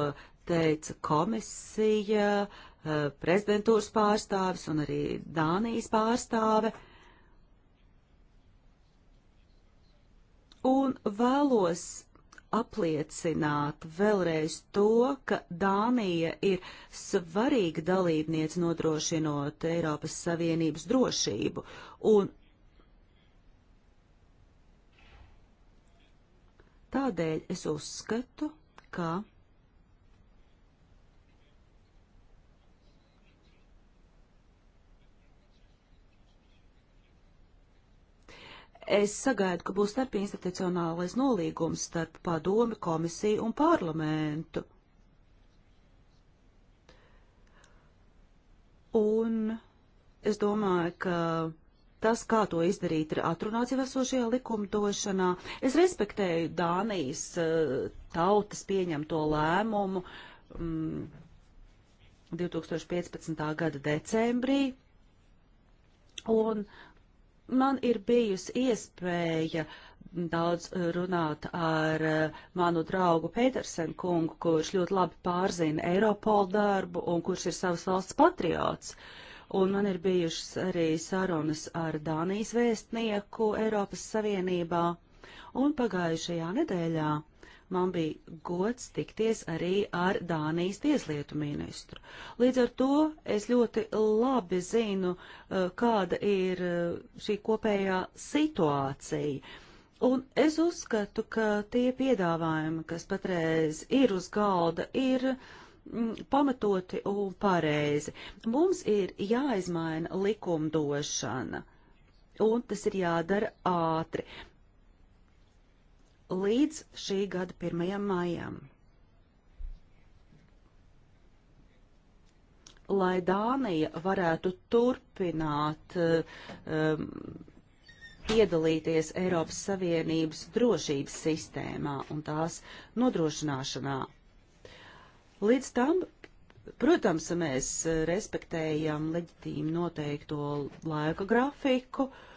teica komisija, uh, Eh, prezidentūras pārstāvis un arī Dānijas pārstāve. Un vēlos apliecināt vēlreiz to, ka Dānija ir svarīga dalībniece nodrošinot Eiropas Savienības drošību. Un tādēļ es uzskatu, ka Es sagaidu, ka būs starp institucionālais nolīgums starp padomi, komisiju un parlamentu. Un es domāju, ka tas, kā to izdarīt, ir atrunāts jau esošajā likumdošanā. Es respektēju Dānijas eh, tautas pieņemto lēmumu mm, 2015. gada decembrī. Un Man ir bijusi iespēja daudz runāt ar eh, manu draugu Petersenu kungu, kurš ļoti labi pārzina Eiropolu darbu un kurš ir savas valsts patriots. Un man ir bijušas arī sarunas ar Dānijas vēstnieku Eiropas Savienībā. Un pagājušajā nedēļā man bija gods tikties arī ar Dānijas tieslietu ministru. Līdz ar to es ļoti labi zinu, eh, kāda ir eh, šī kopējā situācija. Un es uzskatu, ka tie piedāvājumi, kas patreiz ir uz galda, ir mm, pamatoti un pareizi. Mums ir jāizmaina likumdošana un tas ir jādara ātri līdz šī gada 1. maijam. Lai Dānija varētu turpināt um, piedalīties Eiropas Savienības drošības sistēmā un tās nodrošināšanā. Līdz tam, protams, mēs respektējam leģitīmi noteikto laika grafiku, uh,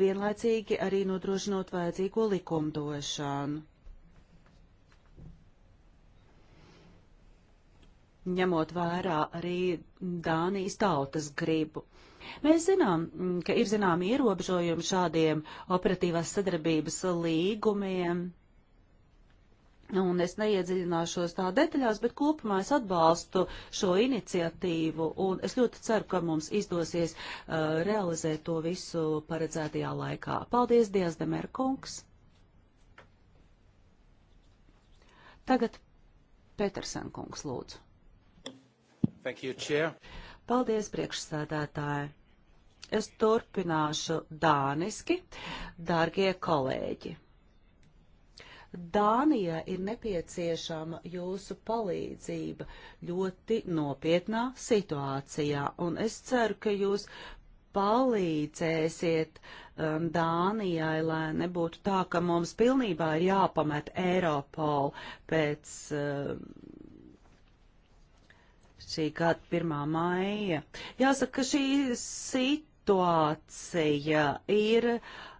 vienlaicīgi arī nodrošinot vajadzīgo likumdošanu. ņemot vērā arī Dānijas tautas gribu. Mēs zinām, ka ir zinām ierobežojumi šādiem operatīvās sadarbības līgumiem, Un es neiedziļināšos tā detaļās, bet kopumā es atbalstu šo iniciatīvu un es ļoti ceru, ka mums izdosies uh, realizēt to visu paredzētajā laikā. Paldies, Dievs, Demerkungs! Tagad Petersen kungs lūdzu. Thank you, chair. Paldies, priekšsēdētāji! Es turpināšu dāniski, dārgie kolēģi! Dānijai ir nepieciešama jūsu palīdzība ļoti nopietnā situācijā, un es ceru, ka jūs palīdzēsiet um, Dānijai, lai nebūtu tā, ka mums pilnībā ir jāpamet Eiropol pēc um, šī gada 1. maija. Jāsaka, ka šī situācija ir. Uh,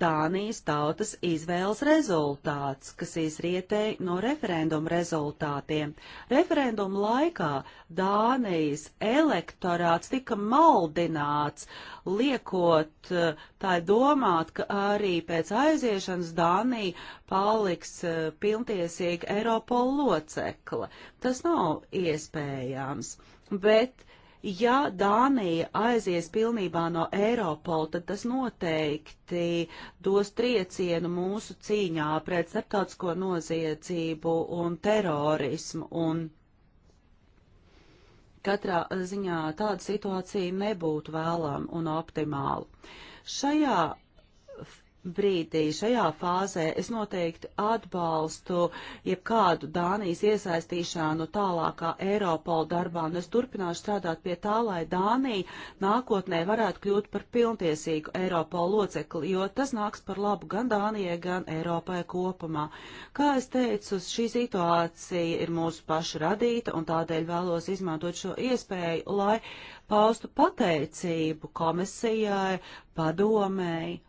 Dānijas tautas izvēles rezultāts, kas izrietēja no referenduma rezultātiem. Referenduma laikā Dānijas elektorāts tika maldināts, liekot tā domāt, ka arī pēc aiziešanas Dānija paliks eh, pilntiesīga Eiropola locekla. Tas nav iespējams, bet Ja Dānija aizies pilnībā no Eiropola, tad tas noteikti dos triecienu mūsu cīņā pret starptautisko noziedzību un terorismu. Un katrā ziņā tāda situācija nebūtu vēlama un optimāla. Šajā brīdī šajā fāzē es noteikti atbalstu jebkādu Dānijas iesaistīšanu tālākā Eiropola darbā, un es turpināšu strādāt pie tā, lai Dānija nākotnē varētu kļūt par pilntiesīgu Eiropola locekli, jo tas nāks par labu gan Dānijai, gan Eiropai kopumā. Kā es teicu, šī situācija ir mūsu paša radīta, un tādēļ vēlos izmantot šo iespēju, lai paustu pateicību komisijai, padomēji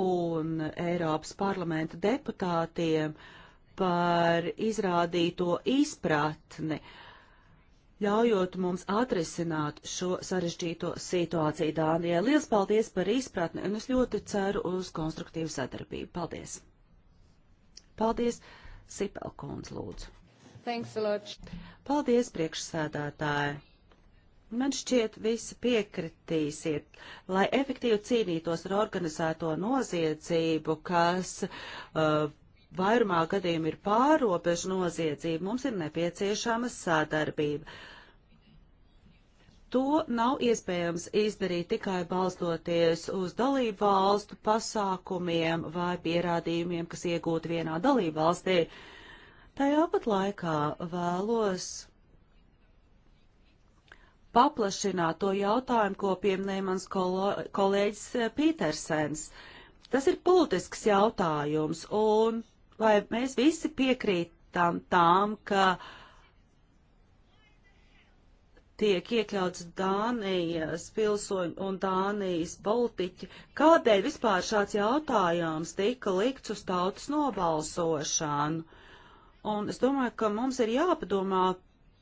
un Eiropas parlamenta deputātiem par izrādīto izpratni, ļaujot mums atrisināt šo sarežģīto situāciju Dānijā. Lielas paldies par izpratni, un es ļoti ceru uz konstruktīvu sadarbību. Paldies! Paldies, Sipelkons, lūdzu! Thanks a lot! Paldies, priekšsēdētāji! Man šķiet, visi piekritīsiet, lai efektīvi cīnītos ar organizēto noziedzību, kas uh, vairumā gadījumā ir pārobežu noziedzība, mums ir nepieciešama sadarbība. To nav iespējams izdarīt tikai balstoties uz dalību valstu pasākumiem vai pierādījumiem, kas iegūti vienā dalību valstī. Tajā pat laikā vēlos paplašināt to jautājumu, ko pieminēja mans kolēģis eh, Pītersens. Tas ir politisks jautājums, un vai mēs visi piekrītam tām, ka tiek iekļauts Dānijas pilsoņi un Dānijas politiķi, kādēļ vispār šāds jautājums tika likts uz tautas nobalsošanu? Un es domāju, ka mums ir jāpadomā,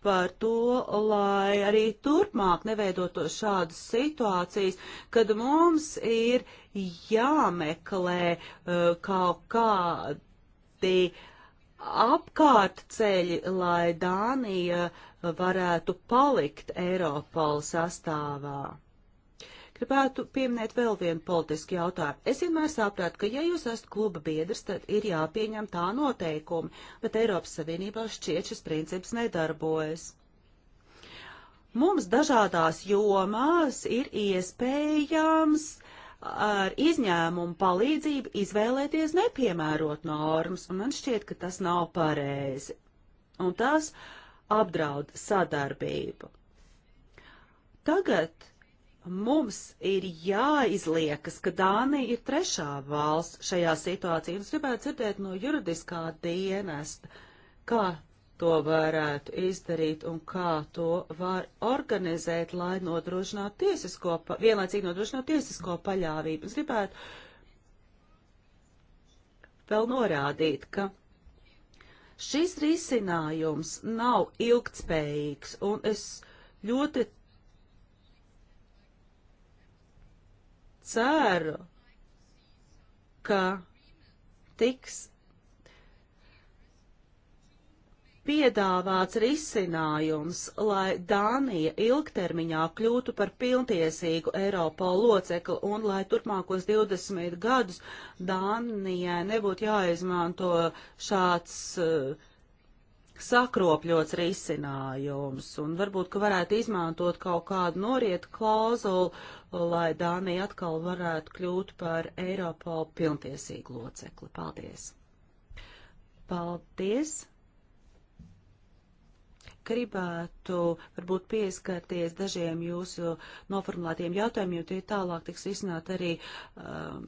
par to, lai arī turpmāk neveidotos šādas situācijas, kad mums ir jāmeklē uh, kaut kādi apkārtceļi, lai Dānija varētu palikt Eiropolu sastāvā. Gribētu pieminēt vēl vienu politisku jautājumu. Es vienmēr sapratu, ka ja jūs esat kluba biedrs, tad ir jāpieņem tā noteikumi, bet Eiropas Savienībā šķiet šis princips nedarbojas. Mums dažādās jomās ir iespējams ar izņēmumu palīdzību izvēlēties nepiemērot normas, un man šķiet, ka tas nav pareizi. Un tas apdraud sadarbību. Tagad Mums ir jāizliekas, ka Dānija ir trešā valsts šajā situācijā. Es gribētu dzirdēt no juridiskā dienesta, kā to varētu izdarīt un kā to var organizēt, lai nodrošinātu tiesisko, vienlaicīgi nodrošinātu tiesisko paļāvību. Es gribētu vēl norādīt, ka šis risinājums nav ilgtspējīgs un es ļoti ceru, ka tiks piedāvāts risinājums, lai Dānija ilgtermiņā kļūtu par pilntiesīgu Eiropā locekli un lai turpmākos 20 gadus Dānijai nebūtu jāizmanto šāds uh, sakropļots risinājums, un varbūt, ka varētu izmantot kaut kādu norietu klauzulu, lai Dānija atkal varētu kļūt par Eiropolu pilntiesīgu locekli. Paldies! Paldies! Gribētu varbūt pieskarties dažiem jūsu noformulētiem jautājumiem, jo tie tālāk tiks izsnāt arī um,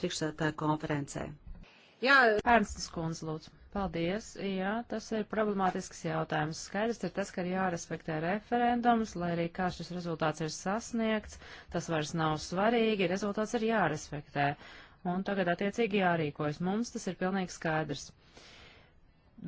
priekšsētāju konferencē. Jā, Pērnstas kundze, lūdzu. Paldies. Jā, tas ir problemātisks jautājums. Skaidrs ir tas, ka ir jārespektē referendums, lai arī kā šis rezultāts ir sasniegts, tas vairs nav svarīgi, rezultāts ir jārespektē. Un tagad attiecīgi jārīkojas. Mums tas ir pilnīgi skaidrs.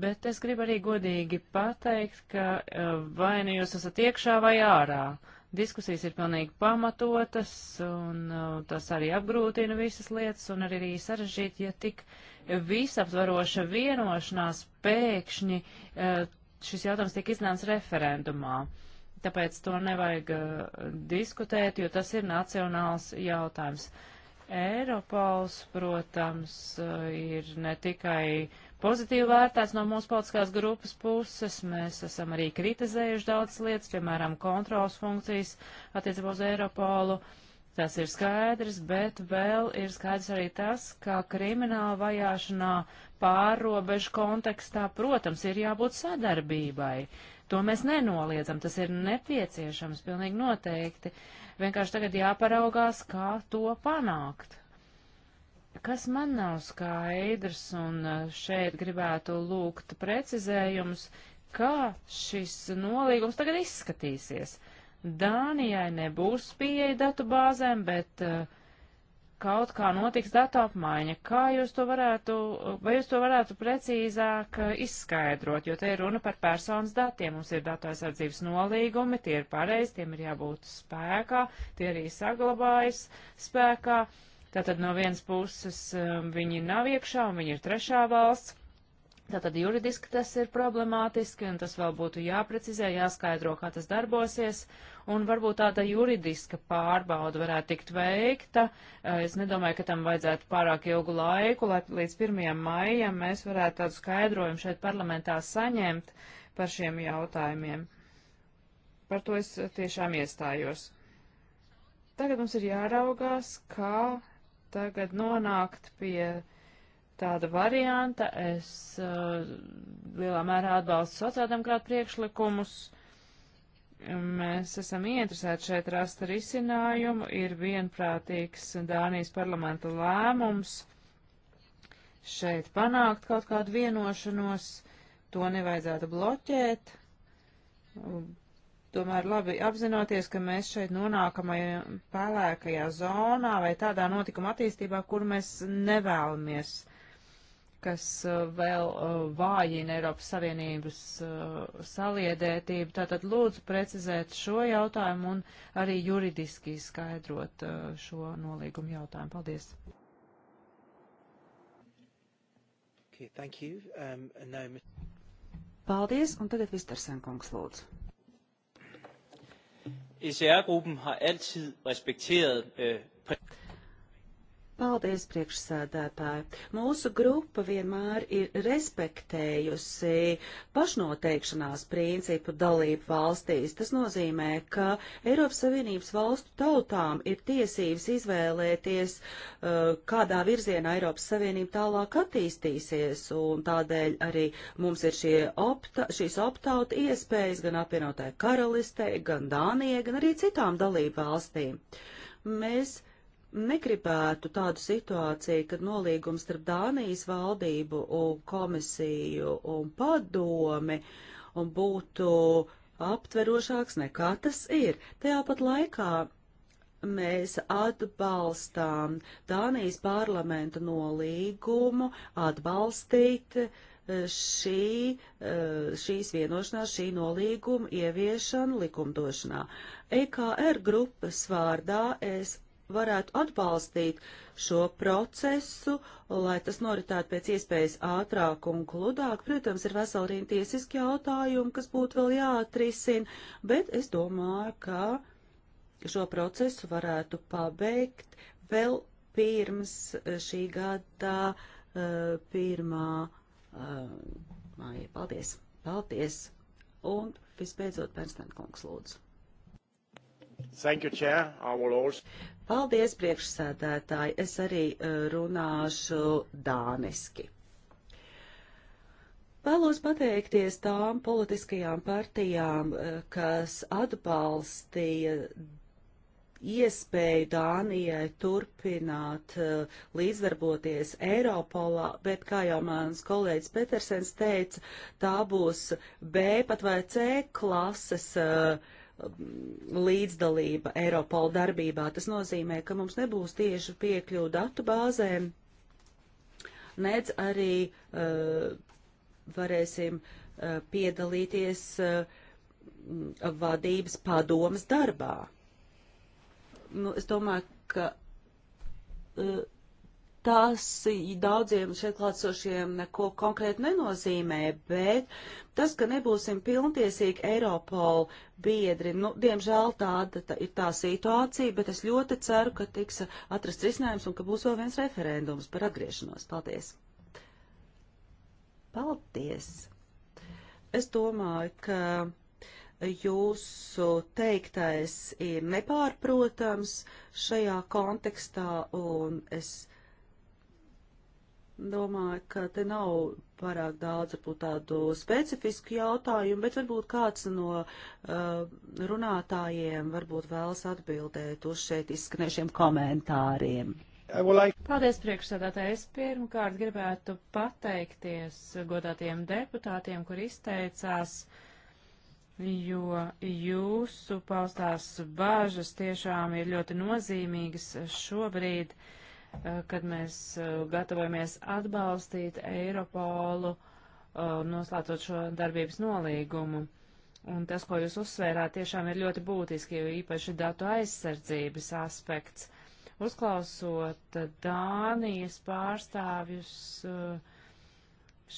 Bet es gribu arī godīgi pateikt, ka eh, vai nu jūs esat iekšā vai ārā. Diskusijas ir pilnīgi pamatotas, un uh, tas arī apgrūtina visas lietas, un arī sarežģīti, ja tik visaptvaroša vienošanās pēkšņi uh, šis jautājums tiek iznāca referendumā. Tāpēc to nevajag uh, diskutēt, jo tas ir nacionāls jautājums. Eiropols, protams, ir ne tikai pozitīvi vērtēts no mūsu politiskās grupas puses. Mēs esam arī kritizējuši daudz lietas, piemēram, kontrols funkcijas attiecībā uz Eiropolu. Tas ir skaidrs, bet vēl ir skaidrs arī tas, ka krimināla vajāšanā pārrobežu kontekstā, protams, ir jābūt sadarbībai. To mēs nenoliedzam, tas ir nepieciešams pilnīgi noteikti. Vienkārši tagad jāparaugās, kā to panākt. Kas man nav skaidrs, un e, šeit gribētu lūgt precizējumus, kā šis nolīgums tagad izskatīsies. Dānijai nebūs pieeja datu bāzēm, bet uh, kaut kā notiks datu apmaiņa. Kā jūs to varētu, vai jūs to varētu precīzāk e, izskaidrot, jo te ir runa par personas datiem. Mums ir datu aizsardzības nolīgumi, tie ir pareizi, tiem ir jābūt spēkā, tie arī saglabājas spēkā. Uh, Tātad no vienas puses um, viņi nav iekšā un viņi ir trešā valsts. Tātad juridiski tas ir problemātiski, un tas vēl būtu jāprecizē, jāskaidro, kā tas darbosies, un varbūt tāda juridiska pārbauda varētu tikt veikta. Uh, es nedomāju, ka tam vajadzētu pārāk ilgu laiku, lai līdz 1. maijam mēs varētu tādu skaidrojumu šeit parlamentā saņemt par šiem jautājumiem. Par to es tiešām iestājos. Tagad mums ir jāraugās, kā tagad nonākt pie tāda varianta. Es uh, lielā mērā atbalstu sociāldemokrātu priekšlikumus. Mēs esam ieinteresēti šeit rast risinājumu. Ir vienprātīgs Dānijas parlamenta lēmums šeit panākt kaut kādu vienošanos. To nevajadzētu bloķēt. Tomēr labi apzinoties, ka mēs šeit nonākam pelēkajā zonā vai tādā notikuma attīstībā, kur mēs nevēlamies, kas uh, vēl uh, vājina Eiropas Savienības uh, saliedētību. Tātad lūdzu precizēt šo jautājumu un arī juridiski skaidrot šo nolīgumu jautājumu. Paldies! Okay, thank you. Um, and now... Paldies, un tagad Vistersenkungs lūdzu ecr gruppen har altid respekteret øh, Paldies, priekšsēdētāji. Mūsu grupa vienmēr ir respektējusi pašnoteikšanās principu dalību valstīs. Tas nozīmē, ka Eiropas Savienības valstu tautām ir tiesības izvēlēties, uh, kādā virzienā Eiropas Savienība tālāk attīstīsies, un tādēļ arī mums ir šie opta, šīs optauta iespējas gan apvienotāji karalistei, gan Dānijai, gan arī citām dalību valstīm. Mēs negribētu tādu situāciju, kad nolīgums starp Dānijas valdību un komisiju un padomi un būtu aptverošāks nekā tas ir. Tajā pat laikā mēs atbalstām Dānijas parlamenta nolīgumu atbalstīt e, šī, e, šīs vienošanās, šī nolīguma ieviešana likumdošanā. EKR grupas vārdā es varētu atbalstīt šo procesu, lai tas noritētu pēc iespējas ātrāk un gludāk. Protams, ir veseli arī tiesiski jautājumi, kas būtu vēl jāatrisina, bet es domāju, ka šo procesu varētu pabeigt vēl pirms eh, šī gada uh, pirmā uh, māja. Paldies! Paldies! Un visbeidzot, Bernstein kungs lūdzu. Thank you, Chair. I will also... Paldies, priekšsēdētāji. Es arī e, runāšu dāniski. Vēlos pateikties tām politiskajām partijām, e, kas atbalstīja iespēju Dānijai turpināt uh, līdzdarboties Eiropolā, bet, kā jau mans kolēģis Petersens teica, tā būs B pat vai C klases uh, līdzdalība Eiropola darbībā. Tas nozīmē, ka mums nebūs tieši piekļuvu datu bāzēm, nedz arī uh, varēsim uh, piedalīties uh, vadības padomas darbā. Nu, es domāju, ka uh, tas daudziem šeit klātsošiem neko konkrēti nenozīmē, bet tas, ka nebūsim pilntiesīgi Eiropola biedri, nu, diemžēl tāda tā, ir tā situācija, bet es ļoti ceru, ka tiks atrasts risinājums un ka būs vēl viens referendums par atgriešanos. Paldies! Paldies! Es domāju, ka jūsu teiktais ir nepārprotams šajā kontekstā, un es domāju, ka te nav pārāk daudz varbūt tādu specifisku jautājumu, bet varbūt kāds no uh, runātājiem varbūt vēlas atbildēt uz šeit izskanējušiem komentāriem. Paldies, priekšsēdētāji. Es pirmkārt gribētu pateikties godātiem deputātiem, kur izteicās, jo jūsu paustās bāžas tiešām ir ļoti nozīmīgas šobrīd. Uh, Eh, kad mēs eh, gatavojamies atbalstīt Eiropolu, eh, noslēdzot šo darbības nolīgumu. Un tas, ko jūs uzsvērāt, tiešām ir ļoti būtiski, jo īpaši datu aizsardzības aspekts. Uzklausot Dānijas pārstāvjus,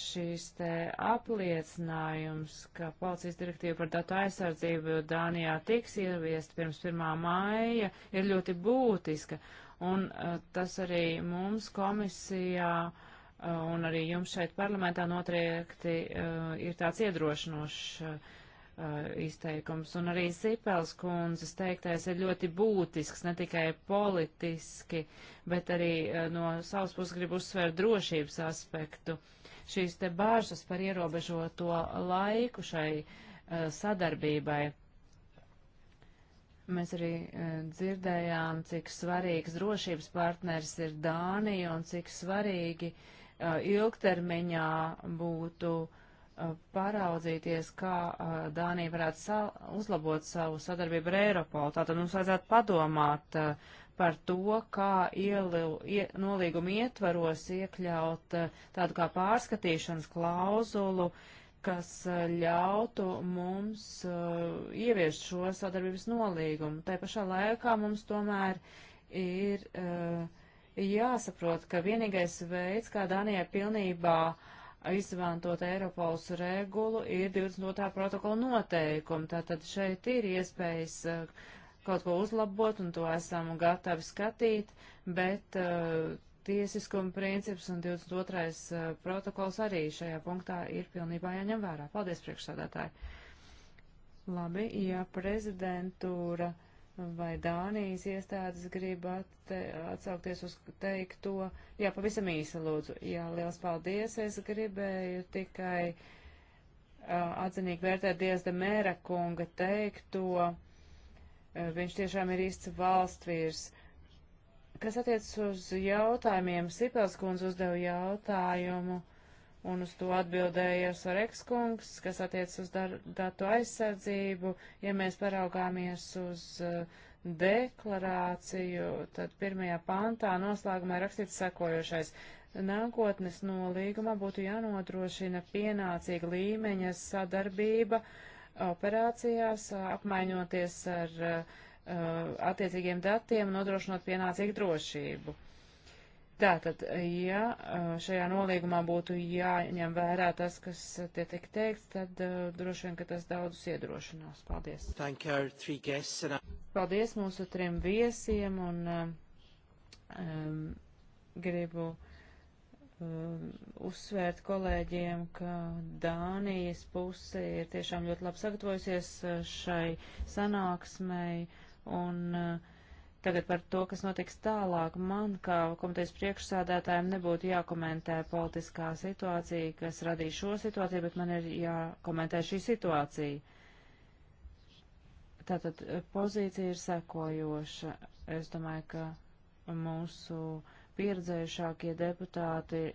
šīs te apliecinājums, ka policijas direktīva par datu aizsardzību Dānijā tiks ieviest pirms 1. māja, ir ļoti būtiska un eh, tas arī mums komisijā eh, un arī jums šeit parlamentā notriekti eh, ir tāds iedrošinošs izteikums. Un arī Sipels kundzes teiktais ir ļoti būtisks, ne tikai politiski, bet arī no savas puses grib uzsvērt drošības aspektu. Šīs te bāžas par ierobežoto laiku šai sadarbībai. Mēs arī e, dzirdējām, cik svarīgs drošības partners ir Dānija un cik svarīgi e, ilgtermiņā būtu e, paraudzīties, kā Dānija varētu sa uzlabot savu sadarbību ar Eiropolu. Tātad mums vajadzētu padomāt par to, kā ielu, ie, nolīguma ietvaros iekļaut tādu kā pārskatīšanas klauzulu uh, kas eh, ļautu mums uh, ieviest šo sadarbības nolīgumu. Tā pašā laikā mums tomēr ir uh, jāsaprot, ka vienīgais veids, kā Danijai pilnībā izmantot Eiropas regulu, ir 22. protokola noteikumi. Tātad šeit ir iespējas uh, kaut ko uzlabot, un to esam gatavi skatīt, bet uh, tiesiskuma princips un 22. Eh, protokols arī šajā punktā ir pilnībā jāņem vērā. Paldies, priekšsādātāji! Labi, ja prezidentūra vai Dānijas iestādes grib atsaukties uz teikto, jā, pavisam īsi lūdzu, jā, liels paldies, es gribēju tikai uh, atzinīgi vērtēt Diezda Mēra kunga teikto, uh, viņš tiešām ir īsts valstvīrs. Uh, Kas attiecas uz jautājumiem, Sipelskunds uzdeva jautājumu un uz to atbildēja Svareks kungs, kas attiecas uz datu aizsardzību. Ja mēs paraugāmies uz uh, deklarāciju, tad pirmajā pantā noslēgumā ir rakstīts sekojošais. Nākotnes nolīgumā būtu jānodrošina pienācīga līmeņa sadarbība operācijās, apmaiņoties ar uh, Uh, attiecīgiem datiem un nodrošinot pienācīgu drošību. Tātad, ja uh, šajā nolīgumā būtu jāņem vērā tas, kas te tiek teikts, tad uh, droši vien, ka tas daudzus iedrošinās. Paldies. Paldies mūsu trim viesiem un uh, um, gribu um, uzsvērt kolēģiem, ka Dānijas puse ir tiešām ļoti labi sagatavojusies šai sanāksmei. Uh, Un eh, tagad par to, kas notiks tālāk, man kā komitejas priekšsādātājiem nebūtu jākomentē politiskā situācija, kas radīja šo situāciju, bet man ir jākomentē šī situācija. Tātad eh, pozīcija ir sekojoša. Es domāju, ka mūsu pieredzējušākie deputāti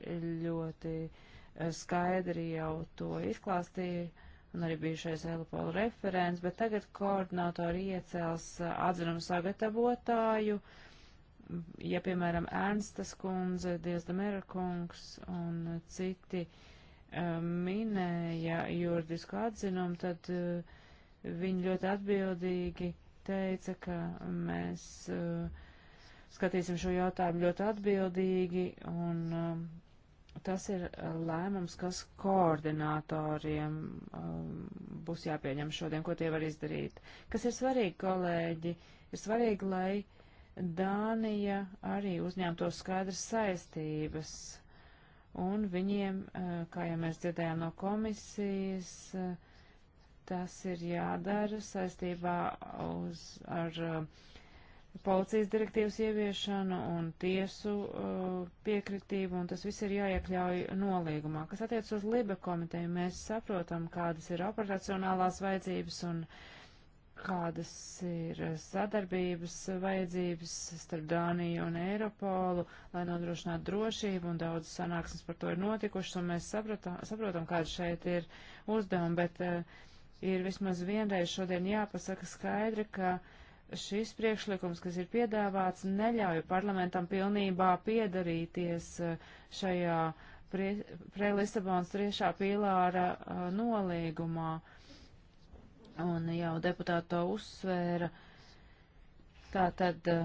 ļoti eh, skaidri jau to izklāstīja un arī bijušais Elipola referents, bet tagad koordinātori iecels uh, atzinumu sagatavotāju, ja, piemēram, Ernstas kundze, Diezdamera kungs un citi uh, minēja juridisku atzinumu, tad uh, viņi ļoti atbildīgi teica, ka mēs skatīsim šo jautājumu ļoti atbildīgi un um, tas ir eh, lēmums, kas koordinatoriem um, būs jāpieņem šodien, ko tie var izdarīt. Kas ir svarīgi, kolēģi, ir svarīgi, lai Dānija arī uzņemtos skaidras saistības. Un viņiem, eh, kā jau mēs dzirdējām no komisijas, tas ir jādara saistībā uz, ar uh, policijas direktīvas ieviešanu un tiesu uh, piekritību, un tas viss ir jāiekļauj nolīgumā. Kas attiec uz Libe komiteju, mēs saprotam, kādas ir operacionālās vajadzības un kādas ir sadarbības vajadzības starp Dāniju un Eiropolu, lai nodrošinātu drošību, un daudz sanāksmes par to ir notikušas, un mēs saprotam, saprotam kāda šeit ir uzdevuma, bet uh, ir vismaz vienreiz šodien jāpasaka skaidri, ka uh, šis priekšlikums, kas ir piedāvāts, neļauj parlamentam pilnībā piedarīties eh, šajā pre, pre Lisabonas triešā pīlāra eh, nolīgumā. Un jau deputāti to uzsvēra. Tātad eh,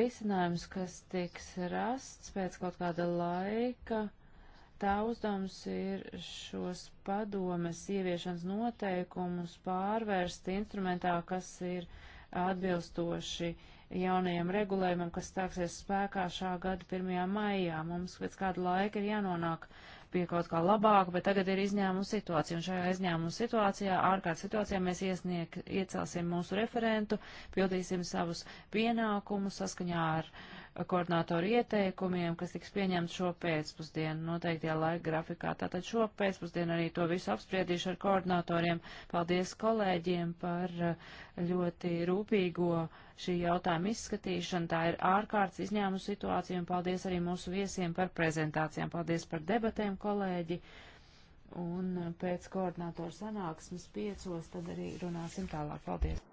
risinājums, kas tiks rasts pēc kaut kāda laika, tā uzdevums ir šos padomes ieviešanas noteikumus pārvērst instrumentā, kas ir uh, atbilstoši jaunajam regulējumam, kas stāksies spēkā šā gada 1. maijā. Mums pēc kāda laika ir jānonāk pie kaut kā labāka, bet tagad ir izņēmuma situācija, un šajā izņēmuma situācijā, ārkārtas situācijā, mēs iesniek, iecelsim mūsu referentu, pildīsim savus pienākumus saskaņā ar uh, koordinātoru ieteikumiem, kas tiks pieņemts šo pēcpusdienu noteiktajā laika grafikā. Tātad šo pēcpusdienu arī to visu apspriedīšu ar koordinātoriem. Paldies kolēģiem par eh, ļoti rūpīgo šī jautājuma izskatīšanu. Tā ir ārkārtas izņēmuma situācija un paldies arī mūsu viesiem par prezentācijām. Paldies par debatēm, kolēģi. Un eh, pēc koordinātoru sanāksmes piecos tad arī runāsim tālāk. Paldies!